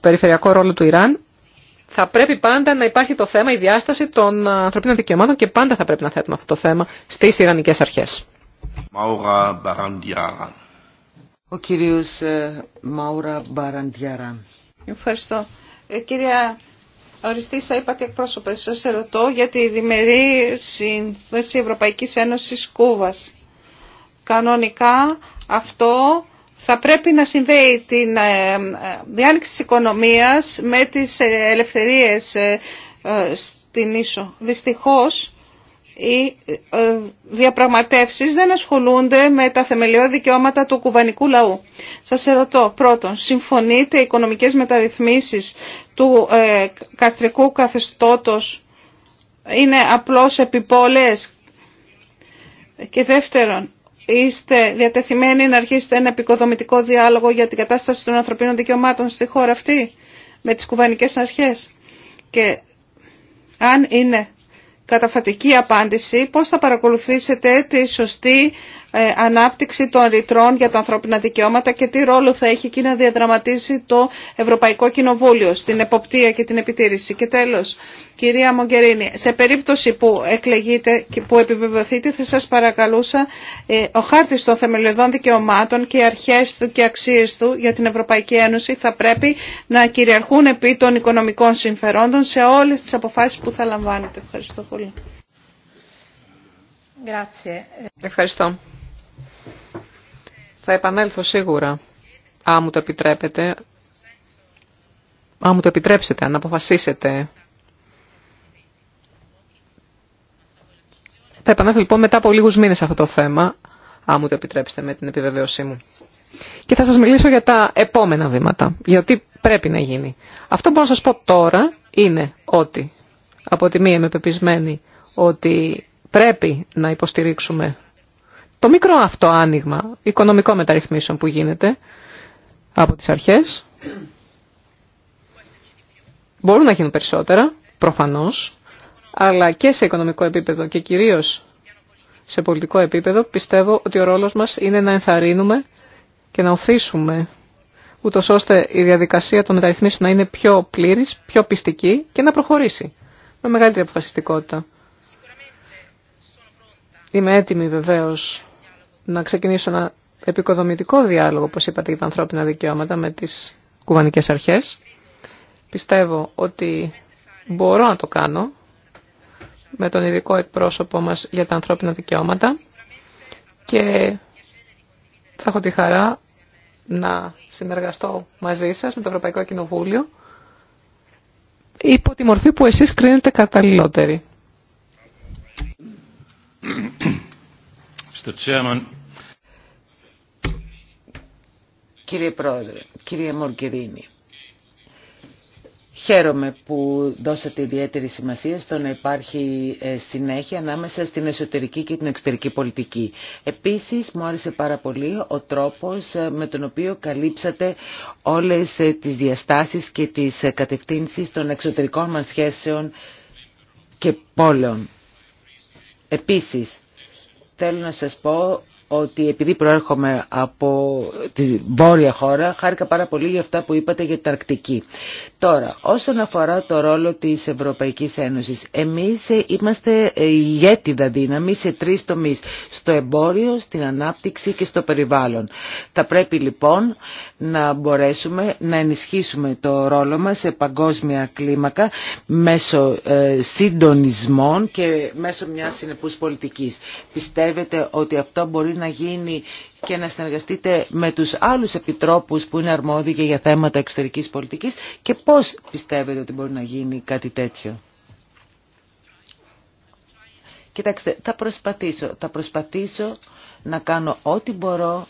περιφερειακό ρόλο του Ιράν, θα πρέπει πάντα να υπάρχει το θέμα, η διάσταση των ανθρωπίνων δικαιωμάτων και πάντα θα πρέπει να θέτουμε αυτό το θέμα στις Ιρανικές αρχές. Ο κύριος ε, Μαούρα Μπαραντιάρα. Ευχαριστώ. Ε, κυρία Οριστήσα, είπατε εκπρόσωπε, σας ερωτώ για τη διμερή σύνθεση Ευρωπαϊκής Ένωσης Κούβας. Κανονικά αυτό θα πρέπει να συνδέει την ε, διάνοιξη της οικονομίας με τις ελευθερίες ε, ε, στην Ίσο. Δυστυχώς οι διαπραγματεύσεις δεν ασχολούνται με τα θεμελιώδη δικαιώματα του κουβανικού λαού. Σας ερωτώ πρώτον, συμφωνείτε οι οικονομικές μεταρρυθμίσεις του καστρικού καθεστώτος είναι απλώς επιπόλες και δεύτερον, Είστε διατεθειμένοι να αρχίσετε ένα επικοδομητικό διάλογο για την κατάσταση των ανθρωπίνων δικαιωμάτων στη χώρα αυτή με τις κουβανικές αρχές. Και αν είναι καταφατική απάντηση, πώς θα παρακολουθήσετε τη σωστή ε, ανάπτυξη των ρητρών για τα ανθρώπινα δικαιώματα και τι ρόλο θα έχει εκεί να διαδραματίσει το Ευρωπαϊκό Κοινοβούλιο στην εποπτεία και την επιτήρηση. Και τέλος, κυρία Μογκερίνη, σε περίπτωση που εκλεγείτε και που επιβεβαιωθείτε θα σας παρακαλούσα ε, ο χάρτης των θεμελιωδών δικαιωμάτων και οι αρχές του και αξίες του για την Ευρωπαϊκή Ένωση θα πρέπει να κυριαρχούν επί των οικονομικών συμφερόντων σε όλες τις αποφάσεις που θα λαμβάνετε. Ευχαριστώ πολύ. Ευχαριστώ. Θα επανέλθω σίγουρα, αν μου το επιτρέπετε, αν το επιτρέψετε, αν αποφασίσετε. Θα επανέλθω λοιπόν μετά από λίγους μήνες αυτό το θέμα, αν μου το επιτρέψετε με την επιβεβαίωσή μου. Και θα σας μιλήσω για τα επόμενα βήματα, γιατί πρέπει να γίνει. Αυτό που μπορώ να σας πω τώρα είναι ότι, από τη μία είμαι πεπισμένη, ότι πρέπει να υποστηρίξουμε το μικρό αυτό άνοιγμα οικονομικών μεταρρυθμίσεων που γίνεται από τις αρχές. Μπορούν να γίνουν περισσότερα, προφανώς, αλλά και σε οικονομικό επίπεδο και κυρίως σε πολιτικό επίπεδο πιστεύω ότι ο ρόλος μας είναι να ενθαρρύνουμε και να οθήσουμε ούτω ώστε η διαδικασία των μεταρρυθμίσεων να είναι πιο πλήρης, πιο πιστική και να προχωρήσει με μεγαλύτερη αποφασιστικότητα. Είμαι έτοιμη βεβαίως να ξεκινήσω ένα επικοδομητικό διάλογο, όπως είπατε, για τα ανθρώπινα δικαιώματα με τις κουβανικές αρχές. Πιστεύω ότι μπορώ να το κάνω με τον ειδικό εκπρόσωπο μας για τα ανθρώπινα δικαιώματα και θα έχω τη χαρά να συνεργαστώ μαζί σας με το Ευρωπαϊκό Κοινοβούλιο υπό τη μορφή που εσείς κρίνετε καταλληλότερη. Κύριε Πρόεδρε, κύριε Μορκερίνη, Χαίρομαι που δώσατε ιδιαίτερη σημασία στο να υπάρχει ε, συνέχεια ανάμεσα στην εσωτερική και την εξωτερική πολιτική. Επίσης, μου άρεσε πάρα πολύ ο τρόπος ε, με τον οποίο καλύψατε όλες ε, τις διαστάσεις και τις κατευθύνσεις των εξωτερικών μας σχέσεων και πόλεων. Επίσης, θέλω να σας πω ότι επειδή προέρχομαι από τη βόρεια χώρα, χάρηκα πάρα πολύ για αυτά που είπατε για την Αρκτική. Τώρα, όσον αφορά το ρόλο της Ευρωπαϊκής Ένωσης, εμείς είμαστε ηγέτιδα δύναμη σε τρεις τομείς, στο εμπόριο, στην ανάπτυξη και στο περιβάλλον. Θα πρέπει λοιπόν να μπορέσουμε να ενισχύσουμε το ρόλο μας σε παγκόσμια κλίμακα μέσω ε, συντονισμών και μέσω μιας συνεπούς πολιτικής. Πιστεύετε ότι αυτό μπορεί να γίνει και να συνεργαστείτε με τους άλλους επιτρόπους που είναι αρμόδιοι για θέματα εξωτερικής πολιτικής και πώς πιστεύετε ότι μπορεί να γίνει κάτι τέτοιο. Κοιτάξτε, θα προσπαθήσω, θα προσπαθήσω να κάνω ό,τι μπορώ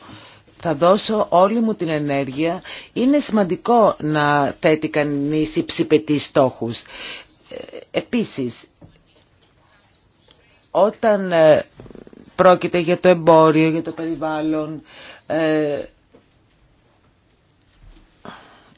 θα δώσω όλη μου την ενέργεια. Είναι σημαντικό να θέτει κανείς υψηπετή στόχους. Ε, επίσης, όταν ε, Πρόκειται για το εμπόριο, για το περιβάλλον. Ε,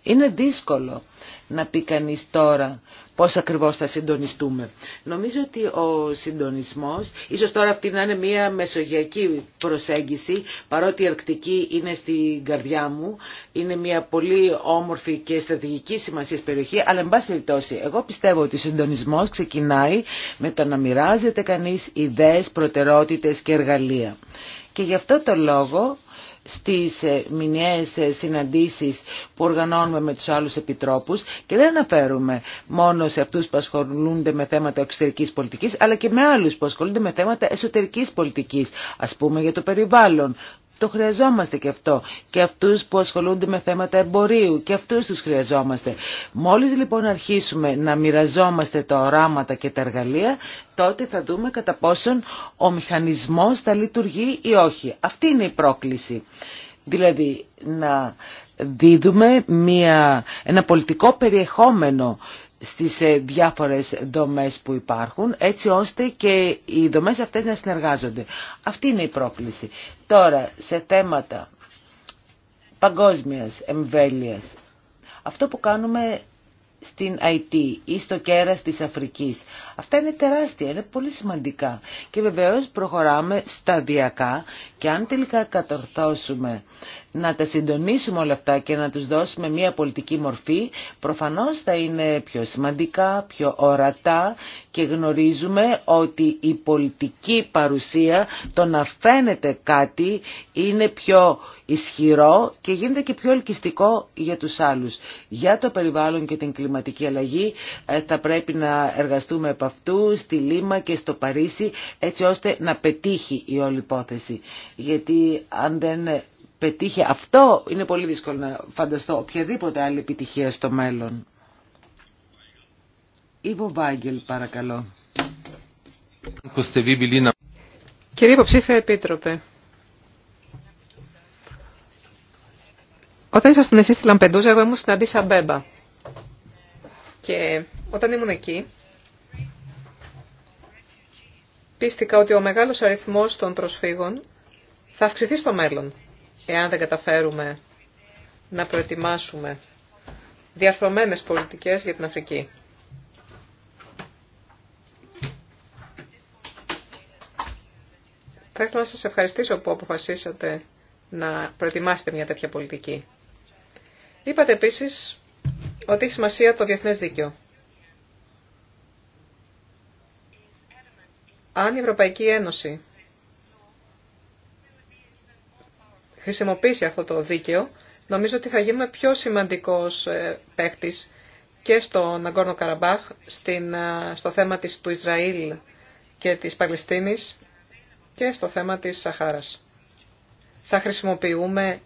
είναι δύσκολο να πει κανείς τώρα πώς ακριβώς θα συντονιστούμε. Νομίζω ότι ο συντονισμός, ίσως τώρα αυτή να είναι μια μεσογειακή προσέγγιση, παρότι η Αρκτική είναι στην καρδιά μου, είναι μια πολύ όμορφη και στρατηγική σημασία περιοχή, αλλά εν πάση περιπτώσει, εγώ πιστεύω ότι ο συντονισμός ξεκινάει με το να μοιράζεται κανείς ιδέες, προτεραιότητες και εργαλεία. Και γι' αυτό το λόγο στις ε, μηνιαίες ε, συναντήσεις που οργανώνουμε με τους άλλους επιτρόπους και δεν αναφέρουμε μόνο σε αυτούς που ασχολούνται με θέματα εξωτερικής πολιτικής αλλά και με άλλους που ασχολούνται με θέματα εσωτερικής πολιτικής ας πούμε για το περιβάλλον, το χρειαζόμαστε και αυτό. Και αυτούς που ασχολούνται με θέματα εμπορίου. Και αυτούς τους χρειαζόμαστε. Μόλις λοιπόν αρχίσουμε να μοιραζόμαστε τα οράματα και τα εργαλεία, τότε θα δούμε κατά πόσον ο μηχανισμός θα λειτουργεί ή όχι. Αυτή είναι η πρόκληση. Δηλαδή να δίδουμε μια, ένα πολιτικό περιεχόμενο στις ε, διάφορες δομές που υπάρχουν έτσι ώστε και οι δομές αυτές να συνεργάζονται. Αυτή είναι η πρόκληση. Τώρα σε θέματα παγκόσμιας εμβέλειας αυτό που κάνουμε στην Αϊτή ή στο κέρας της Αφρικής. Αυτά είναι τεράστια, είναι πολύ σημαντικά. Και βεβαίως προχωράμε σταδιακά και αν τελικά κατορθώσουμε να τα συντονίσουμε όλα αυτά και να τους δώσουμε μια πολιτική μορφή, προφανώς θα είναι πιο σημαντικά, πιο ορατά και γνωρίζουμε ότι η πολιτική παρουσία, το να φαίνεται κάτι, είναι πιο ισχυρό και γίνεται και πιο ελκυστικό για τους άλλους. Για το περιβάλλον και την κλιματική αλλαγή ε, θα πρέπει να εργαστούμε από αυτού στη Λίμα και στο Παρίσι έτσι ώστε να πετύχει η όλη υπόθεση. Γιατί αν δεν πετύχει αυτό είναι πολύ δύσκολο να φανταστώ οποιαδήποτε άλλη επιτυχία στο μέλλον. Ήβο Βάγγελ παρακαλώ. Κύριε Υποψήφια Επίτροπε, Όταν ήσασταν εσείς στη Λαμπεντούζα, εγώ ήμουν στην Αντίσα Μπέμπα. Και όταν ήμουν εκεί, πίστηκα ότι ο μεγάλος αριθμός των προσφύγων θα αυξηθεί στο μέλλον, εάν δεν καταφέρουμε να προετοιμάσουμε διαρθρωμένες πολιτικές για την Αφρική. Θα ήθελα να σας ευχαριστήσω που αποφασίσατε να προετοιμάσετε μια τέτοια πολιτική. Είπατε επίσης ότι έχει σημασία το διεθνές δίκαιο. Αν η Ευρωπαϊκή Ένωση χρησιμοποιήσει αυτό το δίκαιο, νομίζω ότι θα γίνουμε πιο σημαντικός ε, πέκτης και στο Ναγκόρνο Καραμπάχ, ε, στο θέμα της, του Ισραήλ και της Παλαιστίνης και στο θέμα της Σαχάρας. Θα χρησιμοποιούμε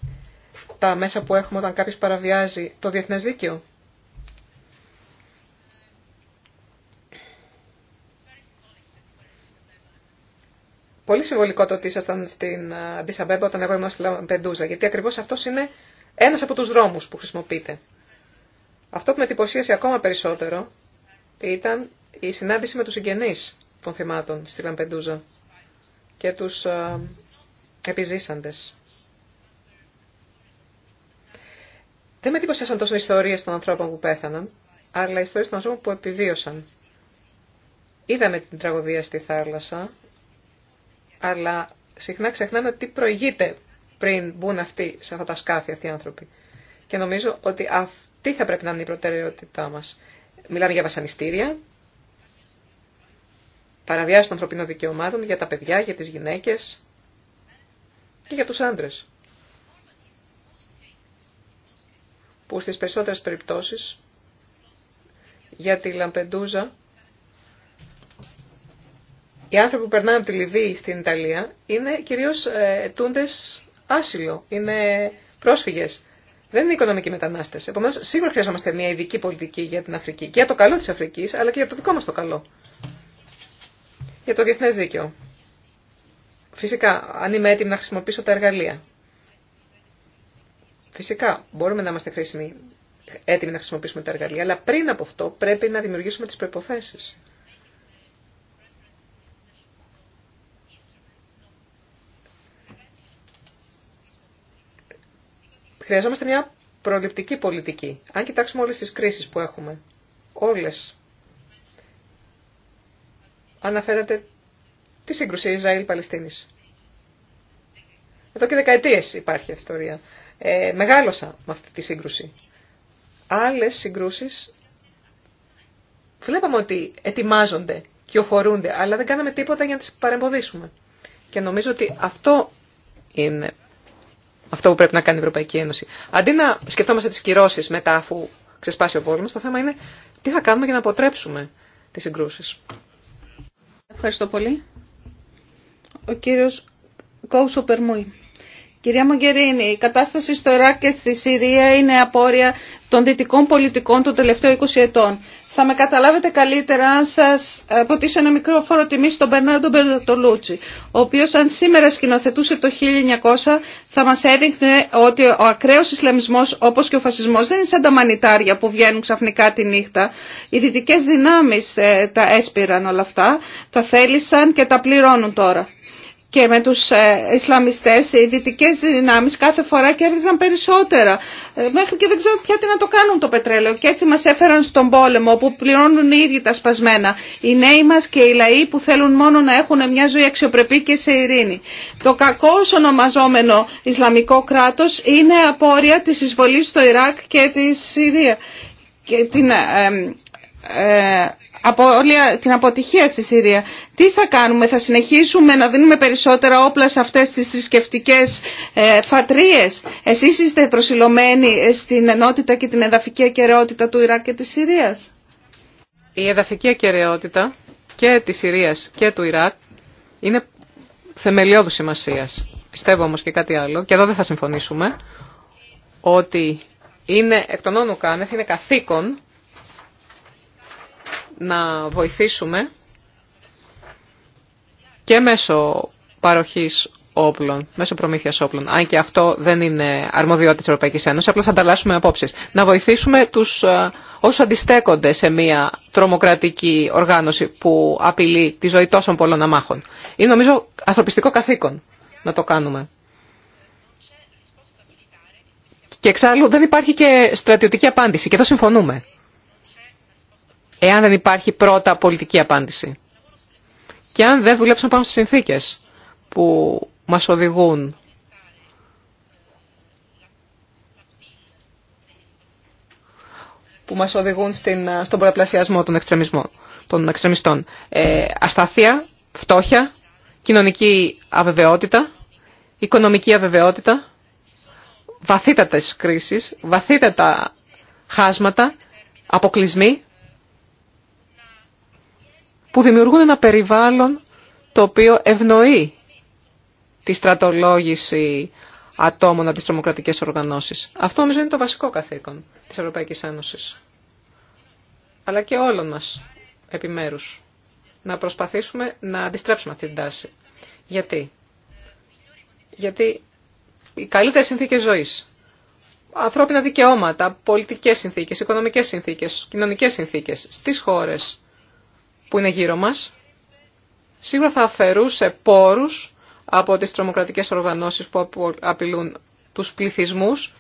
τα μέσα που έχουμε όταν κάποιος παραβιάζει το διεθνές δίκαιο. Πολύ συμβολικό το ότι ήσασταν στην Αντισαμπέμπα ε, όταν εγώ ήμουν στη Λαμπεντούζα, γιατί ακριβώς αυτός είναι ένας από τους δρόμους που χρησιμοποιείτε. Αυτό που με εντυπωσίασε ακόμα περισσότερο ήταν η συνάντηση με τους συγγενείς των θυμάτων στη Λαμπεντούζα και τους ε, επιζήσαντες. Δεν με εντύπωσαν τόσο οι ιστορίε των ανθρώπων που πέθαναν, αλλά οι ιστορίε των ανθρώπων που επιβίωσαν. Είδαμε την τραγωδία στη θάλασσα, αλλά συχνά ξεχνάμε τι προηγείται πριν μπουν αυτοί σε αυτά τα σκάφη αυτοί οι άνθρωποι. Και νομίζω ότι αυτή θα πρέπει να είναι η προτεραιότητά μας. Μιλάμε για βασανιστήρια, παραβιάσει των ανθρωπίνων δικαιωμάτων για τα παιδιά, για τι γυναίκε και για του άντρε. που στις περισσότερες περιπτώσεις για τη Λαμπεντούζα οι άνθρωποι που περνάνε από τη Λιβύη στην Ιταλία είναι κυρίως ε, ετούντες άσυλο, είναι πρόσφυγες. Δεν είναι οικονομικοί μετανάστε. Επομένω, σίγουρα χρειαζόμαστε μια ειδική πολιτική για την Αφρική. Και για το καλό τη Αφρική, αλλά και για το δικό μα το καλό. Για το διεθνέ δίκαιο. Φυσικά, αν είμαι έτοιμη να χρησιμοποιήσω τα εργαλεία Φυσικά μπορούμε να είμαστε χρήσιμοι, έτοιμοι να χρησιμοποιήσουμε τα εργαλεία, αλλά πριν από αυτό πρέπει να δημιουργήσουμε τις προϋποθέσεις. Χρειαζόμαστε μια προληπτική πολιτική. Αν κοιτάξουμε όλες τις κρίσεις που έχουμε, όλες, αναφέρατε τη σύγκρουση Ισραήλ-Παλαιστίνης. Εδώ και δεκαετίες υπάρχει αυτή η ιστορία ε, μεγάλωσα με αυτή τη σύγκρουση. Άλλες συγκρούσεις βλέπαμε ότι ετοιμάζονται και οφορούνται, αλλά δεν κάναμε τίποτα για να τις παρεμποδίσουμε. Και νομίζω ότι αυτό είναι αυτό που πρέπει να κάνει η Ευρωπαϊκή Ένωση. Αντί να σκεφτόμαστε τις κυρώσεις μετά αφού ξεσπάσει ο πόλεμος, το θέμα είναι τι θα κάνουμε για να αποτρέψουμε τις συγκρούσεις. Ευχαριστώ πολύ. Ο κύριος Κόουσο Κυρία Μογκερίνη, η κατάσταση στο Ιράκ και στη Συρία είναι απόρρια των δυτικών πολιτικών των τελευταίων 20 ετών. Θα με καταλάβετε καλύτερα αν σα αποτύσσω ε, ένα μικρό φόρο τιμή στον Μπερνάρντο Μπερδοτολούτσι, ο οποίο, αν σήμερα σκηνοθετούσε το 1900 θα μα έδειχνε ότι ο ακραίο Ισλαμισμό όπω και ο φασισμό, δεν είναι σαν τα μανιτάρια που βγαίνουν ξαφνικά τη νύχτα. Οι δυτικές δυνάμεις ε, τα έσπηραν όλα αυτά, τα θέλησαν και τα πληρώνουν τώρα και με τους ε, Ισλαμιστές οι δυτικέ δυνάμεις κάθε φορά κέρδιζαν περισσότερα. Ε, μέχρι και δεν ξέρω πια τι να το κάνουν το πετρέλαιο και έτσι μας έφεραν στον πόλεμο που πληρώνουν οι ίδιοι τα σπασμένα. Οι νέοι μας και οι λαοί που θέλουν μόνο να έχουν μια ζωή αξιοπρεπή και σε ειρήνη. Το κακό ονομαζόμενο Ισλαμικό κράτος είναι απόρρια της εισβολής στο Ιράκ και τη Συρία. Και την, ε, ε από όλη την αποτυχία στη Συρία. Τι θα κάνουμε, θα συνεχίσουμε να δίνουμε περισσότερα όπλα σε αυτές τις θρησκευτικέ ε, φατρίες. Εσείς είστε προσιλωμένοι ε, στην ενότητα και την εδαφική ακαιρεότητα του Ιράκ και της Συρίας. Η εδαφική ακαιρεότητα και της Συρίας και του Ιράκ είναι θεμελιώδου σημασία. Πιστεύω όμως και κάτι άλλο, και εδώ δεν θα συμφωνήσουμε, ότι είναι εκ των όνων κάνεθ, είναι καθήκον να βοηθήσουμε και μέσω παροχής όπλων, μέσω προμήθειας όπλων, αν και αυτό δεν είναι αρμοδιότητα της Ευρωπαϊκής Ένωσης, απλώς ανταλλάσσουμε απόψεις. Να βοηθήσουμε τους ε, όσους αντιστέκονται σε μια τρομοκρατική οργάνωση που απειλεί τη ζωή τόσων πολλών αμάχων. Είναι νομίζω ανθρωπιστικό καθήκον να το κάνουμε. Και εξάλλου δεν υπάρχει και στρατιωτική απάντηση και εδώ συμφωνούμε εάν δεν υπάρχει πρώτα πολιτική απάντηση. Και αν δεν δουλέψουμε πάνω στις συνθήκες που μας οδηγούν που μας οδηγούν στον πολλαπλασιασμό των, των εξτρεμιστών. Ε, αστάθεια, φτώχεια, κοινωνική αβεβαιότητα, οικονομική αβεβαιότητα, βαθύτατες κρίσεις, βαθύτατα χάσματα, αποκλεισμοί που δημιουργούν ένα περιβάλλον το οποίο ευνοεί τη στρατολόγηση ατόμων από τις τρομοκρατικές οργανώσεις. Αυτό νομίζω είναι το βασικό καθήκον της Ευρωπαϊκής Ένωσης. Αλλά και όλων μας επιμέρους να προσπαθήσουμε να αντιστρέψουμε αυτή την τάση. Γιατί? Γιατί οι καλύτερες συνθήκες ζωής, ανθρώπινα δικαιώματα, πολιτικές συνθήκες, οικονομικές συνθήκες, κοινωνικές συνθήκες στις χώρες που είναι γύρω μας, σίγουρα θα αφαιρούσε πόρους από τις τρομοκρατικές οργανώσεις που απειλούν τους πληθυσμούς,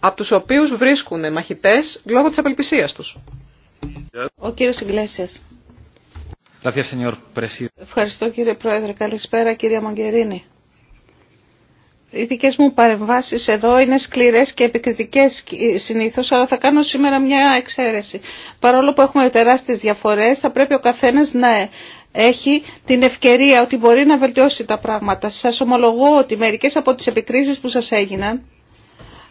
από τους οποίους βρίσκουν μαχητές λόγω της απελπισίας τους. Ο κύριος Ιγκλέσιας. Ευχαριστώ κύριε Πρόεδρε. Καλησπέρα κυρία Μαγκερίνη οι δικές μου παρεμβάσεις εδώ είναι σκληρές και επικριτικές συνήθως, αλλά θα κάνω σήμερα μια εξαίρεση. Παρόλο που έχουμε τεράστιες διαφορές, θα πρέπει ο καθένας να έχει την ευκαιρία ότι μπορεί να βελτιώσει τα πράγματα. Σας ομολογώ ότι μερικές από τις επικρίσεις που σας έγιναν,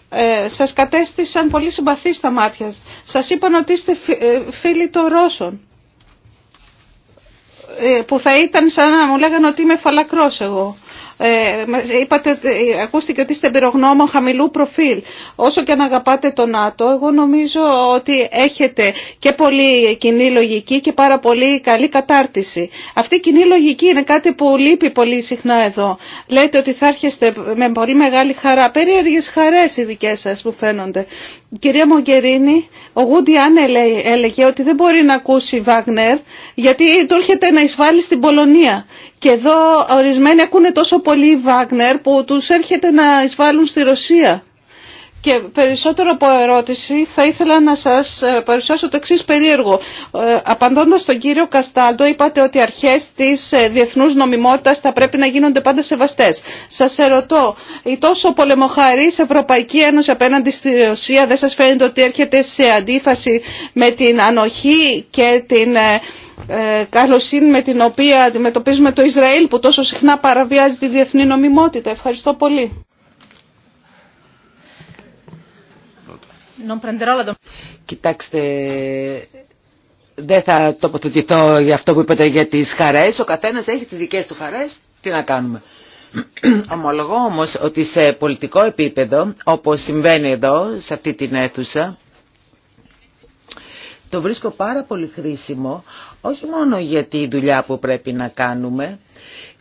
ε, σας κατέστησαν πολύ συμπαθή στα μάτια. Σας είπαν ότι είστε ε, φίλοι των Ρώσων. Ε, που θα ήταν σαν να μου λέγανε ότι είμαι φαλακρός εγώ. Ε, είπατε, ακούστηκε ότι είστε εμπειρογνώμων χαμηλού προφίλ. Όσο και αν αγαπάτε το ΝΑΤΟ, εγώ νομίζω ότι έχετε και πολύ κοινή λογική και πάρα πολύ καλή κατάρτιση. Αυτή η κοινή λογική είναι κάτι που λείπει πολύ συχνά εδώ. Λέτε ότι θα έρχεστε με πολύ μεγάλη χαρά. περίεργε χαρέ οι δικέ σα που φαίνονται. κυρία Μογκερίνη, ο Γούντι Αν έλεγε ότι δεν μπορεί να ακούσει Βάγνερ γιατί του έρχεται να εισβάλλει στην Πολωνία. Και εδώ ορισμένοι ακούνε τόσο πολύ Βάγνερ που τους έρχεται να εισβάλλουν στη Ρωσία. Και περισσότερο από ερώτηση θα ήθελα να σας ε, παρουσιάσω το εξής περίεργο. Ε, απαντώντας στον κύριο Καστάλτο είπατε ότι αρχές της ε, διεθνούς νομιμότητας θα πρέπει να γίνονται πάντα σεβαστές. Σας ερωτώ, η τόσο πολεμοχαρής Ευρωπαϊκή Ένωση απέναντι στη Ρωσία δεν σας φαίνεται ότι έρχεται σε αντίφαση με την ανοχή και την ε, καλοσύνη με την οποία αντιμετωπίζουμε το Ισραήλ που τόσο συχνά παραβιάζει τη διεθνή νομιμότητα. Ευχαριστώ πολύ. Κοιτάξτε, δεν θα τοποθετηθώ για αυτό που είπατε για τις χαρές. Ο καθένας έχει τις δικές του χαρές. Τι να κάνουμε. Ομολογώ όμως ότι σε πολιτικό επίπεδο, όπως συμβαίνει εδώ, σε αυτή την αίθουσα, το βρίσκω πάρα πολύ χρήσιμο, όχι μόνο για τη δουλειά που πρέπει να κάνουμε,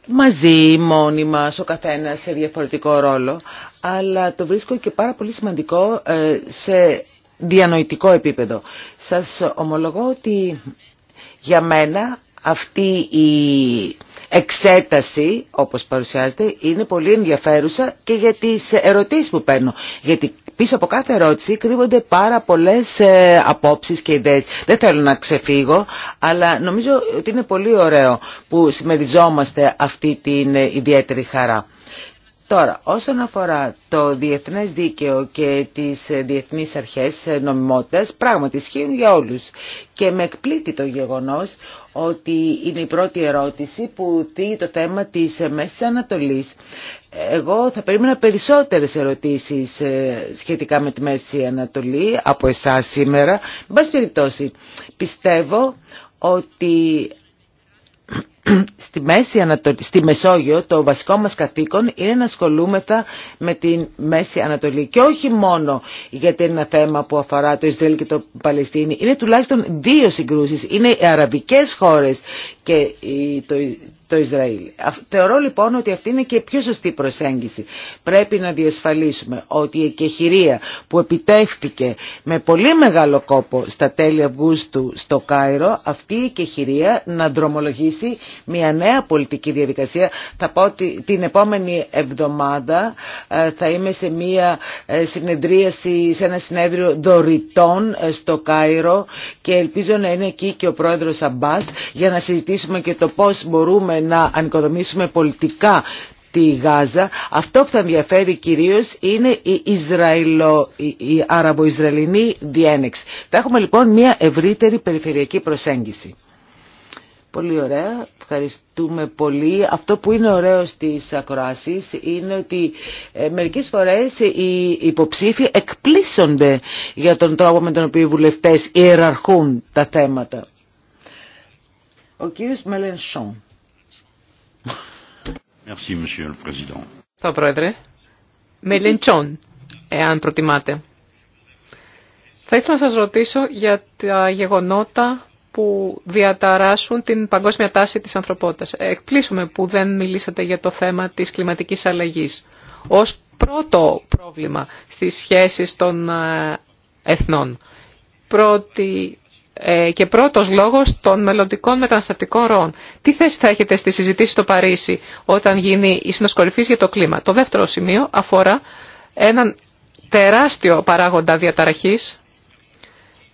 μαζί, μόνοι μας, ο καθένας σε διαφορετικό ρόλο, αλλά το βρίσκω και πάρα πολύ σημαντικό ε, σε διανοητικό επίπεδο. Σας ομολογώ ότι για μένα αυτή η εξέταση, όπως παρουσιάζεται, είναι πολύ ενδιαφέρουσα και για τις ερωτήσεις που παίρνω. Γιατί πίσω από κάθε ερώτηση κρύβονται πάρα πολλές ε, απόψεις και ιδέες. Δεν θέλω να ξεφύγω, αλλά νομίζω ότι είναι πολύ ωραίο που συμμεριζόμαστε αυτή την ε, ιδιαίτερη χαρά. Τώρα, όσον αφορά το διεθνές δίκαιο και τις διεθνείς αρχές νομιμότητας, πράγματι ισχύουν για όλους. Και με εκπλήττει το γεγονός ότι είναι η πρώτη ερώτηση που θίγει το θέμα της Μέσης Ανατολής. Εγώ θα περίμενα περισσότερες ερωτήσεις ε, σχετικά με τη Μέση Ανατολή από εσάς σήμερα. Μπας περιπτώσει, πιστεύω ότι στη, Μέση στη Μεσόγειο το βασικό μας καθήκον είναι να ασχολούμεθα με τη Μέση Ανατολή και όχι μόνο γιατί είναι ένα θέμα που αφορά το Ισραήλ και το Παλαιστίνη είναι τουλάχιστον δύο συγκρούσεις είναι οι αραβικές χώρες και το Ισραήλ. Θεωρώ λοιπόν ότι αυτή είναι και η πιο σωστή προσέγγιση. Πρέπει να διασφαλίσουμε ότι η εκεχηρία που επιτέχθηκε με πολύ μεγάλο κόπο στα τέλη Αυγούστου στο Κάιρο, αυτή η εκεχηρία να δρομολογήσει μια νέα πολιτική διαδικασία. Θα πω ότι την επόμενη εβδομάδα ε, θα είμαι σε μια ε, συνεδρίαση, σε ένα συνέδριο δωρητών ε, στο Κάιρο και ελπίζω να είναι εκεί και ο πρόεδρος Αμπάς για να συζητήσουμε συζητήσουμε και το πώς μπορούμε να ανοικοδομήσουμε πολιτικά τη Γάζα. Αυτό που θα ενδιαφέρει κυρίως είναι η, Ισραηλο, η Αραβο-Ισραηλινή διένεξη. Θα έχουμε λοιπόν μια ευρύτερη περιφερειακή προσέγγιση. Πολύ ωραία, ευχαριστούμε πολύ. Αυτό που είναι ωραίο στις ακροάσεις είναι ότι ε, μερικές φορές οι υποψήφοι εκπλήσονται για τον τρόπο με τον οποίο οι βουλευτές ιεραρχούν τα θέματα. Ο κύριος Μελενσόν. Ευχαριστώ, Πρόεδρε. Μελεντσόν, εάν προτιμάτε. Θα ήθελα να σας ρωτήσω για τα γεγονότα που διαταράσσουν την παγκόσμια τάση της ανθρωπότητας. Ε, Εκπλήσουμε που δεν μιλήσατε για το θέμα της κλιματικής αλλαγής ως πρώτο πρόβλημα στις σχέσεις των ε, εθνών. Πρώτη ε, και πρώτος λόγος των μελλοντικών μεταναστευτικών ροών. Τι θέση θα έχετε στη συζητήση στο Παρίσι όταν γίνει η συνοσκορυφής για το κλίμα. Το δεύτερο σημείο αφορά έναν τεράστιο παράγοντα διαταραχής,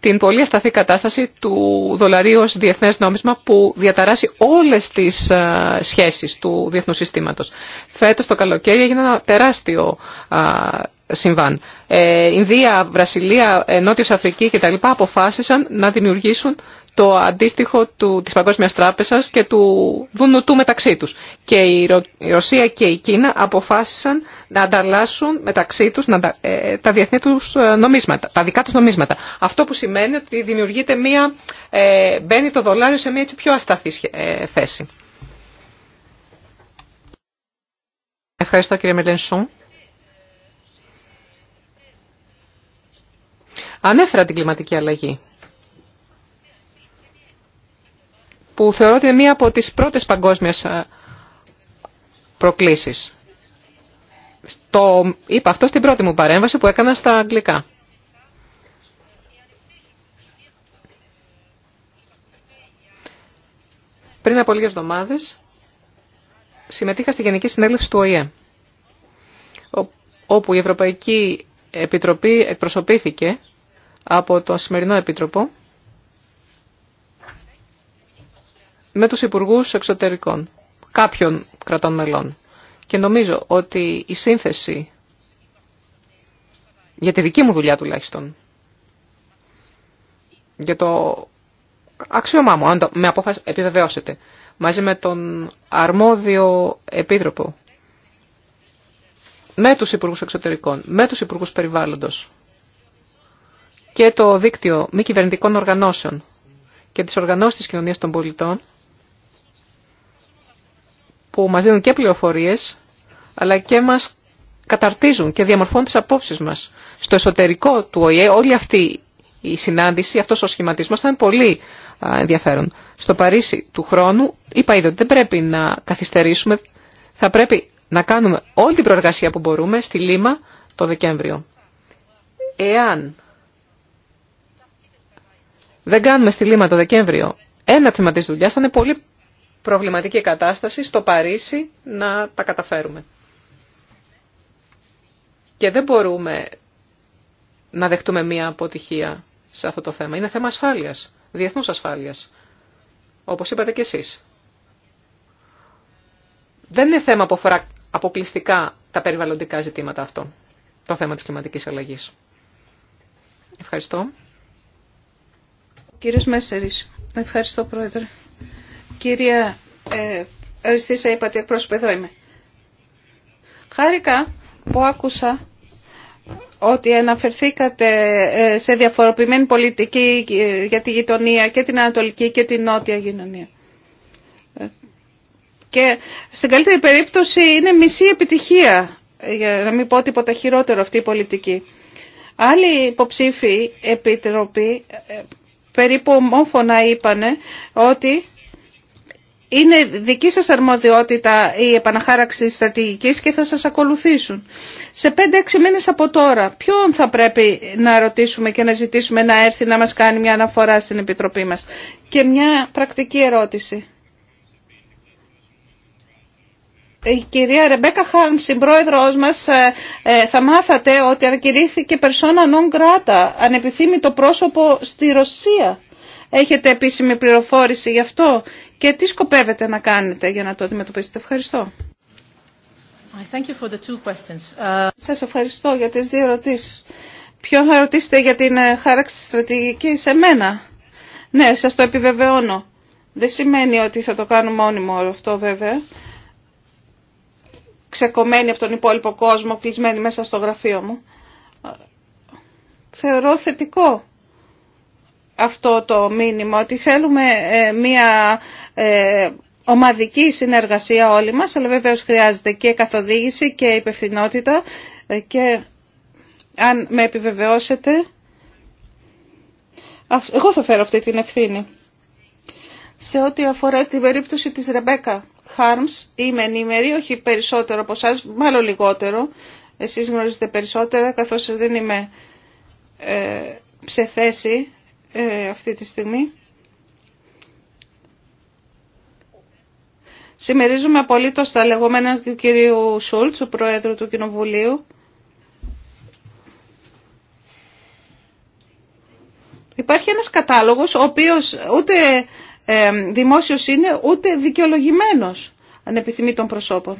την πολύ ασταθή κατάσταση του δολαρίου ως διεθνές νόμισμα που διαταράσει όλες τις ε, σχέσεις του διεθνού συστήματος. Φέτος το καλοκαίρι έγινε ένα τεράστιο συμβάν. Ε, Ινδία, Βρασιλία, ε, Νότιο Αφρική κτλ. αποφάσισαν να δημιουργήσουν το αντίστοιχο του, της Παγκόσμιας Τράπεζας και του Δουνουτού μεταξύ τους. Και η, Ρωσία και η Κίνα αποφάσισαν να ανταλλάσσουν μεταξύ τους να, ε, τα διεθνή τους ε, δικά τους νομίσματα. Αυτό που σημαίνει ότι δημιουργείται μία, μπαίνει το δολάριο σε μία έτσι πιο ασταθή θέση. Ευχαριστώ κύριε Μελενσού. Ανέφερα την κλιματική αλλαγή, που θεωρώ ότι είναι μία από τις πρώτες παγκόσμιες ε, προκλήσεις. Το είπα αυτό στην πρώτη μου παρέμβαση που έκανα στα αγγλικά. Πριν από λίγες εβδομάδες συμμετείχα στη Γενική Συνέλευση του ΟΗΕ, όπου η Ευρωπαϊκή Επιτροπή εκπροσωπήθηκε από το σημερινό Επίτροπο με τους Υπουργούς Εξωτερικών κάποιων κρατών μελών. Και νομίζω ότι η σύνθεση, για τη δική μου δουλειά τουλάχιστον, για το αξιωμά μου, αν το, με απόφαση επιβεβαιώσετε, μαζί με τον αρμόδιο επίτροπο, με τους υπουργούς εξωτερικών, με τους υπουργούς περιβάλλοντος, και το δίκτυο μη κυβερνητικών οργανώσεων και τις οργανώσεις της κοινωνίας των πολιτών που μας δίνουν και πληροφορίες αλλά και μας καταρτίζουν και διαμορφώνουν τις απόψεις μας. Στο εσωτερικό του ΟΗΕ όλη αυτή η συνάντηση, αυτός ο σχηματισμός θα είναι πολύ ενδιαφέρον. Στο Παρίσι του χρόνου είπα ήδη ότι δεν πρέπει να καθυστερήσουμε, θα πρέπει να κάνουμε όλη την προεργασία που μπορούμε στη Λίμα το Δεκέμβριο. Εάν δεν κάνουμε στη Λίμα το Δεκέμβριο ένα τμήμα τη δουλειά, θα είναι πολύ προβληματική κατάσταση στο Παρίσι να τα καταφέρουμε. Και δεν μπορούμε να δεχτούμε μία αποτυχία σε αυτό το θέμα. Είναι θέμα ασφάλειας, διεθνούς ασφάλειας, όπως είπατε κι εσείς. Δεν είναι θέμα που αφορά αποκλειστικά τα περιβαλλοντικά ζητήματα αυτό, το θέμα της κλιματικής αλλαγής. Ευχαριστώ. Κύριος Μέσερης, ευχαριστώ πρόεδρε. Κυρία ε, Αριστήσα, είπατε εκπρόσωπε, εδώ είμαι. Χάρηκα που άκουσα ότι αναφερθήκατε ε, σε διαφοροποιημένη πολιτική ε, για τη γειτονία και την ανατολική και την νότια γειτονία. Και στην καλύτερη περίπτωση είναι μισή επιτυχία, ε, για να μην πω τίποτα χειρότερο αυτή η πολιτική. Άλλοι υποψήφοι επιτροποί περίπου ομόφωνα είπανε ότι είναι δική σας αρμοδιότητα η επαναχάραξη της στρατηγικής και θα σας ακολουθήσουν. Σε 5-6 μήνες από τώρα, ποιον θα πρέπει να ρωτήσουμε και να ζητήσουμε να έρθει να μας κάνει μια αναφορά στην Επιτροπή μας. Και μια πρακτική ερώτηση. Ε, η κυρία Ρεμπέκα Χάρμ, συμπρόεδρο μας, ε, ε, θα μάθατε ότι ανακηρύχθηκε persona non grata, ανεπιθύμητο πρόσωπο στη Ρωσία. Έχετε επίσημη πληροφόρηση γι' αυτό και τι σκοπεύετε να κάνετε για να το αντιμετωπίσετε. Ευχαριστώ. Thank uh, Σας ευχαριστώ για τις δύο ερωτήσεις. Ποιο θα ρωτήσετε για την χάραξη στρατηγική σε μένα. Ναι, σας το επιβεβαιώνω. Δεν σημαίνει ότι θα το κάνουμε μόνιμο αυτό βέβαια ξεκομμένη από τον υπόλοιπο κόσμο, κλεισμένη μέσα στο γραφείο μου. Θεωρώ θετικό αυτό το μήνυμα, ότι θέλουμε ε, μια ε, ομαδική συνεργασία όλοι μας, αλλά βεβαίως χρειάζεται και καθοδήγηση και υπευθυνότητα ε, και αν με επιβεβαιώσετε, εγώ θα φέρω αυτή την ευθύνη. Σε ό,τι αφορά την περίπτωση της Ρεμπέκα, Harms, είμαι ενήμερη, όχι περισσότερο από εσά, μάλλον λιγότερο. Εσείς γνωρίζετε περισσότερα, καθώς δεν είμαι ε, σε θέση ε, αυτή τη στιγμή. Συμμερίζουμε απολύτως τα λεγόμενα του κυρίου Σούλτ, του Προέδρου του Κοινοβουλίου. Υπάρχει ένας κατάλογος, ο οποίος ούτε δημόσιος είναι ούτε δικαιολογημένος τον προσώπο.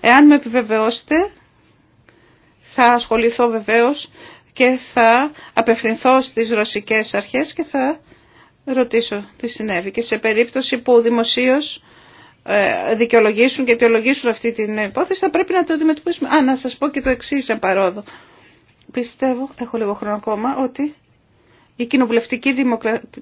Εάν με επιβεβαιώσετε θα ασχοληθώ βεβαίως και θα απευθυνθώ στις ρωσικές αρχές και θα ρωτήσω τι συνέβη. Και σε περίπτωση που δημοσίως ε, δικαιολογήσουν και αιτιολογήσουν αυτή την υπόθεση θα πρέπει να το αντιμετωπίσουμε. Α, να σας πω και το εξή εν παρόδο. Πιστεύω, έχω λίγο χρόνο ακόμα, ότι η κοινοβουλευτική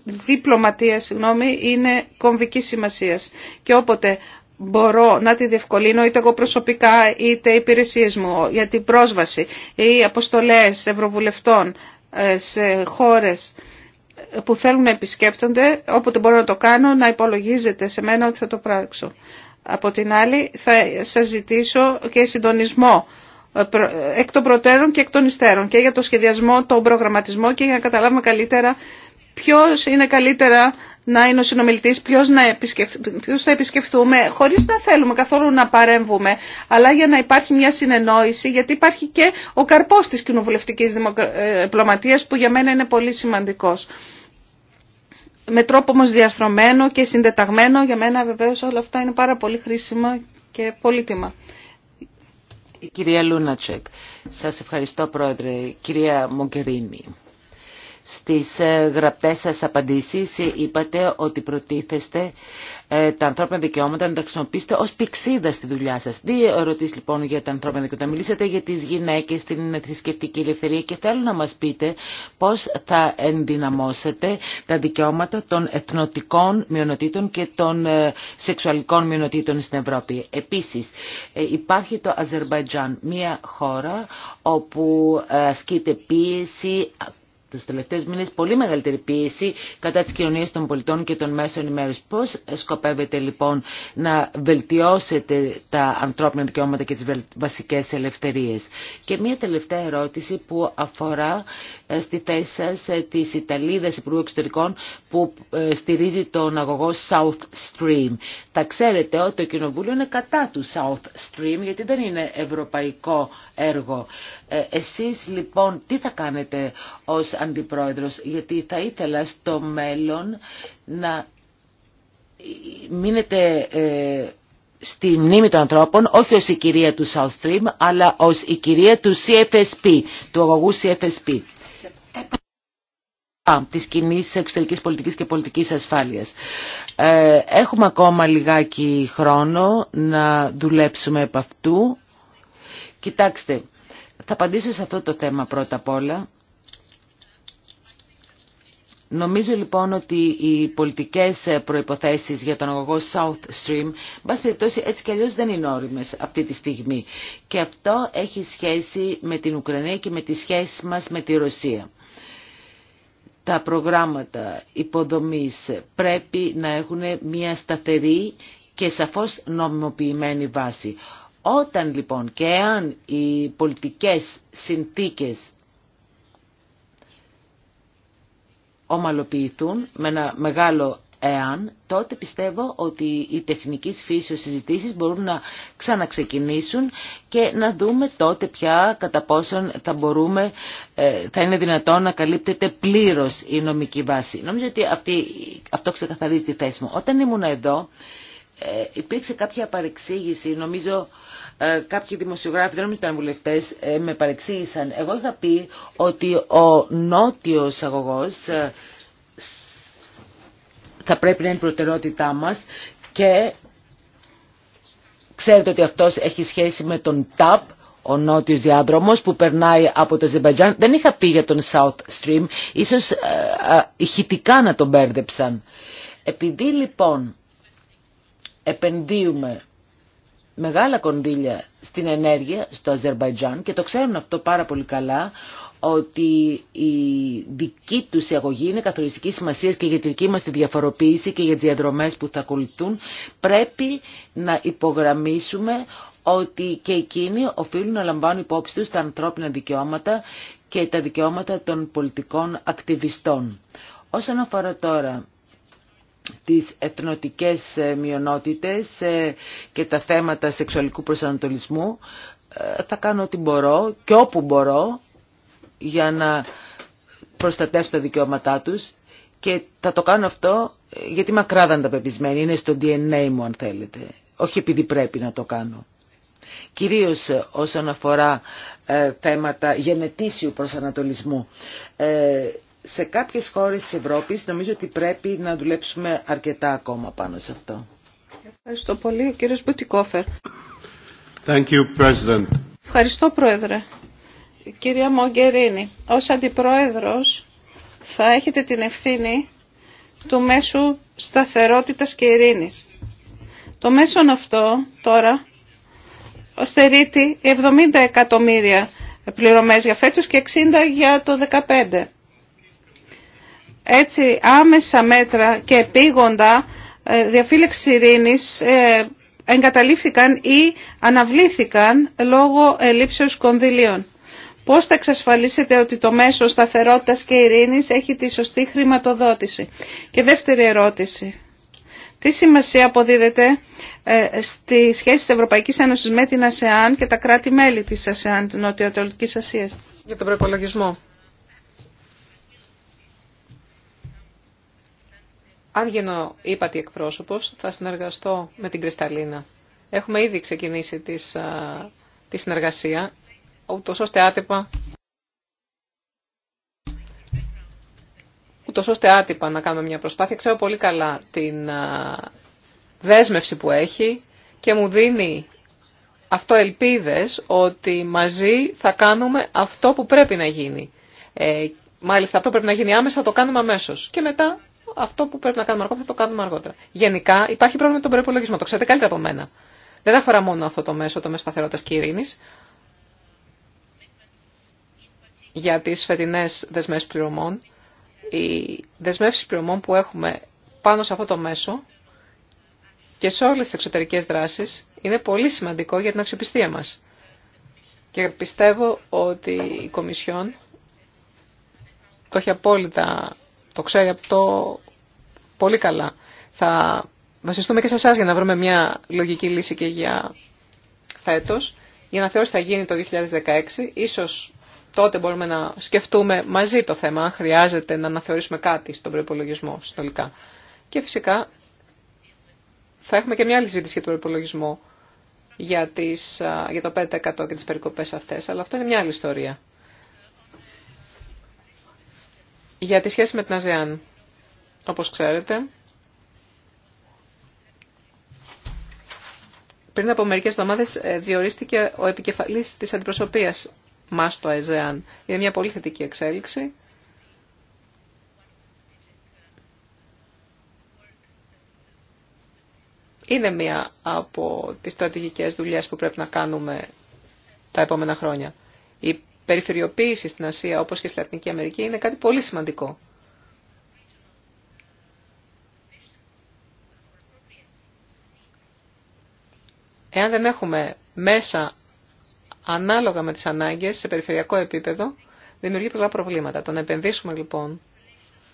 διπλωματία συγγνώμη, είναι κομβική σημασία. Και όποτε μπορώ να τη διευκολύνω είτε εγώ προσωπικά είτε οι υπηρεσίε μου για την πρόσβαση ή αποστολέ ευρωβουλευτών ε, σε χώρες που θέλουν να επισκέπτονται, όποτε μπορώ να το κάνω, να υπολογίζετε σε μένα ότι θα το πράξω. Από την άλλη θα σας ζητήσω και συντονισμό εκ των προτέρων και εκ των υστέρων και για το σχεδιασμό, τον προγραμματισμό και για να καταλάβουμε καλύτερα ποιο είναι καλύτερα να είναι ο συνομιλητή, ποιο επισκεφ... θα επισκεφθούμε, χωρί να θέλουμε καθόλου να παρέμβουμε, αλλά για να υπάρχει μια συνεννόηση, γιατί υπάρχει και ο καρπός της κοινοβουλευτική δημοκρατίας ε, που για μένα είναι πολύ σημαντικό, Με τρόπο όμω διαρθρωμένο και συντεταγμένο, για μένα βεβαίω, όλα αυτά είναι πάρα πολύ χρήσιμα και πολύτιμα κυρία Λούνατσεκ. Σας ευχαριστώ πρόεδρε. Κυρία Μογκερίνη. Στις ε, γραπτές σας απαντήσεις ε, είπατε ότι προτίθεστε ε, τα ανθρώπινα δικαιώματα να τα χρησιμοποιήσετε ως πηξίδα στη δουλειά σας. Δύο ερωτήσεις λοιπόν για τα ανθρώπινα δικαιώματα. Μιλήσατε για τις γυναίκες, την θρησκευτική ελευθερία και θέλω να μας πείτε πώς θα ενδυναμώσετε τα δικαιώματα των εθνοτικών μειονοτήτων και των ε, σεξουαλικών μειονοτήτων στην Ευρώπη. Επίσης ε, υπάρχει το Αζερβαϊτζάν, μια χώρα όπου ασκείται πίεση του τελευταίους μήνε πολύ μεγαλύτερη πίεση κατά της κοινωνίας των πολιτών και των μέσων ενημέρωση. Πώ σκοπεύετε λοιπόν να βελτιώσετε τα ανθρώπινα δικαιώματα και τις βασικές ελευθερίες. Και μια τελευταία ερώτηση που αφορά ε, στη θέση σα ε, της Ιταλίδα Υπουργού Εξωτερικών που ε, στηρίζει τον αγωγό South Stream. Θα ξέρετε ότι το Κοινοβούλιο είναι κατά του South Stream γιατί δεν είναι ευρωπαϊκό έργο. Εσείς λοιπόν τι θα κάνετε ως Αντιπρόεδρος, γιατί θα ήθελα στο μέλλον να μείνετε ε, στη μνήμη των ανθρώπων, όχι ως η κυρία του South Stream, αλλά ως η κυρία του CFSP, του αγωγού CFSP της κοινή εξωτερικής πολιτικής και πολιτικής ασφάλειας. Ε, έχουμε ακόμα λιγάκι χρόνο να δουλέψουμε επ' αυτού. Κοιτάξτε, θα απαντήσω σε αυτό το θέμα πρώτα απ' όλα. Νομίζω λοιπόν ότι οι πολιτικές προϋποθέσεις για τον αγωγό South Stream, μπας περιπτώσει έτσι κι αλλιώς δεν είναι όριμες αυτή τη στιγμή. Και αυτό έχει σχέση με την Ουκρανία και με τι σχέσει μας με τη Ρωσία. Τα προγράμματα υποδομής πρέπει να έχουν μια σταθερή και σαφώς νομιμοποιημένη βάση. Όταν λοιπόν και εάν οι πολιτικές συνθήκες ομαλοποιηθούν με ένα μεγάλο εάν, τότε πιστεύω ότι οι τεχνικής φύσεως συζητήσεις μπορούν να ξαναξεκινήσουν και να δούμε τότε πια κατά πόσον θα μπορούμε, ε, θα είναι δυνατόν να καλύπτεται πλήρως η νομική βάση. Νομίζω ότι αυτή, αυτό ξεκαθαρίζει τη θέση μου. Όταν ήμουν εδώ ε, υπήρξε κάποια παρεξήγηση, νομίζω ε, κάποιοι δημοσιογράφοι, δεν νομίζω ήταν βουλευτές, ε, με παρεξήγησαν. Εγώ είχα πει ότι ο νότιος αγωγός ε, θα πρέπει να είναι η προτεραιότητά μας και ξέρετε ότι αυτός έχει σχέση με τον ΤΑΠ, ο νότιος διάδρομος που περνάει από το Αζερμπαϊτζάν. Δεν είχα πει για τον South Stream, ίσως ηχητικά να τον μπέρδεψαν. Επειδή λοιπόν επενδύουμε μεγάλα κονδύλια στην ενέργεια στο Αζερβαϊτζάν και το ξέρουν αυτό πάρα πολύ καλά ότι η δική τους εγωγή είναι καθοριστική σημασία και για τη δική μας τη διαφοροποίηση και για τις διαδρομές που θα ακολουθούν πρέπει να υπογραμμίσουμε ότι και εκείνοι οφείλουν να λαμβάνουν υπόψη τους τα ανθρώπινα δικαιώματα και τα δικαιώματα των πολιτικών ακτιβιστών. Όσον αφορά τώρα τις εθνοτικές ε, μειονότητες ε, και τα θέματα σεξουαλικού προσανατολισμού. Ε, θα κάνω ό,τι μπορώ και όπου μπορώ για να προστατεύσω τα δικαιώματά τους και θα το κάνω αυτό γιατί μακράδαν τα πεπισμένη, είναι στο DNA μου αν θέλετε, όχι επειδή πρέπει να το κάνω. Κυρίως όσον αφορά θέματα γενετήσιου προσανατολισμού σε κάποιες χώρες της Ευρώπης νομίζω ότι πρέπει να δουλέψουμε αρκετά ακόμα πάνω σε αυτό. Ευχαριστώ πολύ. Ο κύριος Μπουτικόφερ. Thank Ευχαριστώ, Πρόεδρε. Κυρία Μογκερίνη, ως Αντιπρόεδρος θα έχετε την ευθύνη του μέσου σταθερότητας και ειρήνης. Το μέσον αυτό τώρα στερείται 70 εκατομμύρια πληρωμές για φέτος και 60 για το 2015. Έτσι άμεσα μέτρα και επίγοντα ε, διαφύλαξη ειρήνης ε, εγκαταλείφθηκαν ή αναβλήθηκαν λόγω ελήψεως κονδυλίων. Πώς θα εξασφαλίσετε ότι το μέσο σταθερότητας και ειρήνης έχει τη σωστή χρηματοδότηση. Και δεύτερη ερώτηση. Τι σημασία αποδίδεται ε, στη σχέση της Ευρωπαϊκής Ένωσης με την ΑΣΕΑΝ και τα κράτη-μέλη της ΑΣΕΑΝ, της Νότιο-Ατολικής Ασίας. Για τον προπολογισμό. Αν γίνω ύπατη εκπρόσωπος, θα συνεργαστώ με την Κρυσταλίνα. Έχουμε ήδη ξεκινήσει τις, τη συνεργασία, ούτως ώστε άτυπα, ούτως ώστε να κάνουμε μια προσπάθεια. Ξέρω πολύ καλά την δέσμευση που έχει και μου δίνει αυτό ελπίδες ότι μαζί θα κάνουμε αυτό που πρέπει να γίνει. Ε, μάλιστα αυτό πρέπει να γίνει άμεσα, το κάνουμε αμέσως. Και μετά αυτό που πρέπει να κάνουμε αργότερα θα το κάνουμε αργότερα. Γενικά υπάρχει πρόβλημα με τον προπολογισμό, το ξέρετε καλύτερα από μένα. Δεν αφορά μόνο αυτό το μέσο, το μέσο σταθερότητα και ειρήνη. Για τι φετινέ δεσμεύσει πληρωμών, οι δεσμεύσει πληρωμών που έχουμε πάνω σε αυτό το μέσο και σε όλε τι εξωτερικέ δράσει είναι πολύ σημαντικό για την αξιοπιστία μα. Και πιστεύω ότι η Κομισιόν το έχει απόλυτα το ξέρει αυτό πολύ καλά. Θα βασιστούμε και σε εσά για να βρούμε μια λογική λύση και για για να αναθεώρηση θα γίνει το 2016. Ίσως τότε μπορούμε να σκεφτούμε μαζί το θέμα, αν χρειάζεται να αναθεωρήσουμε κάτι στον προπολογισμό συνολικά. Και φυσικά θα έχουμε και μια άλλη ζήτηση για τον προπολογισμό για, για το 5% και τις περικοπές αυτές, αλλά αυτό είναι μια άλλη ιστορία. Για τη σχέση με την ΑΖΕΑΝ, όπως ξέρετε, πριν από μερικές εβδομάδες ε, διορίστηκε ο επικεφαλής της αντιπροσωπείας μας το ΑΖΕΑΝ. Είναι μια πολύ θετική εξέλιξη. Είναι μία από τις στρατηγικές δουλειές που πρέπει να κάνουμε τα επόμενα χρόνια περιφερειοποίηση στην Ασία όπως και στη Λατινική Αμερική είναι κάτι πολύ σημαντικό. Εάν δεν έχουμε μέσα ανάλογα με τις ανάγκες σε περιφερειακό επίπεδο, δημιουργεί πολλά προβλήματα. Το να επενδύσουμε λοιπόν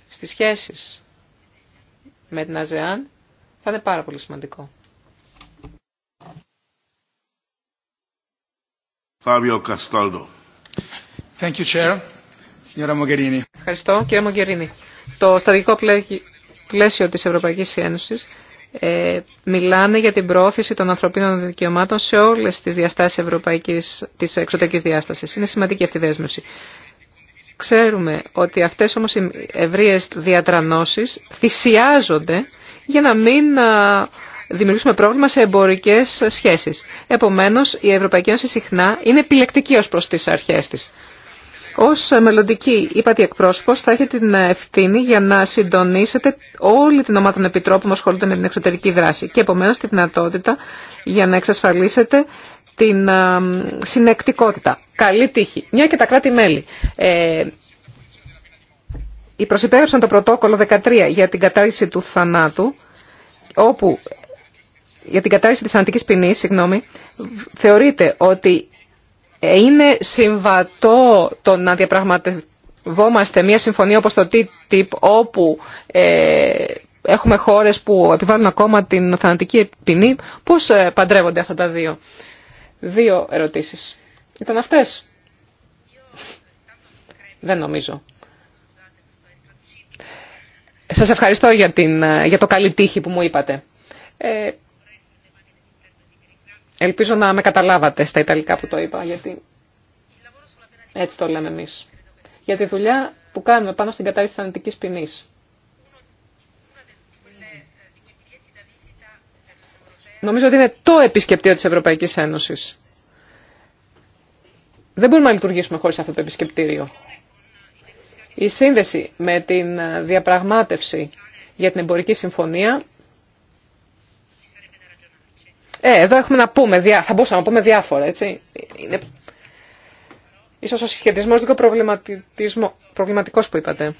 στις σχέσεις με την ΑΖΕΑΝ θα είναι πάρα πολύ σημαντικό. Fabio Castaldo. Ευχαριστώ, κύριε Μογκερίνη. Το στρατηγικό πλαίσιο της Ευρωπαϊκής Ένωσης ε, μιλάνε για την προώθηση των ανθρωπίνων δικαιωμάτων σε όλες τις διαστάσεις τη της εξωτερικής διάστασης. Είναι σημαντική αυτή η δέσμευση. Ξέρουμε ότι αυτές όμως οι ευρείες διατρανώσεις θυσιάζονται για να μην δημιουργήσουμε πρόβλημα σε εμπορικές σχέσεις. Επομένως, η Ευρωπαϊκή Ένωση συχνά είναι επιλεκτική ως προς τις αρχές της. Ως μελλοντική είπατε εκπρόσωπος θα έχετε την ευθύνη για να συντονίσετε όλη την ομάδα των επιτρόπων που ασχολούνται με την εξωτερική δράση και επομένως τη δυνατότητα για να εξασφαλίσετε την συνεκτικότητα. Καλή τύχη. Μια και τα κράτη-μέλη. Ε, οι προσυπέγραψαν το πρωτόκολλο 13 για την κατάργηση του θανάτου, όπου για την κατάργηση της θανατικής ποινής, θεωρείται ότι είναι συμβατό το να διαπραγματευόμαστε μια συμφωνία όπως το TTIP όπου ε, έχουμε χώρες που επιβάλλουν ακόμα την θανατική ποινή. Πώς ε, παντρεύονται αυτά τα δύο. Δύο ερωτήσεις. Ήταν αυτές. Δεν νομίζω. Σας ευχαριστώ για, την, ε, για το καλή τύχη που μου είπατε. Ε, Ελπίζω να με καταλάβατε στα Ιταλικά που το είπα, γιατί έτσι το λέμε εμείς. Για τη δουλειά που κάνουμε πάνω στην κατάρρηση θανατικής ποινής. Νομίζω ότι είναι το επισκεπτήριο της Ευρωπαϊκής Ένωσης. Δεν μπορούμε να λειτουργήσουμε χωρίς αυτό το επισκεπτήριο. Η σύνδεση με την διαπραγμάτευση για την εμπορική συμφωνία ε, εδώ έχουμε να πούμε, θα μπορούσαμε να πούμε διάφορα, έτσι. Είναι... Ίσως ο συσχετισμός λίγο προβληματικός που είπατε.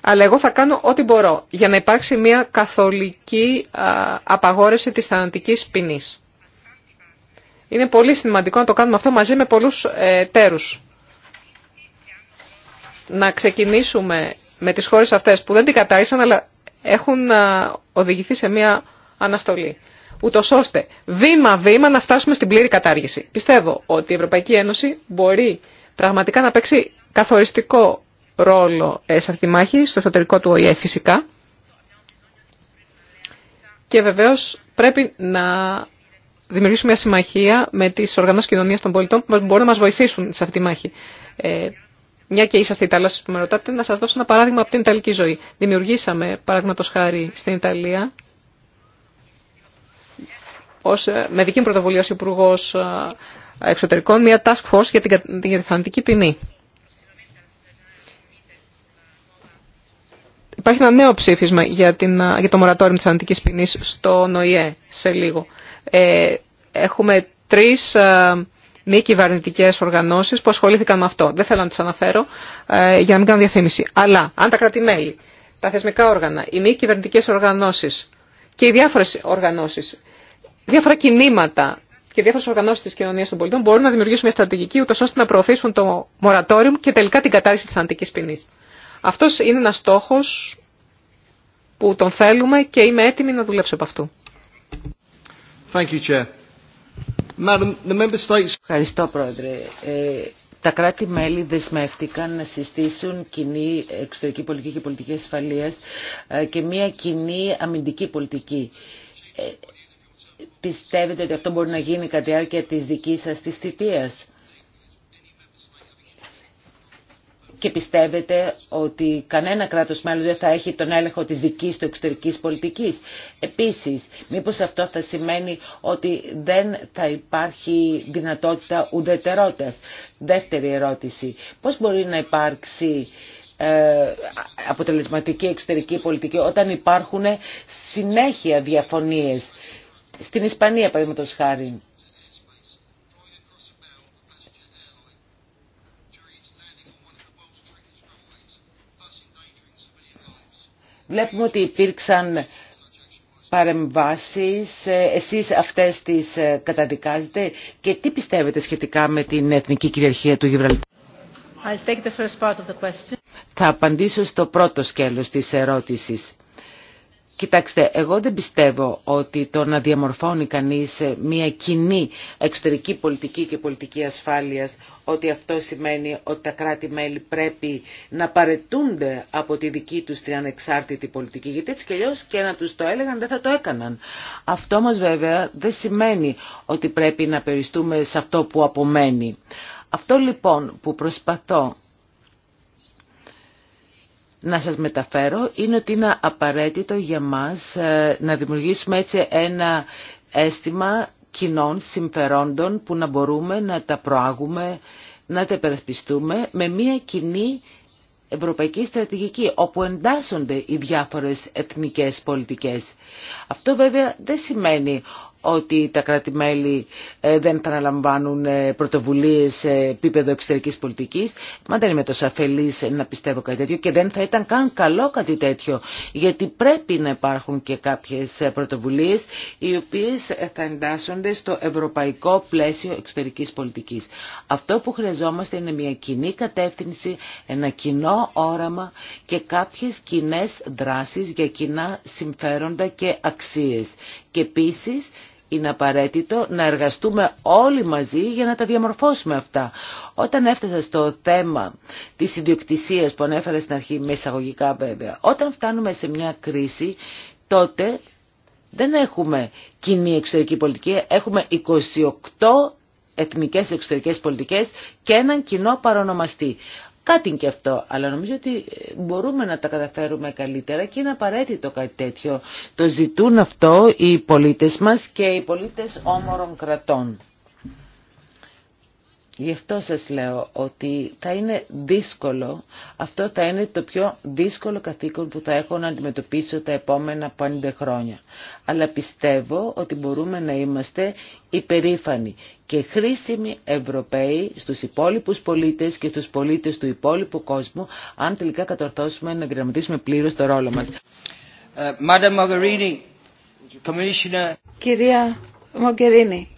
Αλλά εγώ θα κάνω ό,τι μπορώ για να υπάρξει μια καθολική απαγόρευση της θανατικής ποινή. Είναι πολύ σημαντικό να το κάνουμε αυτό μαζί με πολλούς ε, τέρους. Να ξεκινήσουμε με τις χώρες αυτές που δεν την κατάρρισαν αλλά έχουν οδηγηθεί σε μια αναστολή ούτω ώστε βήμα-βήμα να φτάσουμε στην πλήρη κατάργηση. Πιστεύω ότι η Ευρωπαϊκή Ένωση μπορεί πραγματικά να παίξει καθοριστικό ρόλο ε, σε αυτή τη μάχη, στο εσωτερικό του ΟΗΕ φυσικά. Και βεβαίω πρέπει να δημιουργήσουμε μια συμμαχία με τι οργανώσει κοινωνία των πολιτών που μπορούν να μα βοηθήσουν σε αυτή τη μάχη. Ε, μια και είσαστε Ιταλό, που με ρωτάτε, να σα δώσω ένα παράδειγμα από την Ιταλική ζωή. Δημιουργήσαμε, παραδείγματο χάρη, στην Ιταλία ως, ε, με δική μου πρωτοβουλία ως υπουργό ε, Εξωτερικών μια task force για την, για τη θανατική ποινή. Υπάρχει ένα νέο ψήφισμα για, την, ε, για το μορατόριο της θανατικής ποινής στο ΝΟΙΕ σε λίγο. Ε, έχουμε τρεις μη κυβερνητικέ οργανώσεις που ασχολήθηκαν με αυτό. Δεν θέλω να τις αναφέρω για να μην κάνω διαφήμιση. Αλλά αν τα κρατημέλη, τα θεσμικά όργανα, οι μη κυβερνητικέ οργανώσεις και οι διάφορες οργανώσεις διάφορα κινήματα και διάφορε οργανώσει τη κοινωνία των πολιτών μπορούν να δημιουργήσουν μια στρατηγική ούτω ώστε να προωθήσουν το μορατόριο και τελικά την κατάρριση τη αντική ποινή. Αυτό είναι ένα στόχο που τον θέλουμε και είμαι έτοιμη να δουλέψω από αυτού. Thank you, Chair. Madam, the member states... Ευχαριστώ, Πρόεδρε. Ε, τα κράτη-μέλη δεσμεύτηκαν να συστήσουν κοινή εξωτερική πολιτική και πολιτική ασφαλείας ε, και μια κοινή αμυντική πολιτική. Ε, πιστεύετε ότι αυτό μπορεί να γίνει κατά τη διάρκεια της δικής σας της θητείας. Και πιστεύετε ότι κανένα κράτος μέλος δεν θα έχει τον έλεγχο της δικής του εξωτερικής πολιτικής. Επίσης, μήπως αυτό θα σημαίνει ότι δεν θα υπάρχει δυνατότητα ουδετερότητας. Δεύτερη ερώτηση, πώς μπορεί να υπάρξει ε, αποτελεσματική εξωτερική πολιτική όταν υπάρχουν συνέχεια διαφωνίες στην Ισπανία, παραδείγματο χάρη. Βλέπουμε ότι υπήρξαν παρεμβάσεις, εσείς αυτές τις ε, καταδικάζετε και τι πιστεύετε σχετικά με την εθνική κυριαρχία του Γιβραλτάρ. Θα απαντήσω στο πρώτο σκέλος της ερώτησης. Κοιτάξτε, εγώ δεν πιστεύω ότι το να διαμορφώνει κανείς ε, μια κοινή εξωτερική πολιτική και πολιτική ασφάλειας, ότι αυτό σημαίνει ότι τα κράτη-μέλη πρέπει να παρετούνται από τη δική τους την ανεξάρτητη πολιτική, γιατί έτσι και αλλιώς και να τους το έλεγαν δεν θα το έκαναν. Αυτό μας βέβαια δεν σημαίνει ότι πρέπει να περιστούμε σε αυτό που απομένει. Αυτό λοιπόν που προσπαθώ να σας μεταφέρω είναι ότι είναι απαραίτητο για μας ε, να δημιουργήσουμε έτσι ένα αίσθημα κοινών συμφερόντων που να μπορούμε να τα προάγουμε, να τα υπερασπιστούμε με μια κοινή ευρωπαϊκή στρατηγική όπου εντάσσονται οι διάφορες εθνικές πολιτικές. Αυτό βέβαια δεν σημαίνει ότι τα κράτη-μέλη ε, δεν θα αναλαμβάνουν ε, πρωτοβουλίες σε επίπεδο εξωτερικής πολιτικής. Μα δεν είμαι τόσο αφελής ε, να πιστεύω κάτι τέτοιο και δεν θα ήταν καν καλό κάτι τέτοιο. Γιατί πρέπει να υπάρχουν και κάποιες πρωτοβουλίες οι οποίες θα εντάσσονται στο ευρωπαϊκό πλαίσιο εξωτερικής πολιτικής. Αυτό που χρειαζόμαστε είναι μια κοινή κατεύθυνση, ένα κοινό όραμα και κάποιες κοινέ δράσεις για κοινά συμφέροντα και αξίες. Και επίσης είναι απαραίτητο να εργαστούμε όλοι μαζί για να τα διαμορφώσουμε αυτά. Όταν έφτασα στο θέμα της ιδιοκτησίας που ανέφερα στην αρχή με εισαγωγικά βέβαια, όταν φτάνουμε σε μια κρίση τότε δεν έχουμε κοινή εξωτερική πολιτική, έχουμε 28 εθνικές εξωτερικές πολιτικές και έναν κοινό παρονομαστή. Κάτι και αυτό, αλλά νομίζω ότι ε, μπορούμε να τα καταφέρουμε καλύτερα και είναι απαραίτητο κάτι τέτοιο. Το ζητούν αυτό οι πολίτες μας και οι πολίτες όμορων κρατών. Γι' αυτό σας λέω ότι θα είναι δύσκολο, αυτό θα είναι το πιο δύσκολο καθήκον που θα έχω να αντιμετωπίσω τα επόμενα 50 χρόνια. Αλλά πιστεύω ότι μπορούμε να είμαστε υπερήφανοι και χρήσιμοι Ευρωπαίοι στους υπόλοιπους πολίτες και στους πολίτες του υπόλοιπου κόσμου, αν τελικά κατορθώσουμε να γραμματίσουμε πλήρως το ρόλο μας. Ε, κυρία Μογκερίνη,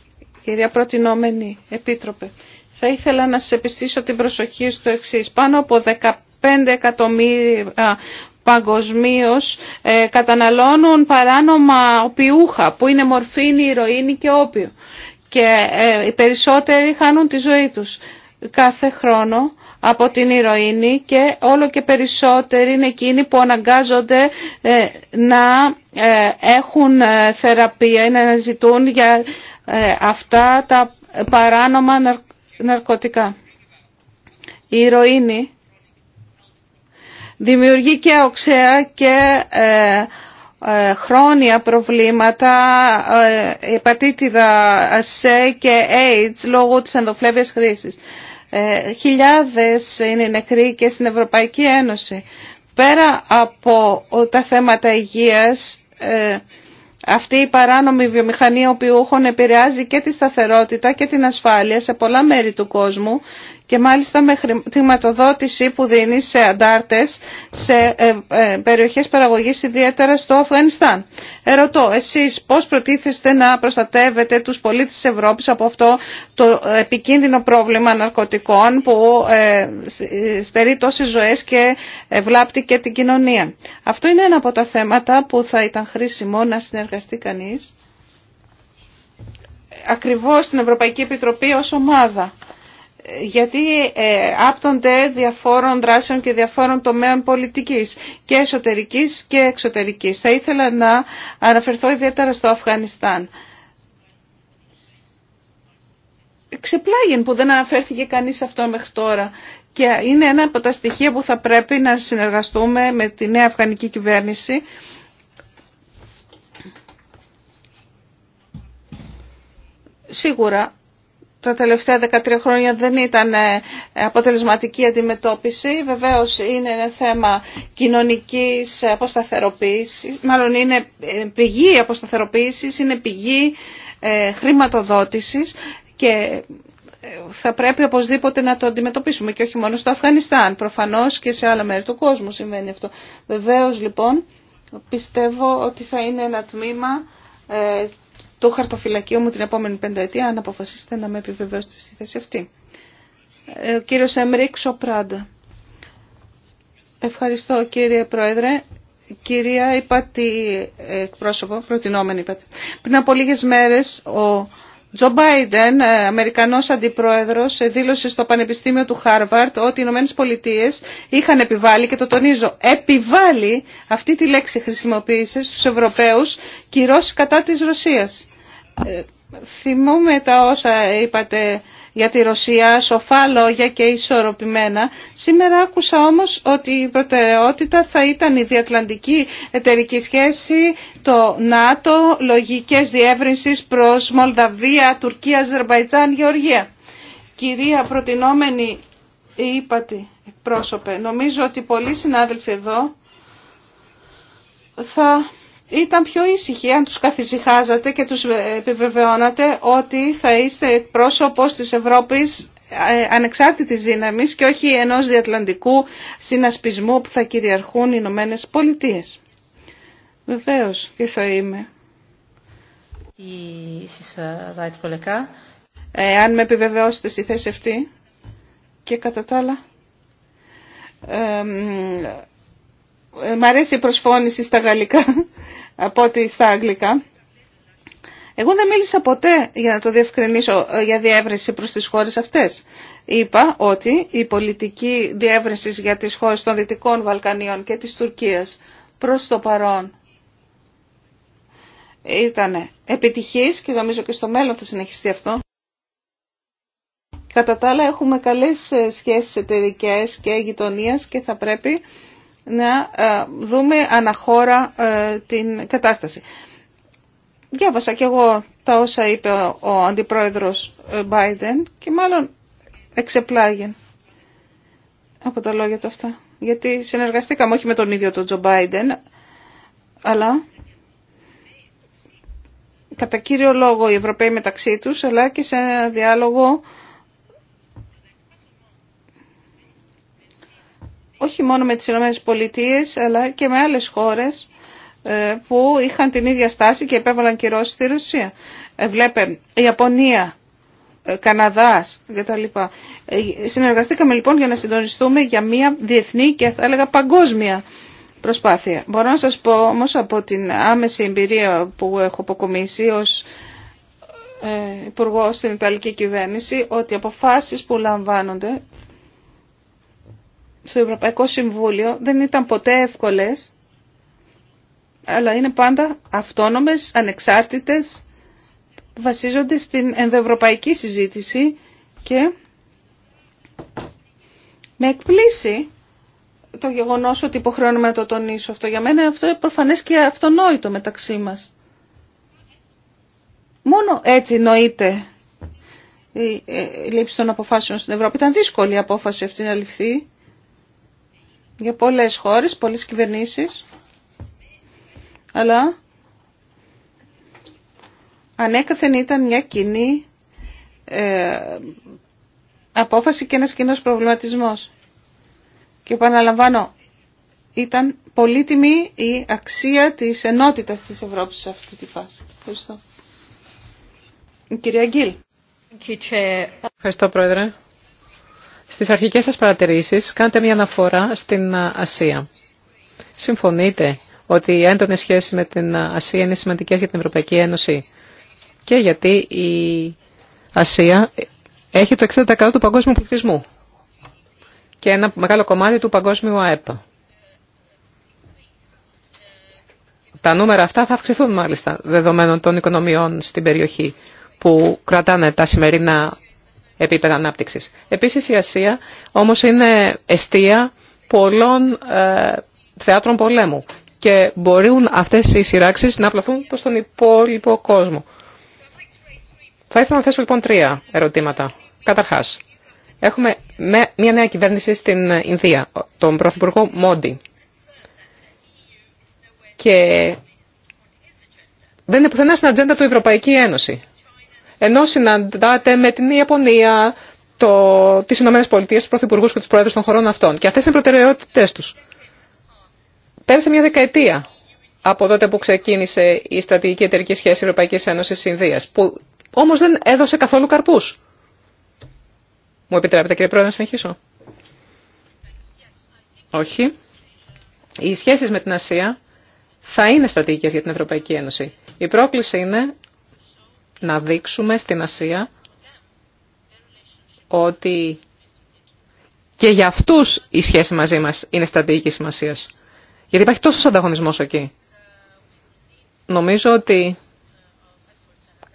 κυρία Προτινόμενη Επίτροπε, θα ήθελα να σας επιστήσω την προσοχή στο εξή Πάνω από 15 εκατομμύρια παγκοσμίω ε, καταναλώνουν παράνομα οπιούχα που είναι μορφήνη, ηρωίνη και όπιο. Και ε, οι περισσότεροι χάνουν τη ζωή τους κάθε χρόνο από την ηρωίνη και όλο και περισσότεροι είναι εκείνοι που αναγκάζονται ε, να έχουν θεραπεία ή να ζητούν για αυτά τα παράνομα ναρκωτικά ναρκωτικά. Η ηρωίνη δημιουργεί και οξέα και ε, ε, χρόνια προβλήματα, ε, C και AIDS λόγω της ενδοφλέβειας χρήσης. Ε, χιλιάδες είναι νεκροί και στην Ευρωπαϊκή Ένωση. Πέρα από τα θέματα υγείας, ε, αυτή η παράνομη βιομηχανία έχουν επηρεάζει και τη σταθερότητα και την ασφάλεια σε πολλά μέρη του κόσμου και μάλιστα με χρηματοδότηση που δίνει σε αντάρτες σε ε, ε, περιοχές παραγωγής ιδιαίτερα στο Αφγανιστάν. Ερωτώ, εσείς πώς προτίθεστε να προστατεύετε τους πολίτες της Ευρώπης από αυτό το ε, επικίνδυνο πρόβλημα ναρκωτικών που στερεί τόσες ζωές και βλάπτει και την κοινωνία. Αυτό είναι ένα από τα θέματα που θα ήταν χρήσιμο να συνεργαστούμε φανταστεί ακριβώς στην Ευρωπαϊκή Επιτροπή ως ομάδα. Γιατί ε, άπτονται διαφόρων δράσεων και διαφόρων τομέων πολιτικής και εσωτερικής και εξωτερικής. Θα ήθελα να αναφερθώ ιδιαίτερα στο Αφγανιστάν. Ξεπλάγει που δεν αναφέρθηκε κανείς αυτό μέχρι τώρα και είναι ένα από τα στοιχεία που θα πρέπει να συνεργαστούμε με τη νέα αφγανική κυβέρνηση Σίγουρα τα τελευταία 13 χρόνια δεν ήταν ε, αποτελεσματική αντιμετώπιση. Βεβαίως είναι ένα θέμα κοινωνικής αποσταθεροποίησης, μάλλον είναι ε, πηγή αποσταθεροποίησης, είναι πηγή ε, χρηματοδότησης και θα πρέπει οπωσδήποτε να το αντιμετωπίσουμε και όχι μόνο στο Αφγανιστάν, προφανώς και σε άλλα μέρη του κόσμου συμβαίνει αυτό. Βεβαίως λοιπόν πιστεύω ότι θα είναι ένα τμήμα το χαρτοφυλακίου μου την επόμενη πενταετία αν αποφασίσετε να με επιβεβαιώσετε στη θέση αυτή. Ε, ο κύριος Εμρίκ Σοπράντα. Ευχαριστώ κύριε Πρόεδρε. Κυρία Υπάτη, ε, εκπρόσωπο, προτινόμενη είπατε. Πριν από λίγες μέρες ο Τζο Μπάιντεν, ε, Αμερικανός Αντιπρόεδρος, ε, δήλωσε στο Πανεπιστήμιο του Χάρβαρτ ότι οι Ηνωμένες Πολιτείες είχαν επιβάλει, και το τονίζω, επιβάλει, αυτή τη λέξη χρησιμοποίησε στους Ευρωπαίους, κυρώσει κατά της Ρωσίας. Ε, θυμούμε τα όσα είπατε για τη Ρωσία, σοφά λόγια και ισορροπημένα. Σήμερα άκουσα όμως ότι η προτεραιότητα θα ήταν η διατλαντική εταιρική σχέση, το ΝΑΤΟ, λογικές διεύρυνσεις προς Μολδαβία, Τουρκία, Αζερβαϊτζάν, Γεωργία. Κυρία προτινόμενη είπατε πρόσωπε, νομίζω ότι πολλοί συνάδελφοι εδώ θα ήταν πιο ήσυχοι αν τους καθησυχάζατε και τους επιβεβαιώνατε ότι θα είστε πρόσωπος της Ευρώπης ε, ανεξάρτητης δύναμης και όχι ενός διατλαντικού συνασπισμού που θα κυριαρχούν οι Ηνωμένε Πολιτείε. Βεβαίως και θα είμαι. Ε, αν με επιβεβαιώσετε στη θέση αυτή και κατά τα άλλα. Ε, μ' αρέσει η προσφώνηση στα γαλλικά από ότι στα αγγλικά. Εγώ δεν μίλησα ποτέ για να το διευκρινίσω ε, για διεύρυνση προς τις χώρες αυτές. Είπα ότι η πολιτική διεύρυνση για τις χώρες των Δυτικών Βαλκανίων και της Τουρκίας προς το παρόν ήταν επιτυχής και νομίζω και στο μέλλον θα συνεχιστεί αυτό. Κατά τα άλλα έχουμε καλές ε, σχέσεις εταιρικές και γειτονίας και θα πρέπει να ε, δούμε αναχώρα ε, την κατάσταση. Διάβασα κι εγώ τα όσα είπε ο αντιπρόεδρος ε, Biden και μάλλον εξεπλάγεν από τα λόγια του αυτά. Γιατί συνεργαστήκαμε όχι με τον ίδιο τον Τζο Μπάιντεν, αλλά κατά κύριο λόγο οι Ευρωπαίοι μεταξύ τους, αλλά και σε ένα διάλογο όχι μόνο με τις Ηνωμένες Πολιτείες αλλά και με άλλες χώρες ε, που είχαν την ίδια στάση και επέβαλαν κυρώσεις στη Ρωσία. Ε, βλέπε Ιαπωνία, ε, Καναδάς κτλ. Συνεργαστήκαμε λοιπόν για να συντονιστούμε για μια διεθνή και θα έλεγα παγκόσμια προσπάθεια. Μπορώ να σας πω όμως από την άμεση εμπειρία που έχω αποκομίσει ως υπουργό στην Ιταλική κυβέρνηση ότι αποφάσεις που λαμβάνονται στο Ευρωπαϊκό Συμβούλιο δεν ήταν ποτέ εύκολες, αλλά είναι πάντα αυτόνομες, ανεξάρτητες, βασίζονται στην ενδοευρωπαϊκή συζήτηση και με εκπλήσει το γεγονός ότι υποχρεώνουμε να το τονίσω αυτό. Για μένα αυτό είναι προφανές και αυτονόητο μεταξύ μας. Μόνο έτσι νοείται η λήψη των αποφάσεων στην Ευρώπη. Ήταν δύσκολη η απόφαση αυτή να ληφθεί για πολλές χώρες, πολλές κυβερνήσεις, αλλά ανέκαθεν ήταν μια κοινή ε, απόφαση και ένας κοινός προβληματισμός. Και επαναλαμβάνω, ήταν πολύτιμη η αξία της ενότητας της Ευρώπης σε αυτή τη φάση. Ευχαριστώ. κυρία Γκίλ. Ευχαριστώ, Πρόεδρε. Στις αρχικές σας παρατηρήσεις κάνετε μια αναφορά στην Ασία. Συμφωνείτε ότι οι έντονες σχέσεις με την Ασία είναι σημαντικές για την Ευρωπαϊκή Ένωση και γιατί η Ασία έχει το 60% του παγκόσμιου πληθυσμού και ένα μεγάλο κομμάτι του παγκόσμιου ΑΕΠ. Τα νούμερα αυτά θα αυξηθούν μάλιστα δεδομένων των οικονομιών στην περιοχή που κρατάνε τα σημερινά επίπεδα ανάπτυξης. Επίσης η Ασία όμως είναι εστία πολλών ε, θεάτρων πολέμου και μπορούν αυτές οι σειράξεις να απλωθούν προς τον υπόλοιπο κόσμο. Θα ήθελα να θέσω λοιπόν τρία ερωτήματα. Καταρχάς, έχουμε μια νέα κυβέρνηση στην Ινδία, τον Πρωθυπουργό Μόντι. Και δεν είναι πουθενά στην ατζέντα του Ευρωπαϊκή Ένωση ενώ συναντάτε με την Ιαπωνία, το, τις Ηνωμένες Πολιτείες, τους πρωθυπουργούς και τους πρόεδρους των χωρών αυτών. Και αυτές είναι οι προτεραιότητες τους. Πέρασε μια δεκαετία από τότε που ξεκίνησε η στρατηγική εταιρική σχέση Ευρωπαϊκής Ένωσης Ινδίας, που όμως δεν έδωσε καθόλου καρπούς. Μου επιτρέπετε κύριε Πρόεδρε να συνεχίσω. Όχι. Οι σχέσεις με την Ασία θα είναι στρατηγικές για την Ευρωπαϊκή Ένωση. Η πρόκληση είναι να δείξουμε στην Ασία ότι και για αυτούς η σχέση μαζί μας είναι στρατηγική σημασία. Γιατί υπάρχει τόσος ανταγωνισμός εκεί. Νομίζω ότι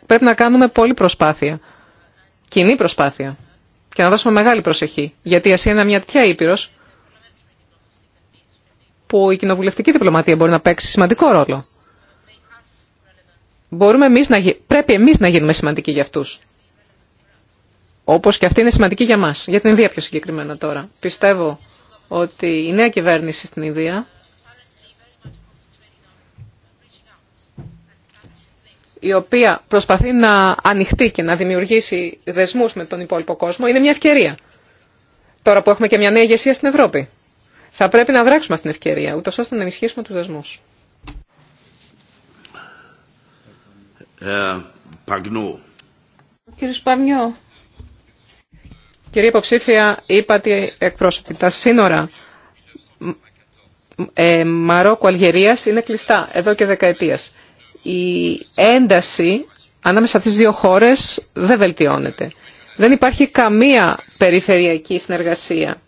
πρέπει να κάνουμε πολλή προσπάθεια, κοινή προσπάθεια και να δώσουμε μεγάλη προσοχή. Γιατί η Ασία είναι μια τέτοια ήπειρος που η κοινοβουλευτική διπλωματία μπορεί να παίξει σημαντικό ρόλο μπορούμε εμείς να, πρέπει εμείς να γίνουμε σημαντικοί για αυτούς. Όπως και αυτή είναι σημαντική για μας, για την Ινδία πιο συγκεκριμένα τώρα. Πιστεύω ότι η νέα κυβέρνηση στην Ινδία η οποία προσπαθεί να ανοιχτεί και να δημιουργήσει δεσμούς με τον υπόλοιπο κόσμο, είναι μια ευκαιρία. Τώρα που έχουμε και μια νέα ηγεσία στην Ευρώπη. Θα πρέπει να βράξουμε αυτή την ευκαιρία, ούτως ώστε να ενισχύσουμε τους δεσμούς. Ε, Κύριε Σπανιό. Κυρία υποψήφια, είπατε εκπρόσωποι, τα σύνορα ε, Μαρόκου-Αλγερίας είναι κλειστά εδώ και δεκαετίας. Η ένταση ανάμεσα στις δύο χώρες δεν βελτιώνεται. Δεν υπάρχει καμία περιφερειακή συνεργασία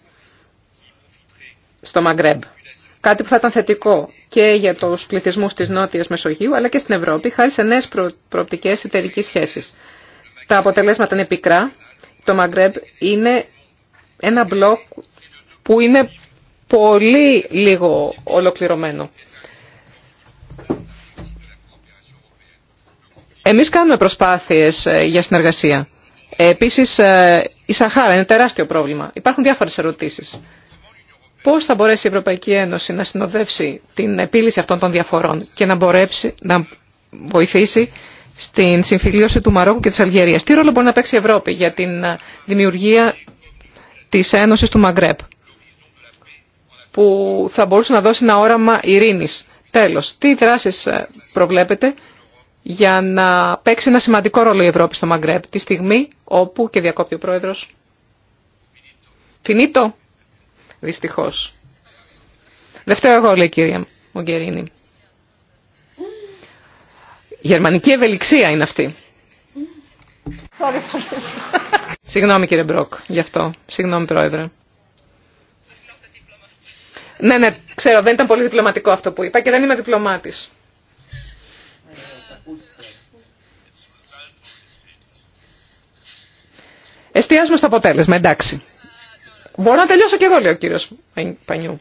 στο Μαγκρέμπ. Κάτι που θα ήταν θετικό και για τους πληθυσμούς της Νότιας Μεσογείου, αλλά και στην Ευρώπη, χάρη σε νέες προ... προοπτικές εταιρικής σχέσης. Τα αποτελέσματα είναι πικρά. Το Μαγκρέμπ είναι ένα μπλοκ που είναι πολύ λίγο ολοκληρωμένο. Εμείς κάνουμε προσπάθειες ε, για συνεργασία. Ε, επίσης, ε, η Σαχάρα είναι τεράστιο πρόβλημα. Υπάρχουν διάφορες ερωτήσεις πώς θα μπορέσει η Ευρωπαϊκή Ένωση να συνοδεύσει την επίλυση αυτών των διαφορών και να μπορέσει να βοηθήσει στην συμφιλίωση του Μαρόκου και της Αλγερίας. Τι ρόλο μπορεί να παίξει η Ευρώπη για την ε, δημιουργία της Ένωσης του Μαγκρέπ που θα μπορούσε να δώσει ένα όραμα ειρήνης. Τέλος, τι δράσεις ε, προβλέπετε για να παίξει ένα σημαντικό ρόλο η Ευρώπη στο Μαγκρέπ τη στιγμή όπου και διακόπτει ο Πρόεδρος. Φινίτο δυστυχώς. Δεν φταίω εγώ, λέει η κυρία Μογκερίνη. Γερμανική ευελιξία είναι αυτή. Sorry. Συγγνώμη κύριε Μπρόκ γι' αυτό. Συγγνώμη πρόεδρε. Ναι, ναι, ξέρω, δεν ήταν πολύ διπλωματικό αυτό που είπα και δεν είμαι διπλωμάτης. Εστιάζουμε στο αποτέλεσμα, εντάξει. Μπορώ να τελειώσω και εγώ, λέει ο κύριος Πανιού.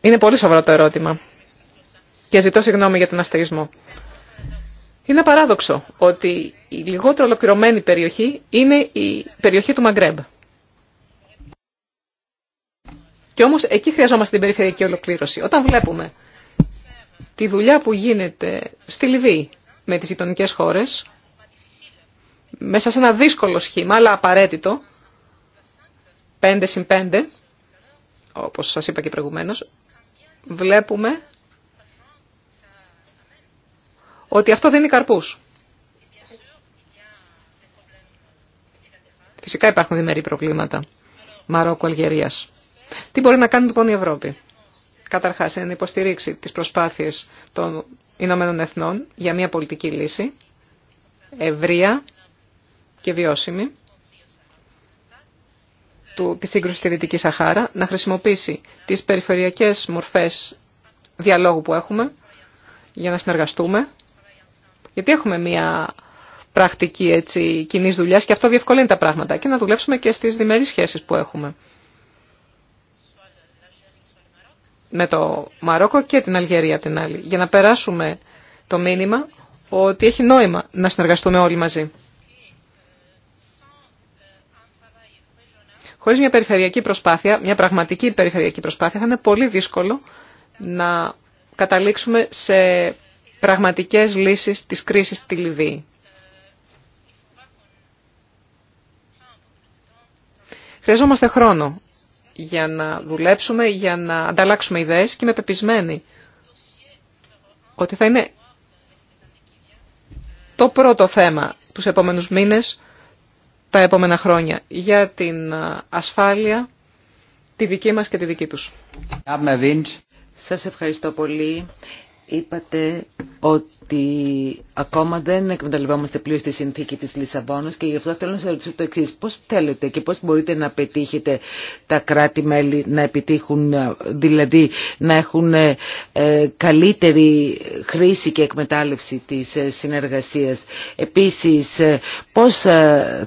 Είναι πολύ σοβαρό το ερώτημα. Και ζητώ συγγνώμη για τον αστερισμό. Είναι παράδοξο ότι η λιγότερο ολοκληρωμένη περιοχή είναι η περιοχή του Μαγκρέμπ. Και όμως εκεί χρειαζόμαστε την περιφερειακή ολοκλήρωση. Όταν βλέπουμε τη δουλειά που γίνεται στη Λιβύη με τις γειτονικέ χώρες, μέσα σε ένα δύσκολο σχήμα, αλλά απαραίτητο, 5 συν 5, όπως σας είπα και προηγουμένως, βλέπουμε ότι αυτό δίνει καρπούς. Φυσικά υπάρχουν διμερεί προβλήματα. Μαρόκο, Αλγερίας. Τι μπορεί να κάνει λοιπόν η Ευρώπη. Καταρχάς, είναι να υποστηρίξει τις προσπάθειες των Ηνωμένων Εθνών για μια πολιτική λύση, ευρεία, και βιώσιμη του, της σύγκρουσης στη Δυτική Σαχάρα, να χρησιμοποιήσει τις περιφερειακές μορφές διαλόγου που έχουμε για να συνεργαστούμε, γιατί έχουμε μια πρακτική έτσι, κοινής δουλειάς και αυτό διευκολύνει τα πράγματα και να δουλέψουμε και στις διμερείς σχέσεις που έχουμε με το Μαρόκο και την Αλγερία την άλλη, για να περάσουμε το μήνυμα ότι έχει νόημα να συνεργαστούμε όλοι μαζί. Χωρί μια περιφερειακή προσπάθεια, μια πραγματική περιφερειακή προσπάθεια, θα είναι πολύ δύσκολο να καταλήξουμε σε πραγματικές λύσεις της κρίσης στη Λιβύη. Χρειαζόμαστε χρόνο για να δουλέψουμε, για να ανταλλάξουμε ιδέες και είμαι πεπισμένη ότι θα είναι το πρώτο θέμα τους επόμενους μήνες τα επόμενα χρόνια για την ε, ασφάλεια, τη δική μας και τη δική τους. Σας ευχαριστώ πολύ. Είπατε ότι ότι ακόμα δεν εκμεταλλευόμαστε πλήρως τη συνθήκη της Λισαβόνας και γι' αυτό θέλω να σα ρωτήσω το εξής. Πώς θέλετε και πώς μπορείτε να πετύχετε τα κράτη-μέλη να επιτύχουν, δηλαδή να έχουν ε, καλύτερη χρήση και εκμετάλλευση της ε, συνεργασίας. Επίσης, ε, πώς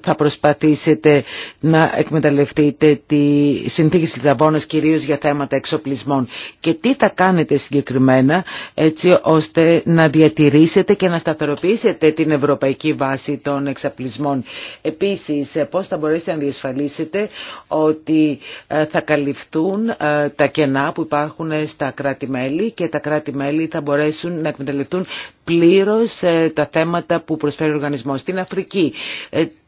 θα προσπαθήσετε να εκμεταλλευτείτε τη συνθήκη της Λισαβόνας κυρίω για θέματα εξοπλισμών και τι θα κάνετε συγκεκριμένα έτσι ώστε να διατηρήσετε διατηρήσετε και να σταθεροποιήσετε την ευρωπαϊκή βάση των εξαπλισμών. Επίσης, πώς θα μπορέσετε να διασφαλίσετε ότι ε, θα καλυφθούν ε, τα κενά που υπάρχουν στα κράτη-μέλη και τα κράτη-μέλη θα μπορέσουν να εκμεταλλευτούν πλήρως ε, τα θέματα που προσφέρει ο οργανισμός. Στην Αφρική,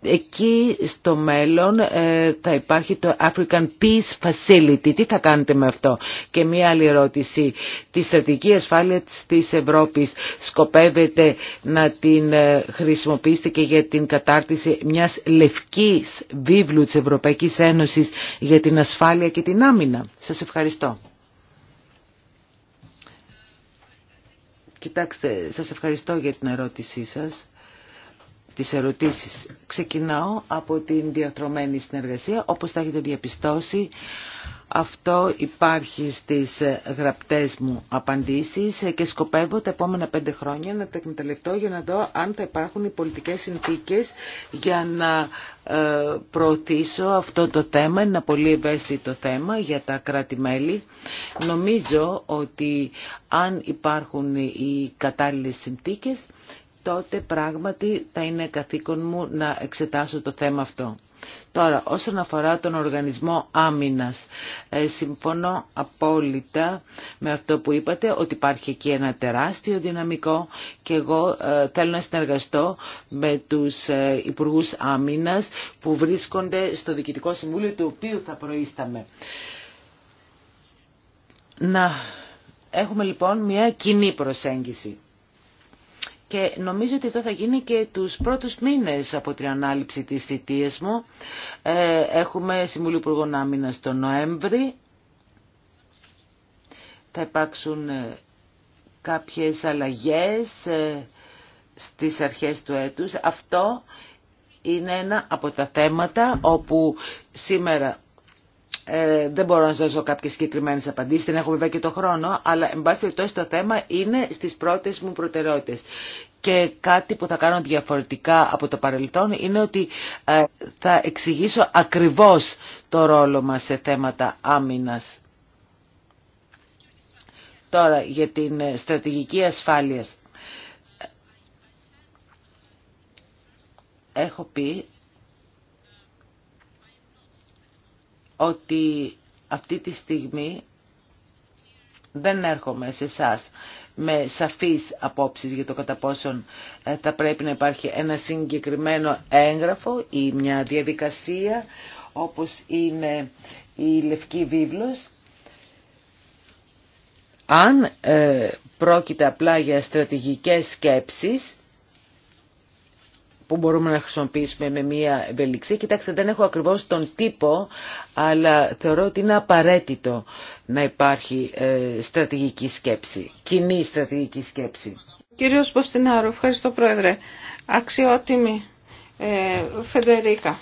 Εκεί στο μέλλον ε, θα υπάρχει το African Peace Facility. Τι θα κάνετε με αυτό. Και μία άλλη ερώτηση. Τη στρατηγική ασφάλεια της Ευρώπης σκοπεύετε να την ε, χρησιμοποιήσετε και για την κατάρτιση μιας λευκής βίβλου της Ευρωπαϊκής Ένωσης για την ασφάλεια και την άμυνα. Σας ευχαριστώ. Κοιτάξτε, σας ευχαριστώ για την ερώτησή σας τις ερωτήσεις. Ξεκινάω από την διατρομένη συνεργασία. Όπως θα έχετε διαπιστώσει, αυτό υπάρχει στις γραπτές μου απαντήσεις και σκοπεύω τα επόμενα πέντε χρόνια να τα εκμεταλλευτώ για να δω αν θα υπάρχουν οι πολιτικές συνθήκες για να ε, προωθήσω αυτό το θέμα, ένα πολύ ευαίσθητο θέμα για τα κράτη-μέλη. Νομίζω ότι αν υπάρχουν οι κατάλληλες συνθήκες τότε πράγματι θα είναι καθήκον μου να εξετάσω το θέμα αυτό. Τώρα, όσον αφορά τον οργανισμό άμυνας, ε, συμφωνώ απόλυτα με αυτό που είπατε, ότι υπάρχει εκεί ένα τεράστιο δυναμικό και εγώ ε, θέλω να συνεργαστώ με τους ε, υπουργούς άμυνας που βρίσκονται στο Διοικητικό Συμβούλιο, του οποίου θα προείσταμε. Να έχουμε λοιπόν μια κοινή προσέγγιση. Και νομίζω ότι αυτό θα γίνει και τους πρώτους μήνες από την ανάληψη της θητείας μου. Ε, έχουμε Συμβουλίο Υπουργών Άμυνας τον Νοέμβρη. Θα υπάρξουν ε, κάποιες αλλαγές ε, στις αρχές του έτους. Αυτό είναι ένα από τα θέματα όπου σήμερα ε, δεν μπορώ να σα δώσω κάποιες συγκεκριμένε απαντήσεις, δεν έχω βέβαια και το χρόνο, αλλά εν πάση περιπτώσει το θέμα είναι στι πρώτε μου προτεραιότητε. Και κάτι που θα κάνω διαφορετικά από το παρελθόν είναι ότι ε, θα εξηγήσω ακριβώ το ρόλο μα σε θέματα Άμυνα. Τώρα για την ε, στρατηγική ασφάλεια. Έχω πει ότι αυτή τη στιγμή δεν έρχομαι σε εσά με σαφείς απόψεις για το κατά πόσον ε, θα πρέπει να υπάρχει ένα συγκεκριμένο έγγραφο ή μια διαδικασία όπως είναι η Λευκή Βίβλος. Αν ε, πρόκειται απλά για στρατηγικές σκέψεις που μπορούμε να χρησιμοποιήσουμε με μία ευελιξία. Κοιτάξτε, δεν έχω ακριβώς τον τύπο, αλλά θεωρώ ότι είναι απαραίτητο να υπάρχει ε, στρατηγική σκέψη, κοινή στρατηγική σκέψη. Κύριος Ποστινάρου, ευχαριστώ Πρόεδρε. Αξιότιμη ε, Φεντερίκα.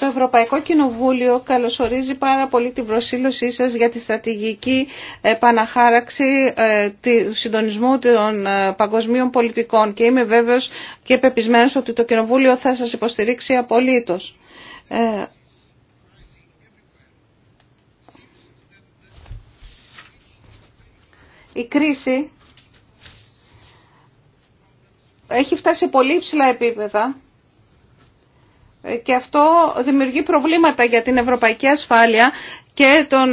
Το Ευρωπαϊκό Κοινοβούλιο καλωσορίζει πάρα πολύ την προσήλωσή σας για τη στρατηγική επαναχάραξη ε, του συντονισμού των ε, παγκοσμίων πολιτικών και είμαι βέβαιος και πεπισμένος ότι το Κοινοβούλιο θα σας υποστηρίξει απολύτως. Ε, η κρίση έχει φτάσει σε πολύ υψηλά επίπεδα ε, και αυτό δημιουργεί προβλήματα για την ευρωπαϊκή ασφάλεια και τον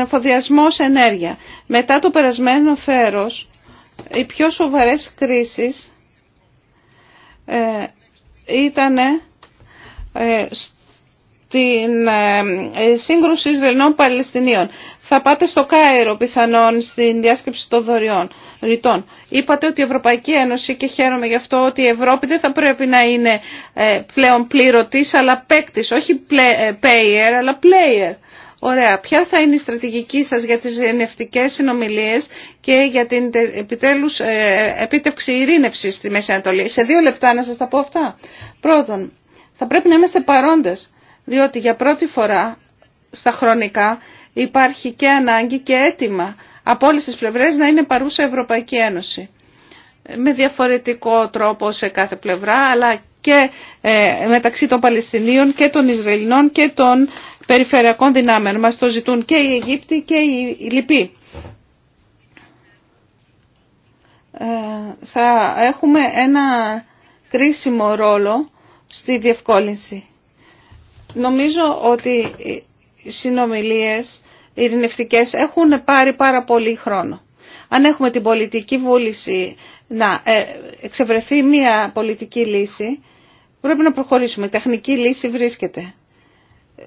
εφοδιασμό σε ενέργεια. Μετά το περασμένο θέρος, οι πιο σοβαρές κρίσεις ε, ήταν ε, την ε, ε, σύγκρουση Ισραηλινών Παλαιστινίων. Θα πάτε στο Κάιρο πιθανόν στην διάσκεψη των δωριών, ρητών. Είπατε ότι η Ευρωπαϊκή Ένωση και χαίρομαι γι' αυτό ότι η Ευρώπη δεν θα πρέπει να είναι ε, πλέον πληρωτής αλλά παίκτη, όχι payer αλλά player. Ωραία. Ποια θα είναι η στρατηγική σας για τις ενευτικές συνομιλίες και για την επιτέλους επίτευξη ειρήνευσης στη Μέση Ανατολή. Σε δύο λεπτά να σας τα πω αυτά. Πρώτον, θα πρέπει να είμαστε παρόντες διότι για πρώτη φορά στα χρονικά υπάρχει και ανάγκη και αίτημα από όλες τις πλευρές να είναι παρούσα η Ευρωπαϊκή Ένωση. Με διαφορετικό τρόπο σε κάθε πλευρά, αλλά και ε, μεταξύ των Παλαιστινίων και των Ισραηλινών και των περιφερειακών δυνάμεων. Μας το ζητούν και οι Αιγύπτιοι και οι Λυποί. Ε, θα έχουμε ένα κρίσιμο ρόλο στη διευκόλυνση. Νομίζω ότι οι συνομιλίες έχουν πάρει πάρα πολύ χρόνο. Αν έχουμε την πολιτική βούληση να ε, εξευρεθεί μια πολιτική λύση, πρέπει να προχωρήσουμε. Η τεχνική λύση βρίσκεται.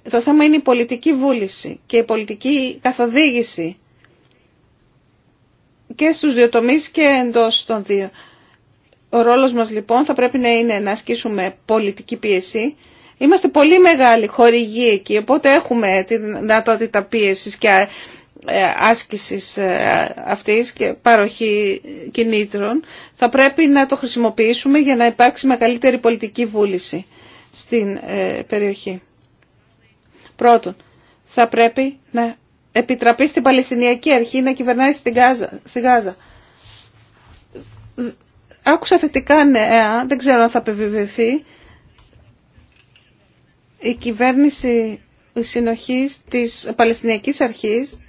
Το θέμα είναι η πολιτική βούληση και η πολιτική καθοδήγηση και στους δύο τομείς και εντός των δύο. Ο ρόλος μας λοιπόν θα πρέπει να είναι να ασκήσουμε πολιτική πίεση Είμαστε πολύ μεγάλη χορηγή εκεί, οπότε έχουμε τη δυνατότητα πίεσης και ε, άσκησης ε, αυτής και παροχή κινήτρων. Θα πρέπει να το χρησιμοποιήσουμε για να υπάρξει μεγαλύτερη πολιτική βούληση στην ε, περιοχή. Πρώτον, θα πρέπει να επιτραπεί στην Παλαιστινιακή Αρχή να κυβερνάει στην Γάζα. Γάζα. Άκουσα θετικά νέα, δεν ξέρω αν θα επιβεβαιωθεί, η κυβέρνηση συνοχής της Παλαιστινιακής Αρχής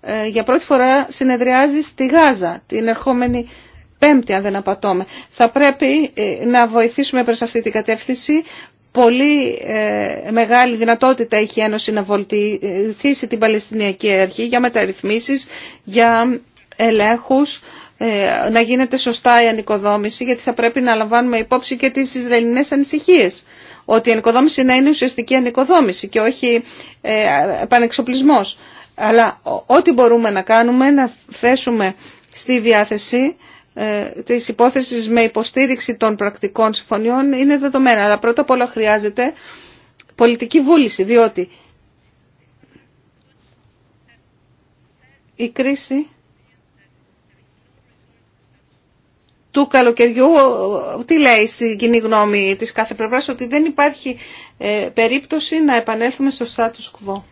ε, για πρώτη φορά συνεδριάζει στη Γάζα την ερχόμενη Πέμπτη, αν δεν απατώμε. Θα πρέπει ε, να βοηθήσουμε προς αυτή την κατεύθυνση. Πολύ ε, μεγάλη δυνατότητα έχει η Ένωση να βοηθήσει την Παλαιστινιακή Αρχή για μεταρρυθμίσεις, για ελέγχους, να γίνεται σωστά η ανοικοδόμηση, γιατί θα πρέπει να λαμβάνουμε υπόψη και τις Ισραηλινές ανησυχίες ότι η ανοικοδόμηση να είναι ουσιαστική ανοικοδόμηση και όχι ε, Αλλά ό,τι μπορούμε να κάνουμε να θέσουμε στη διάθεση ε, της υπόθεσης με υποστήριξη των πρακτικών συμφωνιών είναι δεδομένα. Αλλά πρώτα απ' όλα χρειάζεται πολιτική βούληση, διότι η κρίση του καλοκαιριού τι λέει στην κοινή γνώμη της κάθε πλευράς ότι δεν υπάρχει ε, περίπτωση να επανέλθουμε στο status quo.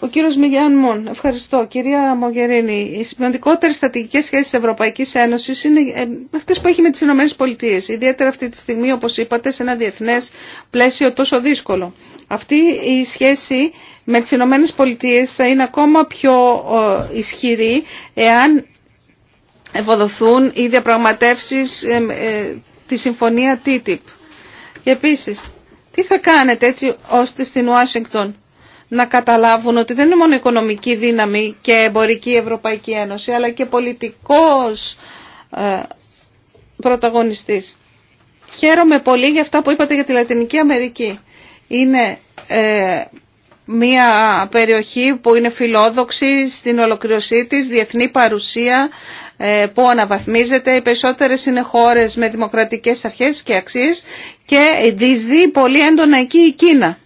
Ο κύριο Μιγιάν Μουν. ευχαριστώ. Κυρία Μογερίνη, οι σημαντικότερε στρατηγικέ σχέσει τη Ευρωπαϊκή Ένωση είναι ε, αυτέ που έχει με τι ΗΠΑ. Ιδιαίτερα αυτή τη στιγμή, όπω είπατε, σε ένα διεθνέ πλαίσιο τόσο δύσκολο. Αυτή η σχέση με τι ΗΠΑ θα είναι ακόμα πιο ε, ισχυρή εάν ευοδοθούν οι διαπραγματεύσεις ε, ε, τη συμφωνία TTIP. Και επίσης, τι θα κάνετε έτσι ώστε στην Ουάσιγκτον να καταλάβουν ότι δεν είναι μόνο οικονομική δύναμη και εμπορική Ευρωπαϊκή Ένωση, αλλά και πολιτικός ε, πρωταγωνιστής. Χαίρομαι πολύ για αυτά που είπατε για τη Λατινική Αμερική. Είναι μια περιοχή που είναι φιλόδοξη στην ολοκληρωσή της, διεθνή παρουσία, ε, που αναβαθμίζεται. Οι περισσότερες είναι χώρες με δημοκρατικές αρχές και αξίες και διεισδύει πολύ έντονα εκεί η Κίνα.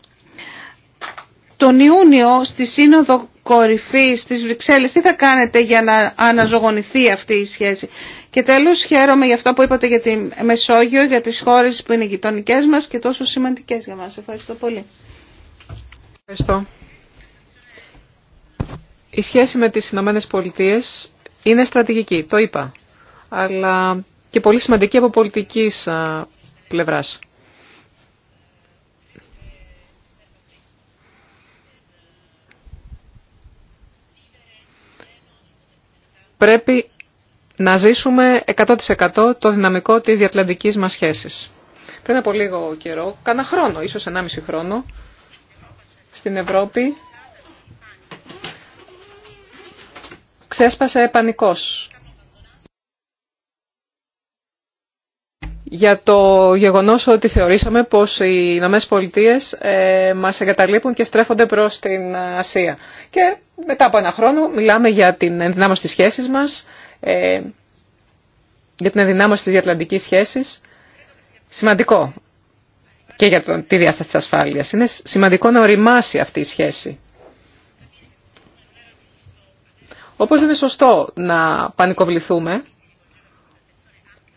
Τον Ιούνιο στη Σύνοδο Κορυφής της Βρυξέλλες τι θα κάνετε για να αναζωογονηθεί αυτή η σχέση. Και τέλος χαίρομαι για αυτό που είπατε για τη Μεσόγειο, για τις χώρες που είναι γειτονικέ μας και τόσο σημαντικές για μας. Ευχαριστώ πολύ. Ευχαριστώ. Η σχέση με τις Ηνωμένε Πολιτείες είναι στρατηγική, το είπα, αλλά και πολύ σημαντική από πολιτικής πλευράς. Πρέπει να ζήσουμε 100% το δυναμικό της διατλαντικής μας σχέσης. Πριν από λίγο καιρό, κάνα χρόνο, ίσως 1,5 χρόνο, στην Ευρώπη ξέσπασε πανικός. για το γεγονός ότι θεωρήσαμε πως οι Ηνωμένες Πολιτείες ε, μας εγκαταλείπουν και στρέφονται προς την Ασία. Και μετά από ένα χρόνο μιλάμε για την ενδυνάμωση της σχέσης μας, ε, για την ενδυνάμωση της διατλαντικής σχέσης. Σημαντικό και για τη διάσταση της ασφάλειας. Είναι σημαντικό να οριμάσει αυτή η σχέση. Όπως δεν είναι σωστό να πανικοβληθούμε,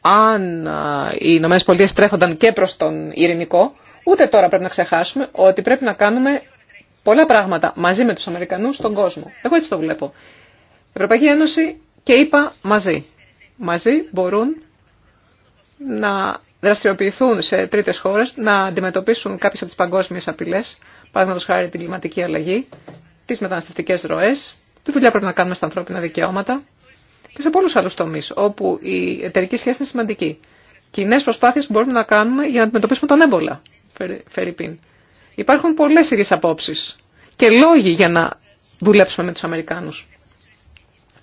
αν οι Ηνωμένες Πολιτείες τρέχονταν και προς τον ειρηνικό, ούτε τώρα πρέπει να ξεχάσουμε ότι πρέπει να κάνουμε πολλά πράγματα μαζί με τους Αμερικανούς στον κόσμο. Εγώ έτσι το βλέπω. Η Ευρωπαϊκή Ένωση και είπα μαζί. Μαζί μπορούν να δραστηριοποιηθούν σε τρίτες χώρες, να αντιμετωπίσουν κάποιες από τις παγκόσμιες απειλές, παραδείγματος χάρη την κλιματική αλλαγή, τις μεταναστευτικές ροές, τι δουλειά πρέπει να κάνουμε στα ανθρώπινα δικαιώματα και σε πολλού άλλου τομεί όπου η εταιρική σχέση είναι σημαντική. Κοινέ προσπάθειε που μπορούμε να κάνουμε για να αντιμετωπίσουμε τον έμπολα, Φερρυπίν. Υπάρχουν πολλέ ίδιε απόψει και λόγοι για να δουλέψουμε με του Αμερικάνου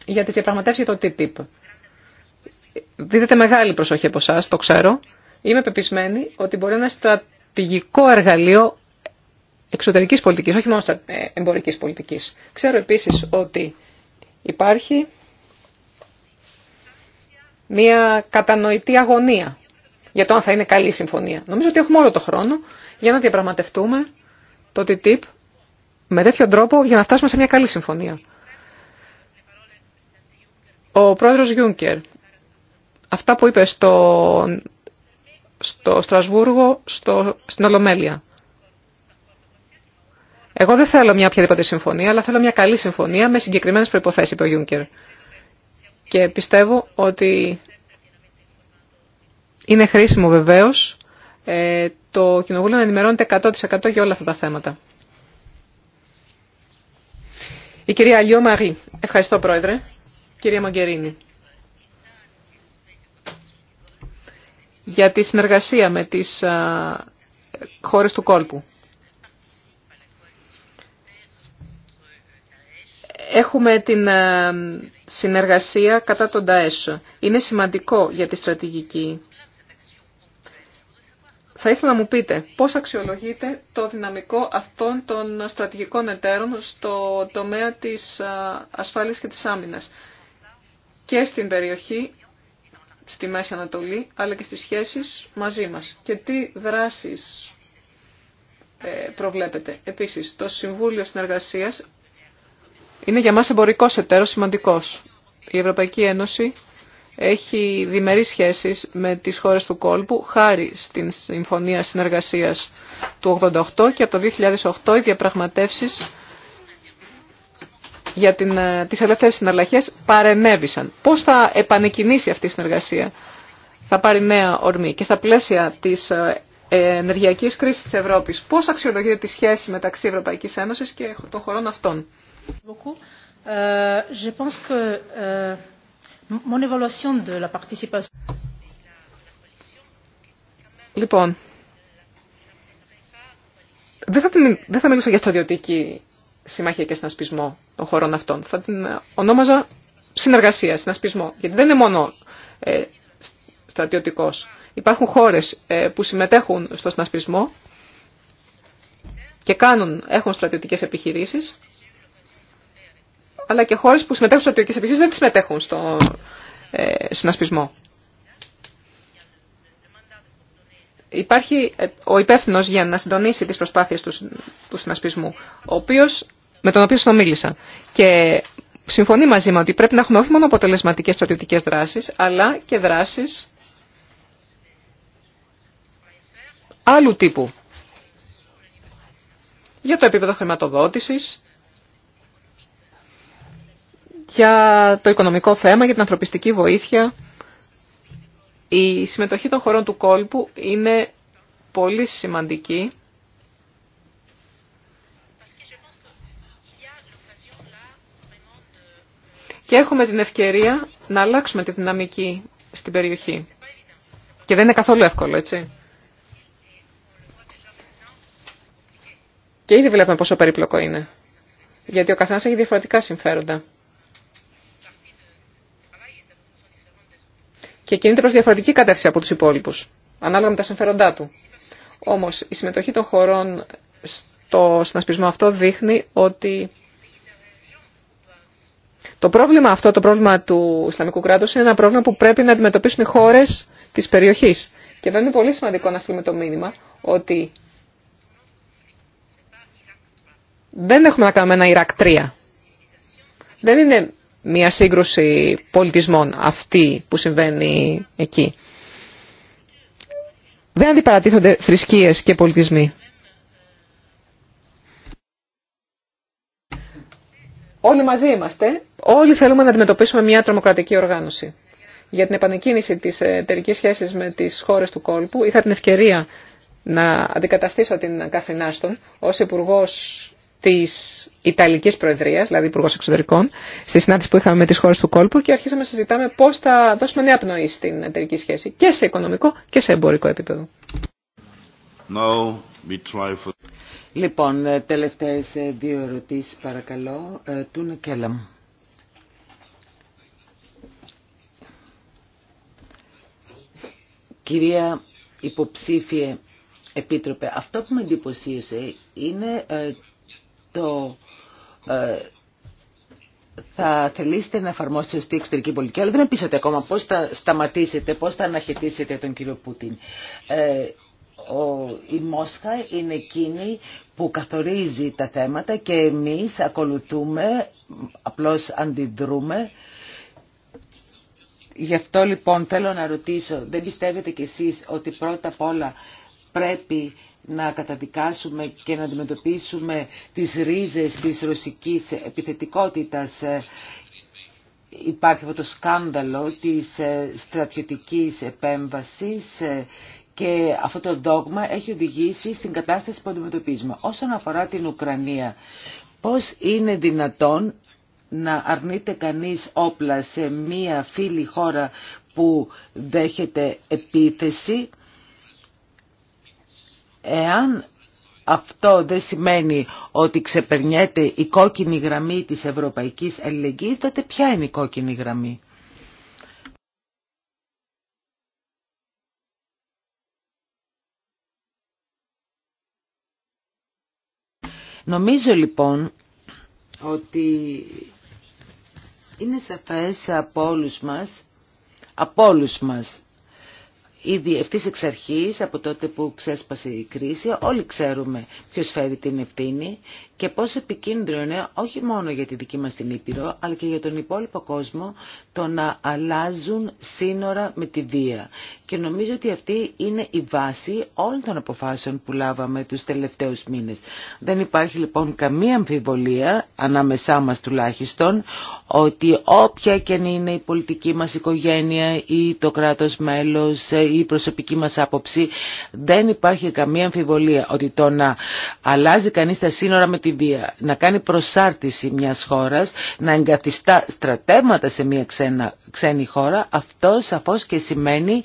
για τι διαπραγματεύσει για το TTIP. Δίδεται μεγάλη προσοχή από εσά, το ξέρω. Είμαι πεπισμένη ότι μπορεί να είναι στρατηγικό εργαλείο Εξωτερική πολιτική, όχι μόνο ε, εμπορική πολιτική. Ξέρω επίσης ότι υπάρχει μια κατανοητή αγωνία για το αν θα είναι καλή συμφωνία. Νομίζω ότι έχουμε όλο το χρόνο για να διαπραγματευτούμε το TTIP με τέτοιο τρόπο για να φτάσουμε σε μια καλή συμφωνία. Ο πρόεδρος Γιούνκερ, αυτά που είπε στο, στο Στρασβούργο, στο, στην Ολομέλεια, εγώ δεν θέλω μια οποιαδήποτε συμφωνία, αλλά θέλω μια καλή συμφωνία με συγκεκριμένε προποθέσει, είπε ο Γιούνκερ. Και πιστεύω ότι είναι χρήσιμο βεβαίω ε, το Κοινοβούλιο να ενημερώνεται 100% για όλα αυτά τα θέματα. Η κυρία Αλιό Μαρή. Ευχαριστώ, Πρόεδρε. Κυρία Μαγκερίνη. Για τη συνεργασία με τις χώρες του κόλπου. Έχουμε την ε, συνεργασία κατά τον Ταέσο. Είναι σημαντικό για τη στρατηγική. Θα ήθελα να μου πείτε πώς αξιολογείτε το δυναμικό αυτών των στρατηγικών εταίρων στο τομέα της ε, ασφάλειας και της άμυνας και στην περιοχή, στη Μέση Ανατολή, αλλά και στις σχέσεις μαζί μας. Και τι δράσεις ε, προβλέπετε. Επίσης, το Συμβούλιο Συνεργασίας είναι για μας εμπορικός εταίρος σημαντικός. Η Ευρωπαϊκή Ένωση έχει διμερείς σχέσεις με τις χώρες του κόλπου χάρη στην Συμφωνία Συνεργασίας του 88 και από το 2008 οι διαπραγματεύσεις για την, ε, τις ελεύθερες συναλλαχές παρενέβησαν. Πώς θα επανεκκινήσει αυτή η συνεργασία. Θα πάρει νέα ορμή και στα πλαίσια της ε, ε, ενεργειακής κρίσης της Ευρώπης. Πώς αξιολογείται τη σχέση μεταξύ Ευρωπαϊκής Ένωσης και των χωρών αυτών. Λοιπόν, δεν θα, δεν θα μιλούσα για στρατιωτική συμμαχία και συνασπισμό των χωρών αυτών. Θα την ε, ονόμαζα συνεργασία, συνασπισμό. Γιατί δεν είναι μόνο ε, στρατιωτικός. Υπάρχουν χώρες ε, που συμμετέχουν στο συνασπισμό και κάνουν, έχουν στρατιωτικές επιχειρήσεις αλλά και χώρες που συμμετέχουν στι στρατιωτικές επιχείρησεις δεν συμμετέχουν στο ε, συνασπισμό. Υπάρχει ε, ο υπεύθυνο για να συντονίσει τις προσπάθειες του, του συνασπισμού, ο οποίος, με τον οποίο συνομίλησα. Και συμφωνεί μαζί μου ότι πρέπει να έχουμε όχι μόνο αποτελεσματικές στρατιωτικές δράσεις, αλλά και δράσεις άλλου τύπου. Για το επίπεδο χρηματοδότησης, για το οικονομικό θέμα, για την ανθρωπιστική βοήθεια. Η συμμετοχή των χωρών του κόλπου είναι πολύ σημαντική. Και έχουμε την ευκαιρία να αλλάξουμε τη δυναμική στην περιοχή. Και δεν είναι καθόλου εύκολο, έτσι. Και ήδη βλέπουμε πόσο περίπλοκο είναι. Γιατί ο καθένας έχει διαφορετικά συμφέροντα. και κινείται προ διαφορετική κατεύθυνση από του υπόλοιπου, ανάλογα με τα συμφέροντά του. Όμω, η συμμετοχή των χωρών στο συνασπισμό αυτό δείχνει ότι το πρόβλημα αυτό, το πρόβλημα του Ισλαμικού κράτου είναι ένα πρόβλημα που πρέπει να αντιμετωπίσουν οι χώρε τη περιοχή. Και εδώ είναι πολύ σημαντικό να στείλουμε το μήνυμα ότι δεν έχουμε να κάνουμε ένα Ιρακ Δεν είναι μια σύγκρουση πολιτισμών αυτή που συμβαίνει εκεί. Δεν αντιπαρατίθονται θρησκείες και πολιτισμοί. Όλοι μαζί είμαστε, όλοι θέλουμε να αντιμετωπίσουμε μια τρομοκρατική οργάνωση. Για την επανεκκίνηση της εταιρικής σχέσης με τις χώρες του κόλπου είχα την ευκαιρία να αντικαταστήσω την Καθρινάστον ως υπουργό Τη Ιταλική προεδρία, δηλαδή Υπουργό Εξωτερικών, στη συνάντηση που είχαμε με τις χώρες του κόλπου και αρχίσαμε να συζητάμε πώ θα δώσουμε νέα πνοή στην εταιρική σχέση και σε οικονομικό και σε εμπορικό επίπεδο. Λοιπόν, ε, τελευταίες ε, δύο ερωτήσει, παρακαλώ. Ε, Τούνα Κέλαμ. Κυρία υποψήφιε επίτροπε, αυτό που με εντυπωσίασε είναι ε, θα θελήσετε να εφαρμόσετε σωστή εξωτερική πολιτική, αλλά δεν πείσατε ακόμα πώς θα σταματήσετε, πώς θα αναχαιτήσετε τον κύριο Πούτιν. Ε, ο, η Μόσχα είναι εκείνη που καθορίζει τα θέματα και εμείς ακολουθούμε, απλώς αντιδρούμε. Γι' αυτό λοιπόν θέλω να ρωτήσω, δεν πιστεύετε κι εσείς ότι πρώτα απ' όλα πρέπει να καταδικάσουμε και να αντιμετωπίσουμε τις ρίζες της ρωσικής επιθετικότητας. Υπάρχει αυτό το σκάνδαλο της ε, στρατιωτικής επέμβασης ε, και αυτό το δόγμα έχει οδηγήσει στην κατάσταση που αντιμετωπίζουμε. Όσον αφορά την Ουκρανία, πώς είναι δυνατόν να αρνείται κανείς όπλα σε μία φίλη χώρα που δέχεται επίθεση Εάν αυτό δεν σημαίνει ότι ξεπερνιέται η κόκκινη γραμμή της ευρωπαϊκής αλληλεγγύης, τότε ποια είναι η κόκκινη γραμμή. Νομίζω λοιπόν ότι είναι σαφές από όλους μας, από μας Ήδη ευθύ εξ αρχής, από τότε που ξέσπασε η κρίση, όλοι ξέρουμε ποιος φέρει την ευθύνη και πόσο επικίνδυνο είναι όχι μόνο για τη δική μας την Ήπειρο, αλλά και για τον υπόλοιπο κόσμο το να αλλάζουν σύνορα με τη βία. Και νομίζω ότι αυτή είναι η βάση όλων των αποφάσεων που λάβαμε τους τελευταίους μήνες. Δεν υπάρχει λοιπόν καμία αμφιβολία, ανάμεσά μας τουλάχιστον, ότι όποια και είναι η πολιτική μας οικογένεια ή το κράτος μέλος ή η προσωπική μας άποψη, δεν υπάρχει καμία αμφιβολία ότι το να αλλάζει κανείς τα σύνορα με τη βία, να κάνει προσάρτηση μιας χώρας, να εγκαθιστά στρατεύματα σε μια ξένη χώρα, αυτό σαφώς και σημαίνει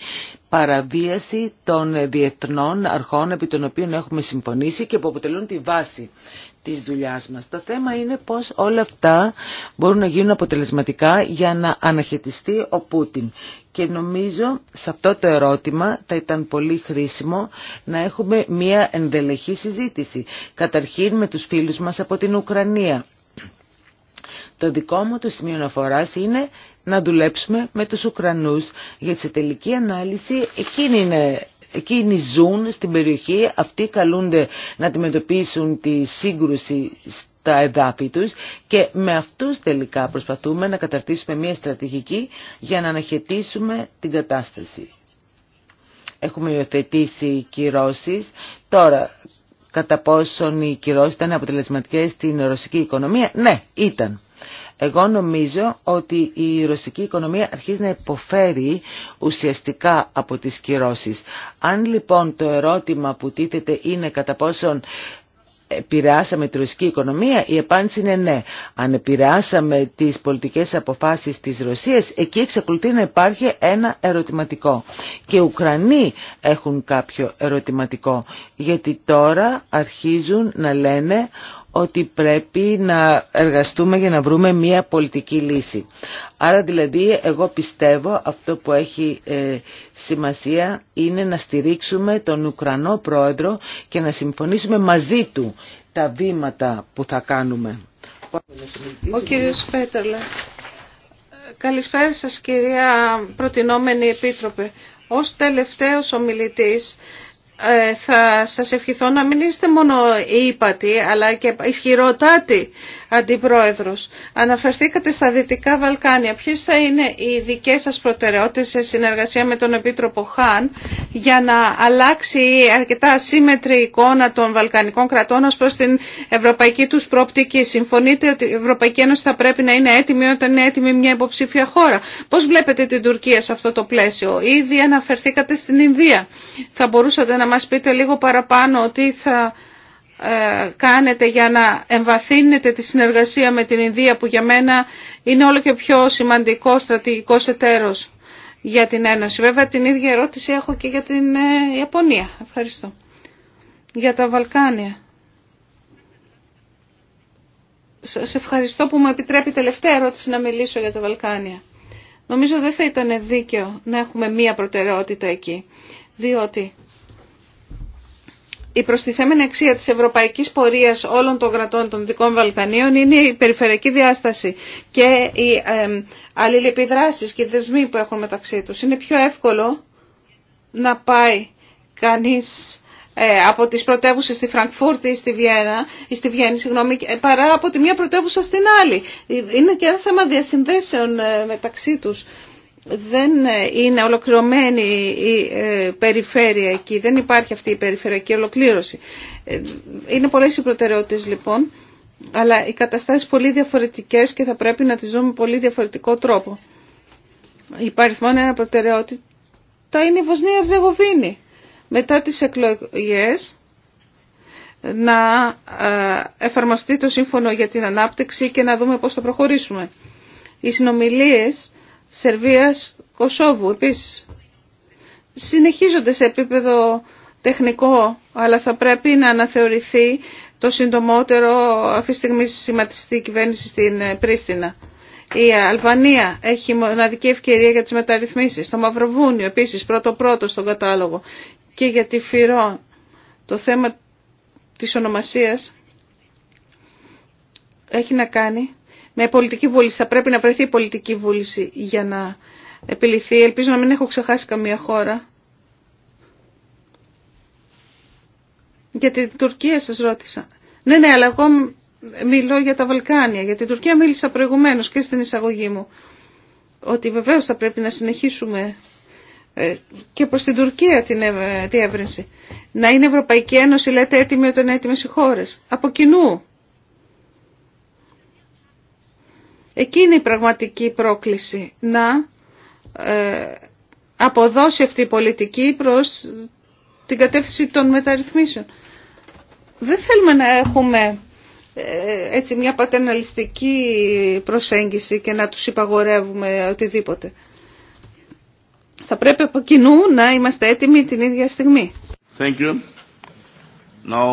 παραβίαση των διεθνών αρχών επί των οποίων έχουμε συμφωνήσει και που αποτελούν τη βάση της δουλειάς μας. Το θέμα είναι πώς όλα αυτά μπορούν να γίνουν αποτελεσματικά για να αναχαιτιστεί ο Πούτιν. Και νομίζω σε αυτό το ερώτημα θα ήταν πολύ χρήσιμο να έχουμε μια ενδελεχή συζήτηση. Καταρχήν με τους φίλους μας από την Ουκρανία. Το δικό μου το σημείο αναφοράς είναι να δουλέψουμε με τους Ουκρανούς, γιατί σε τελική ανάλυση εκείνη είναι Εκείνοι ζουν στην περιοχή, αυτοί καλούνται να αντιμετωπίσουν τη σύγκρουση στα εδάφη τους και με αυτούς τελικά προσπαθούμε να καταρτήσουμε μια στρατηγική για να αναχαιτήσουμε την κατάσταση. Έχουμε υιοθετήσει κυρώσεις. Τώρα, κατά πόσον οι κυρώσεις ήταν αποτελεσματικές στην ρωσική οικονομία, ναι, ήταν. Εγώ νομίζω ότι η ρωσική οικονομία αρχίζει να υποφέρει ουσιαστικά από τις κυρώσεις. Αν λοιπόν το ερώτημα που τίθεται είναι κατά πόσον επηρεάσαμε τη ρωσική οικονομία, η απάντηση είναι ναι. Αν επηρεάσαμε τις πολιτικές αποφάσεις της Ρωσίας, εκεί εξακολουθεί να υπάρχει ένα ερωτηματικό. Και οι Ουκρανοί έχουν κάποιο ερωτηματικό, γιατί τώρα αρχίζουν να λένε ότι πρέπει να εργαστούμε για να βρούμε μια πολιτική λύση. Άρα δηλαδή εγώ πιστεύω αυτό που έχει ε, σημασία είναι να στηρίξουμε τον Ουκρανό πρόεδρο και να συμφωνήσουμε μαζί του τα βήματα που θα κάνουμε. Ο κύριος Πέτρελα. Καλησπέρα σας κυρία Προτινόμενη Επίτροπε. Ως τελευταίος ομιλητής ε, θα σας ευχηθώ να μην είστε μόνο ύπατοι αλλά και ισχυροτάτοι Αντιπρόεδρος. Αναφερθήκατε στα Δυτικά Βαλκάνια. Ποιες θα είναι οι δικές σας προτεραιότητες σε συνεργασία με τον Επίτροπο Χάν για να αλλάξει η αρκετά ασύμετρη εικόνα των Βαλκανικών κρατών ως προς την ευρωπαϊκή τους προοπτική. Συμφωνείτε ότι η Ευρωπαϊκή Ένωση θα πρέπει να είναι έτοιμη όταν είναι έτοιμη μια υποψήφια χώρα. Πώς βλέπετε την Τουρκία σε αυτό το πλαίσιο. Ήδη αναφερθήκατε στην Ινδία. Θα μπορούσατε να μας πείτε λίγο παραπάνω ότι θα κάνετε για να εμβαθύνετε τη συνεργασία με την Ινδία που για μένα είναι όλο και πιο σημαντικό στρατηγικό εταίρος για την Ένωση. Βέβαια την ίδια ερώτηση έχω και για την ε, Ιαπωνία. Ευχαριστώ. Για τα Βαλκάνια. Σας ευχαριστώ που μου επιτρέπει τελευταία ερώτηση να μιλήσω για τα Βαλκάνια. Νομίζω δεν θα ήταν δίκαιο να έχουμε μία προτεραιότητα εκεί, διότι η προστιθέμενη αξία της ευρωπαϊκής πορείας όλων των κρατών των Δυτικών Βαλκανίων είναι η περιφερειακή διάσταση και οι αλληλεπιδράσεις και οι δεσμοί που έχουν μεταξύ τους. Είναι πιο εύκολο να πάει κανείς ε, από τις πρωτεύουσες στη Φραγκφούρτη ή στη Βιέννα, ή στη Βιέννη, συγγνώμη, ε, παρά από τη μία πρωτεύουσα στην άλλη. Ε, είναι και ένα θέμα διασυνδέσεων μεταξύ τους δεν είναι ολοκληρωμένη η ε, περιφέρεια εκεί, δεν υπάρχει αυτή η περιφερειακή ολοκλήρωση. Ε, είναι πολλές οι προτεραιότητες λοιπόν, αλλά οι καταστάσεις πολύ διαφορετικές και θα πρέπει να τις δούμε πολύ διαφορετικό τρόπο. Υπάρχει μόνο ένα προτεραιότητα είναι η Βοσνία Ζεγοβίνη. Μετά τις εκλογές να ε, εφαρμοστεί το σύμφωνο για την ανάπτυξη και να δούμε πώς θα προχωρήσουμε. Οι συνομιλίες Σερβίας, Κωσόβου επίσης. Συνεχίζονται σε επίπεδο τεχνικό, αλλά θα πρέπει να αναθεωρηθεί το συντομότερο αυτή τη στιγμή κυβέρνηση στην ε, Πρίστινα. Η Αλβανία έχει μοναδική ευκαιρία για τις μεταρρυθμίσεις. Το Μαυροβούνιο επίσης πρώτο-πρώτο στον κατάλογο. Και για τη Φυρό το θέμα της ονομασίας έχει να κάνει με πολιτική βούληση. Θα πρέπει να βρεθεί πολιτική βούληση για να επιληθεί. Ελπίζω να μην έχω ξεχάσει καμία χώρα. Για την Τουρκία σας ρώτησα. Ναι, ναι, αλλά εγώ μιλώ για τα Βαλκάνια. Για την Τουρκία μίλησα προηγουμένως και στην εισαγωγή μου. Ότι βεβαίως θα πρέπει να συνεχίσουμε ε, και προς την Τουρκία την διεύρυνση. Ε, να είναι Ευρωπαϊκή Ένωση, λέτε, έτοιμη όταν είναι έτοιμες οι χώρες. Από κοινού Εκείνη είναι η πραγματική πρόκληση να ε, αποδώσει αυτή η πολιτική προς την κατεύθυνση των μεταρρυθμίσεων. Δεν θέλουμε να έχουμε ε, έτσι μια πατεναλιστική προσέγγιση και να τους υπαγορεύουμε οτιδήποτε. Θα πρέπει από κοινού να είμαστε έτοιμοι την ίδια στιγμή.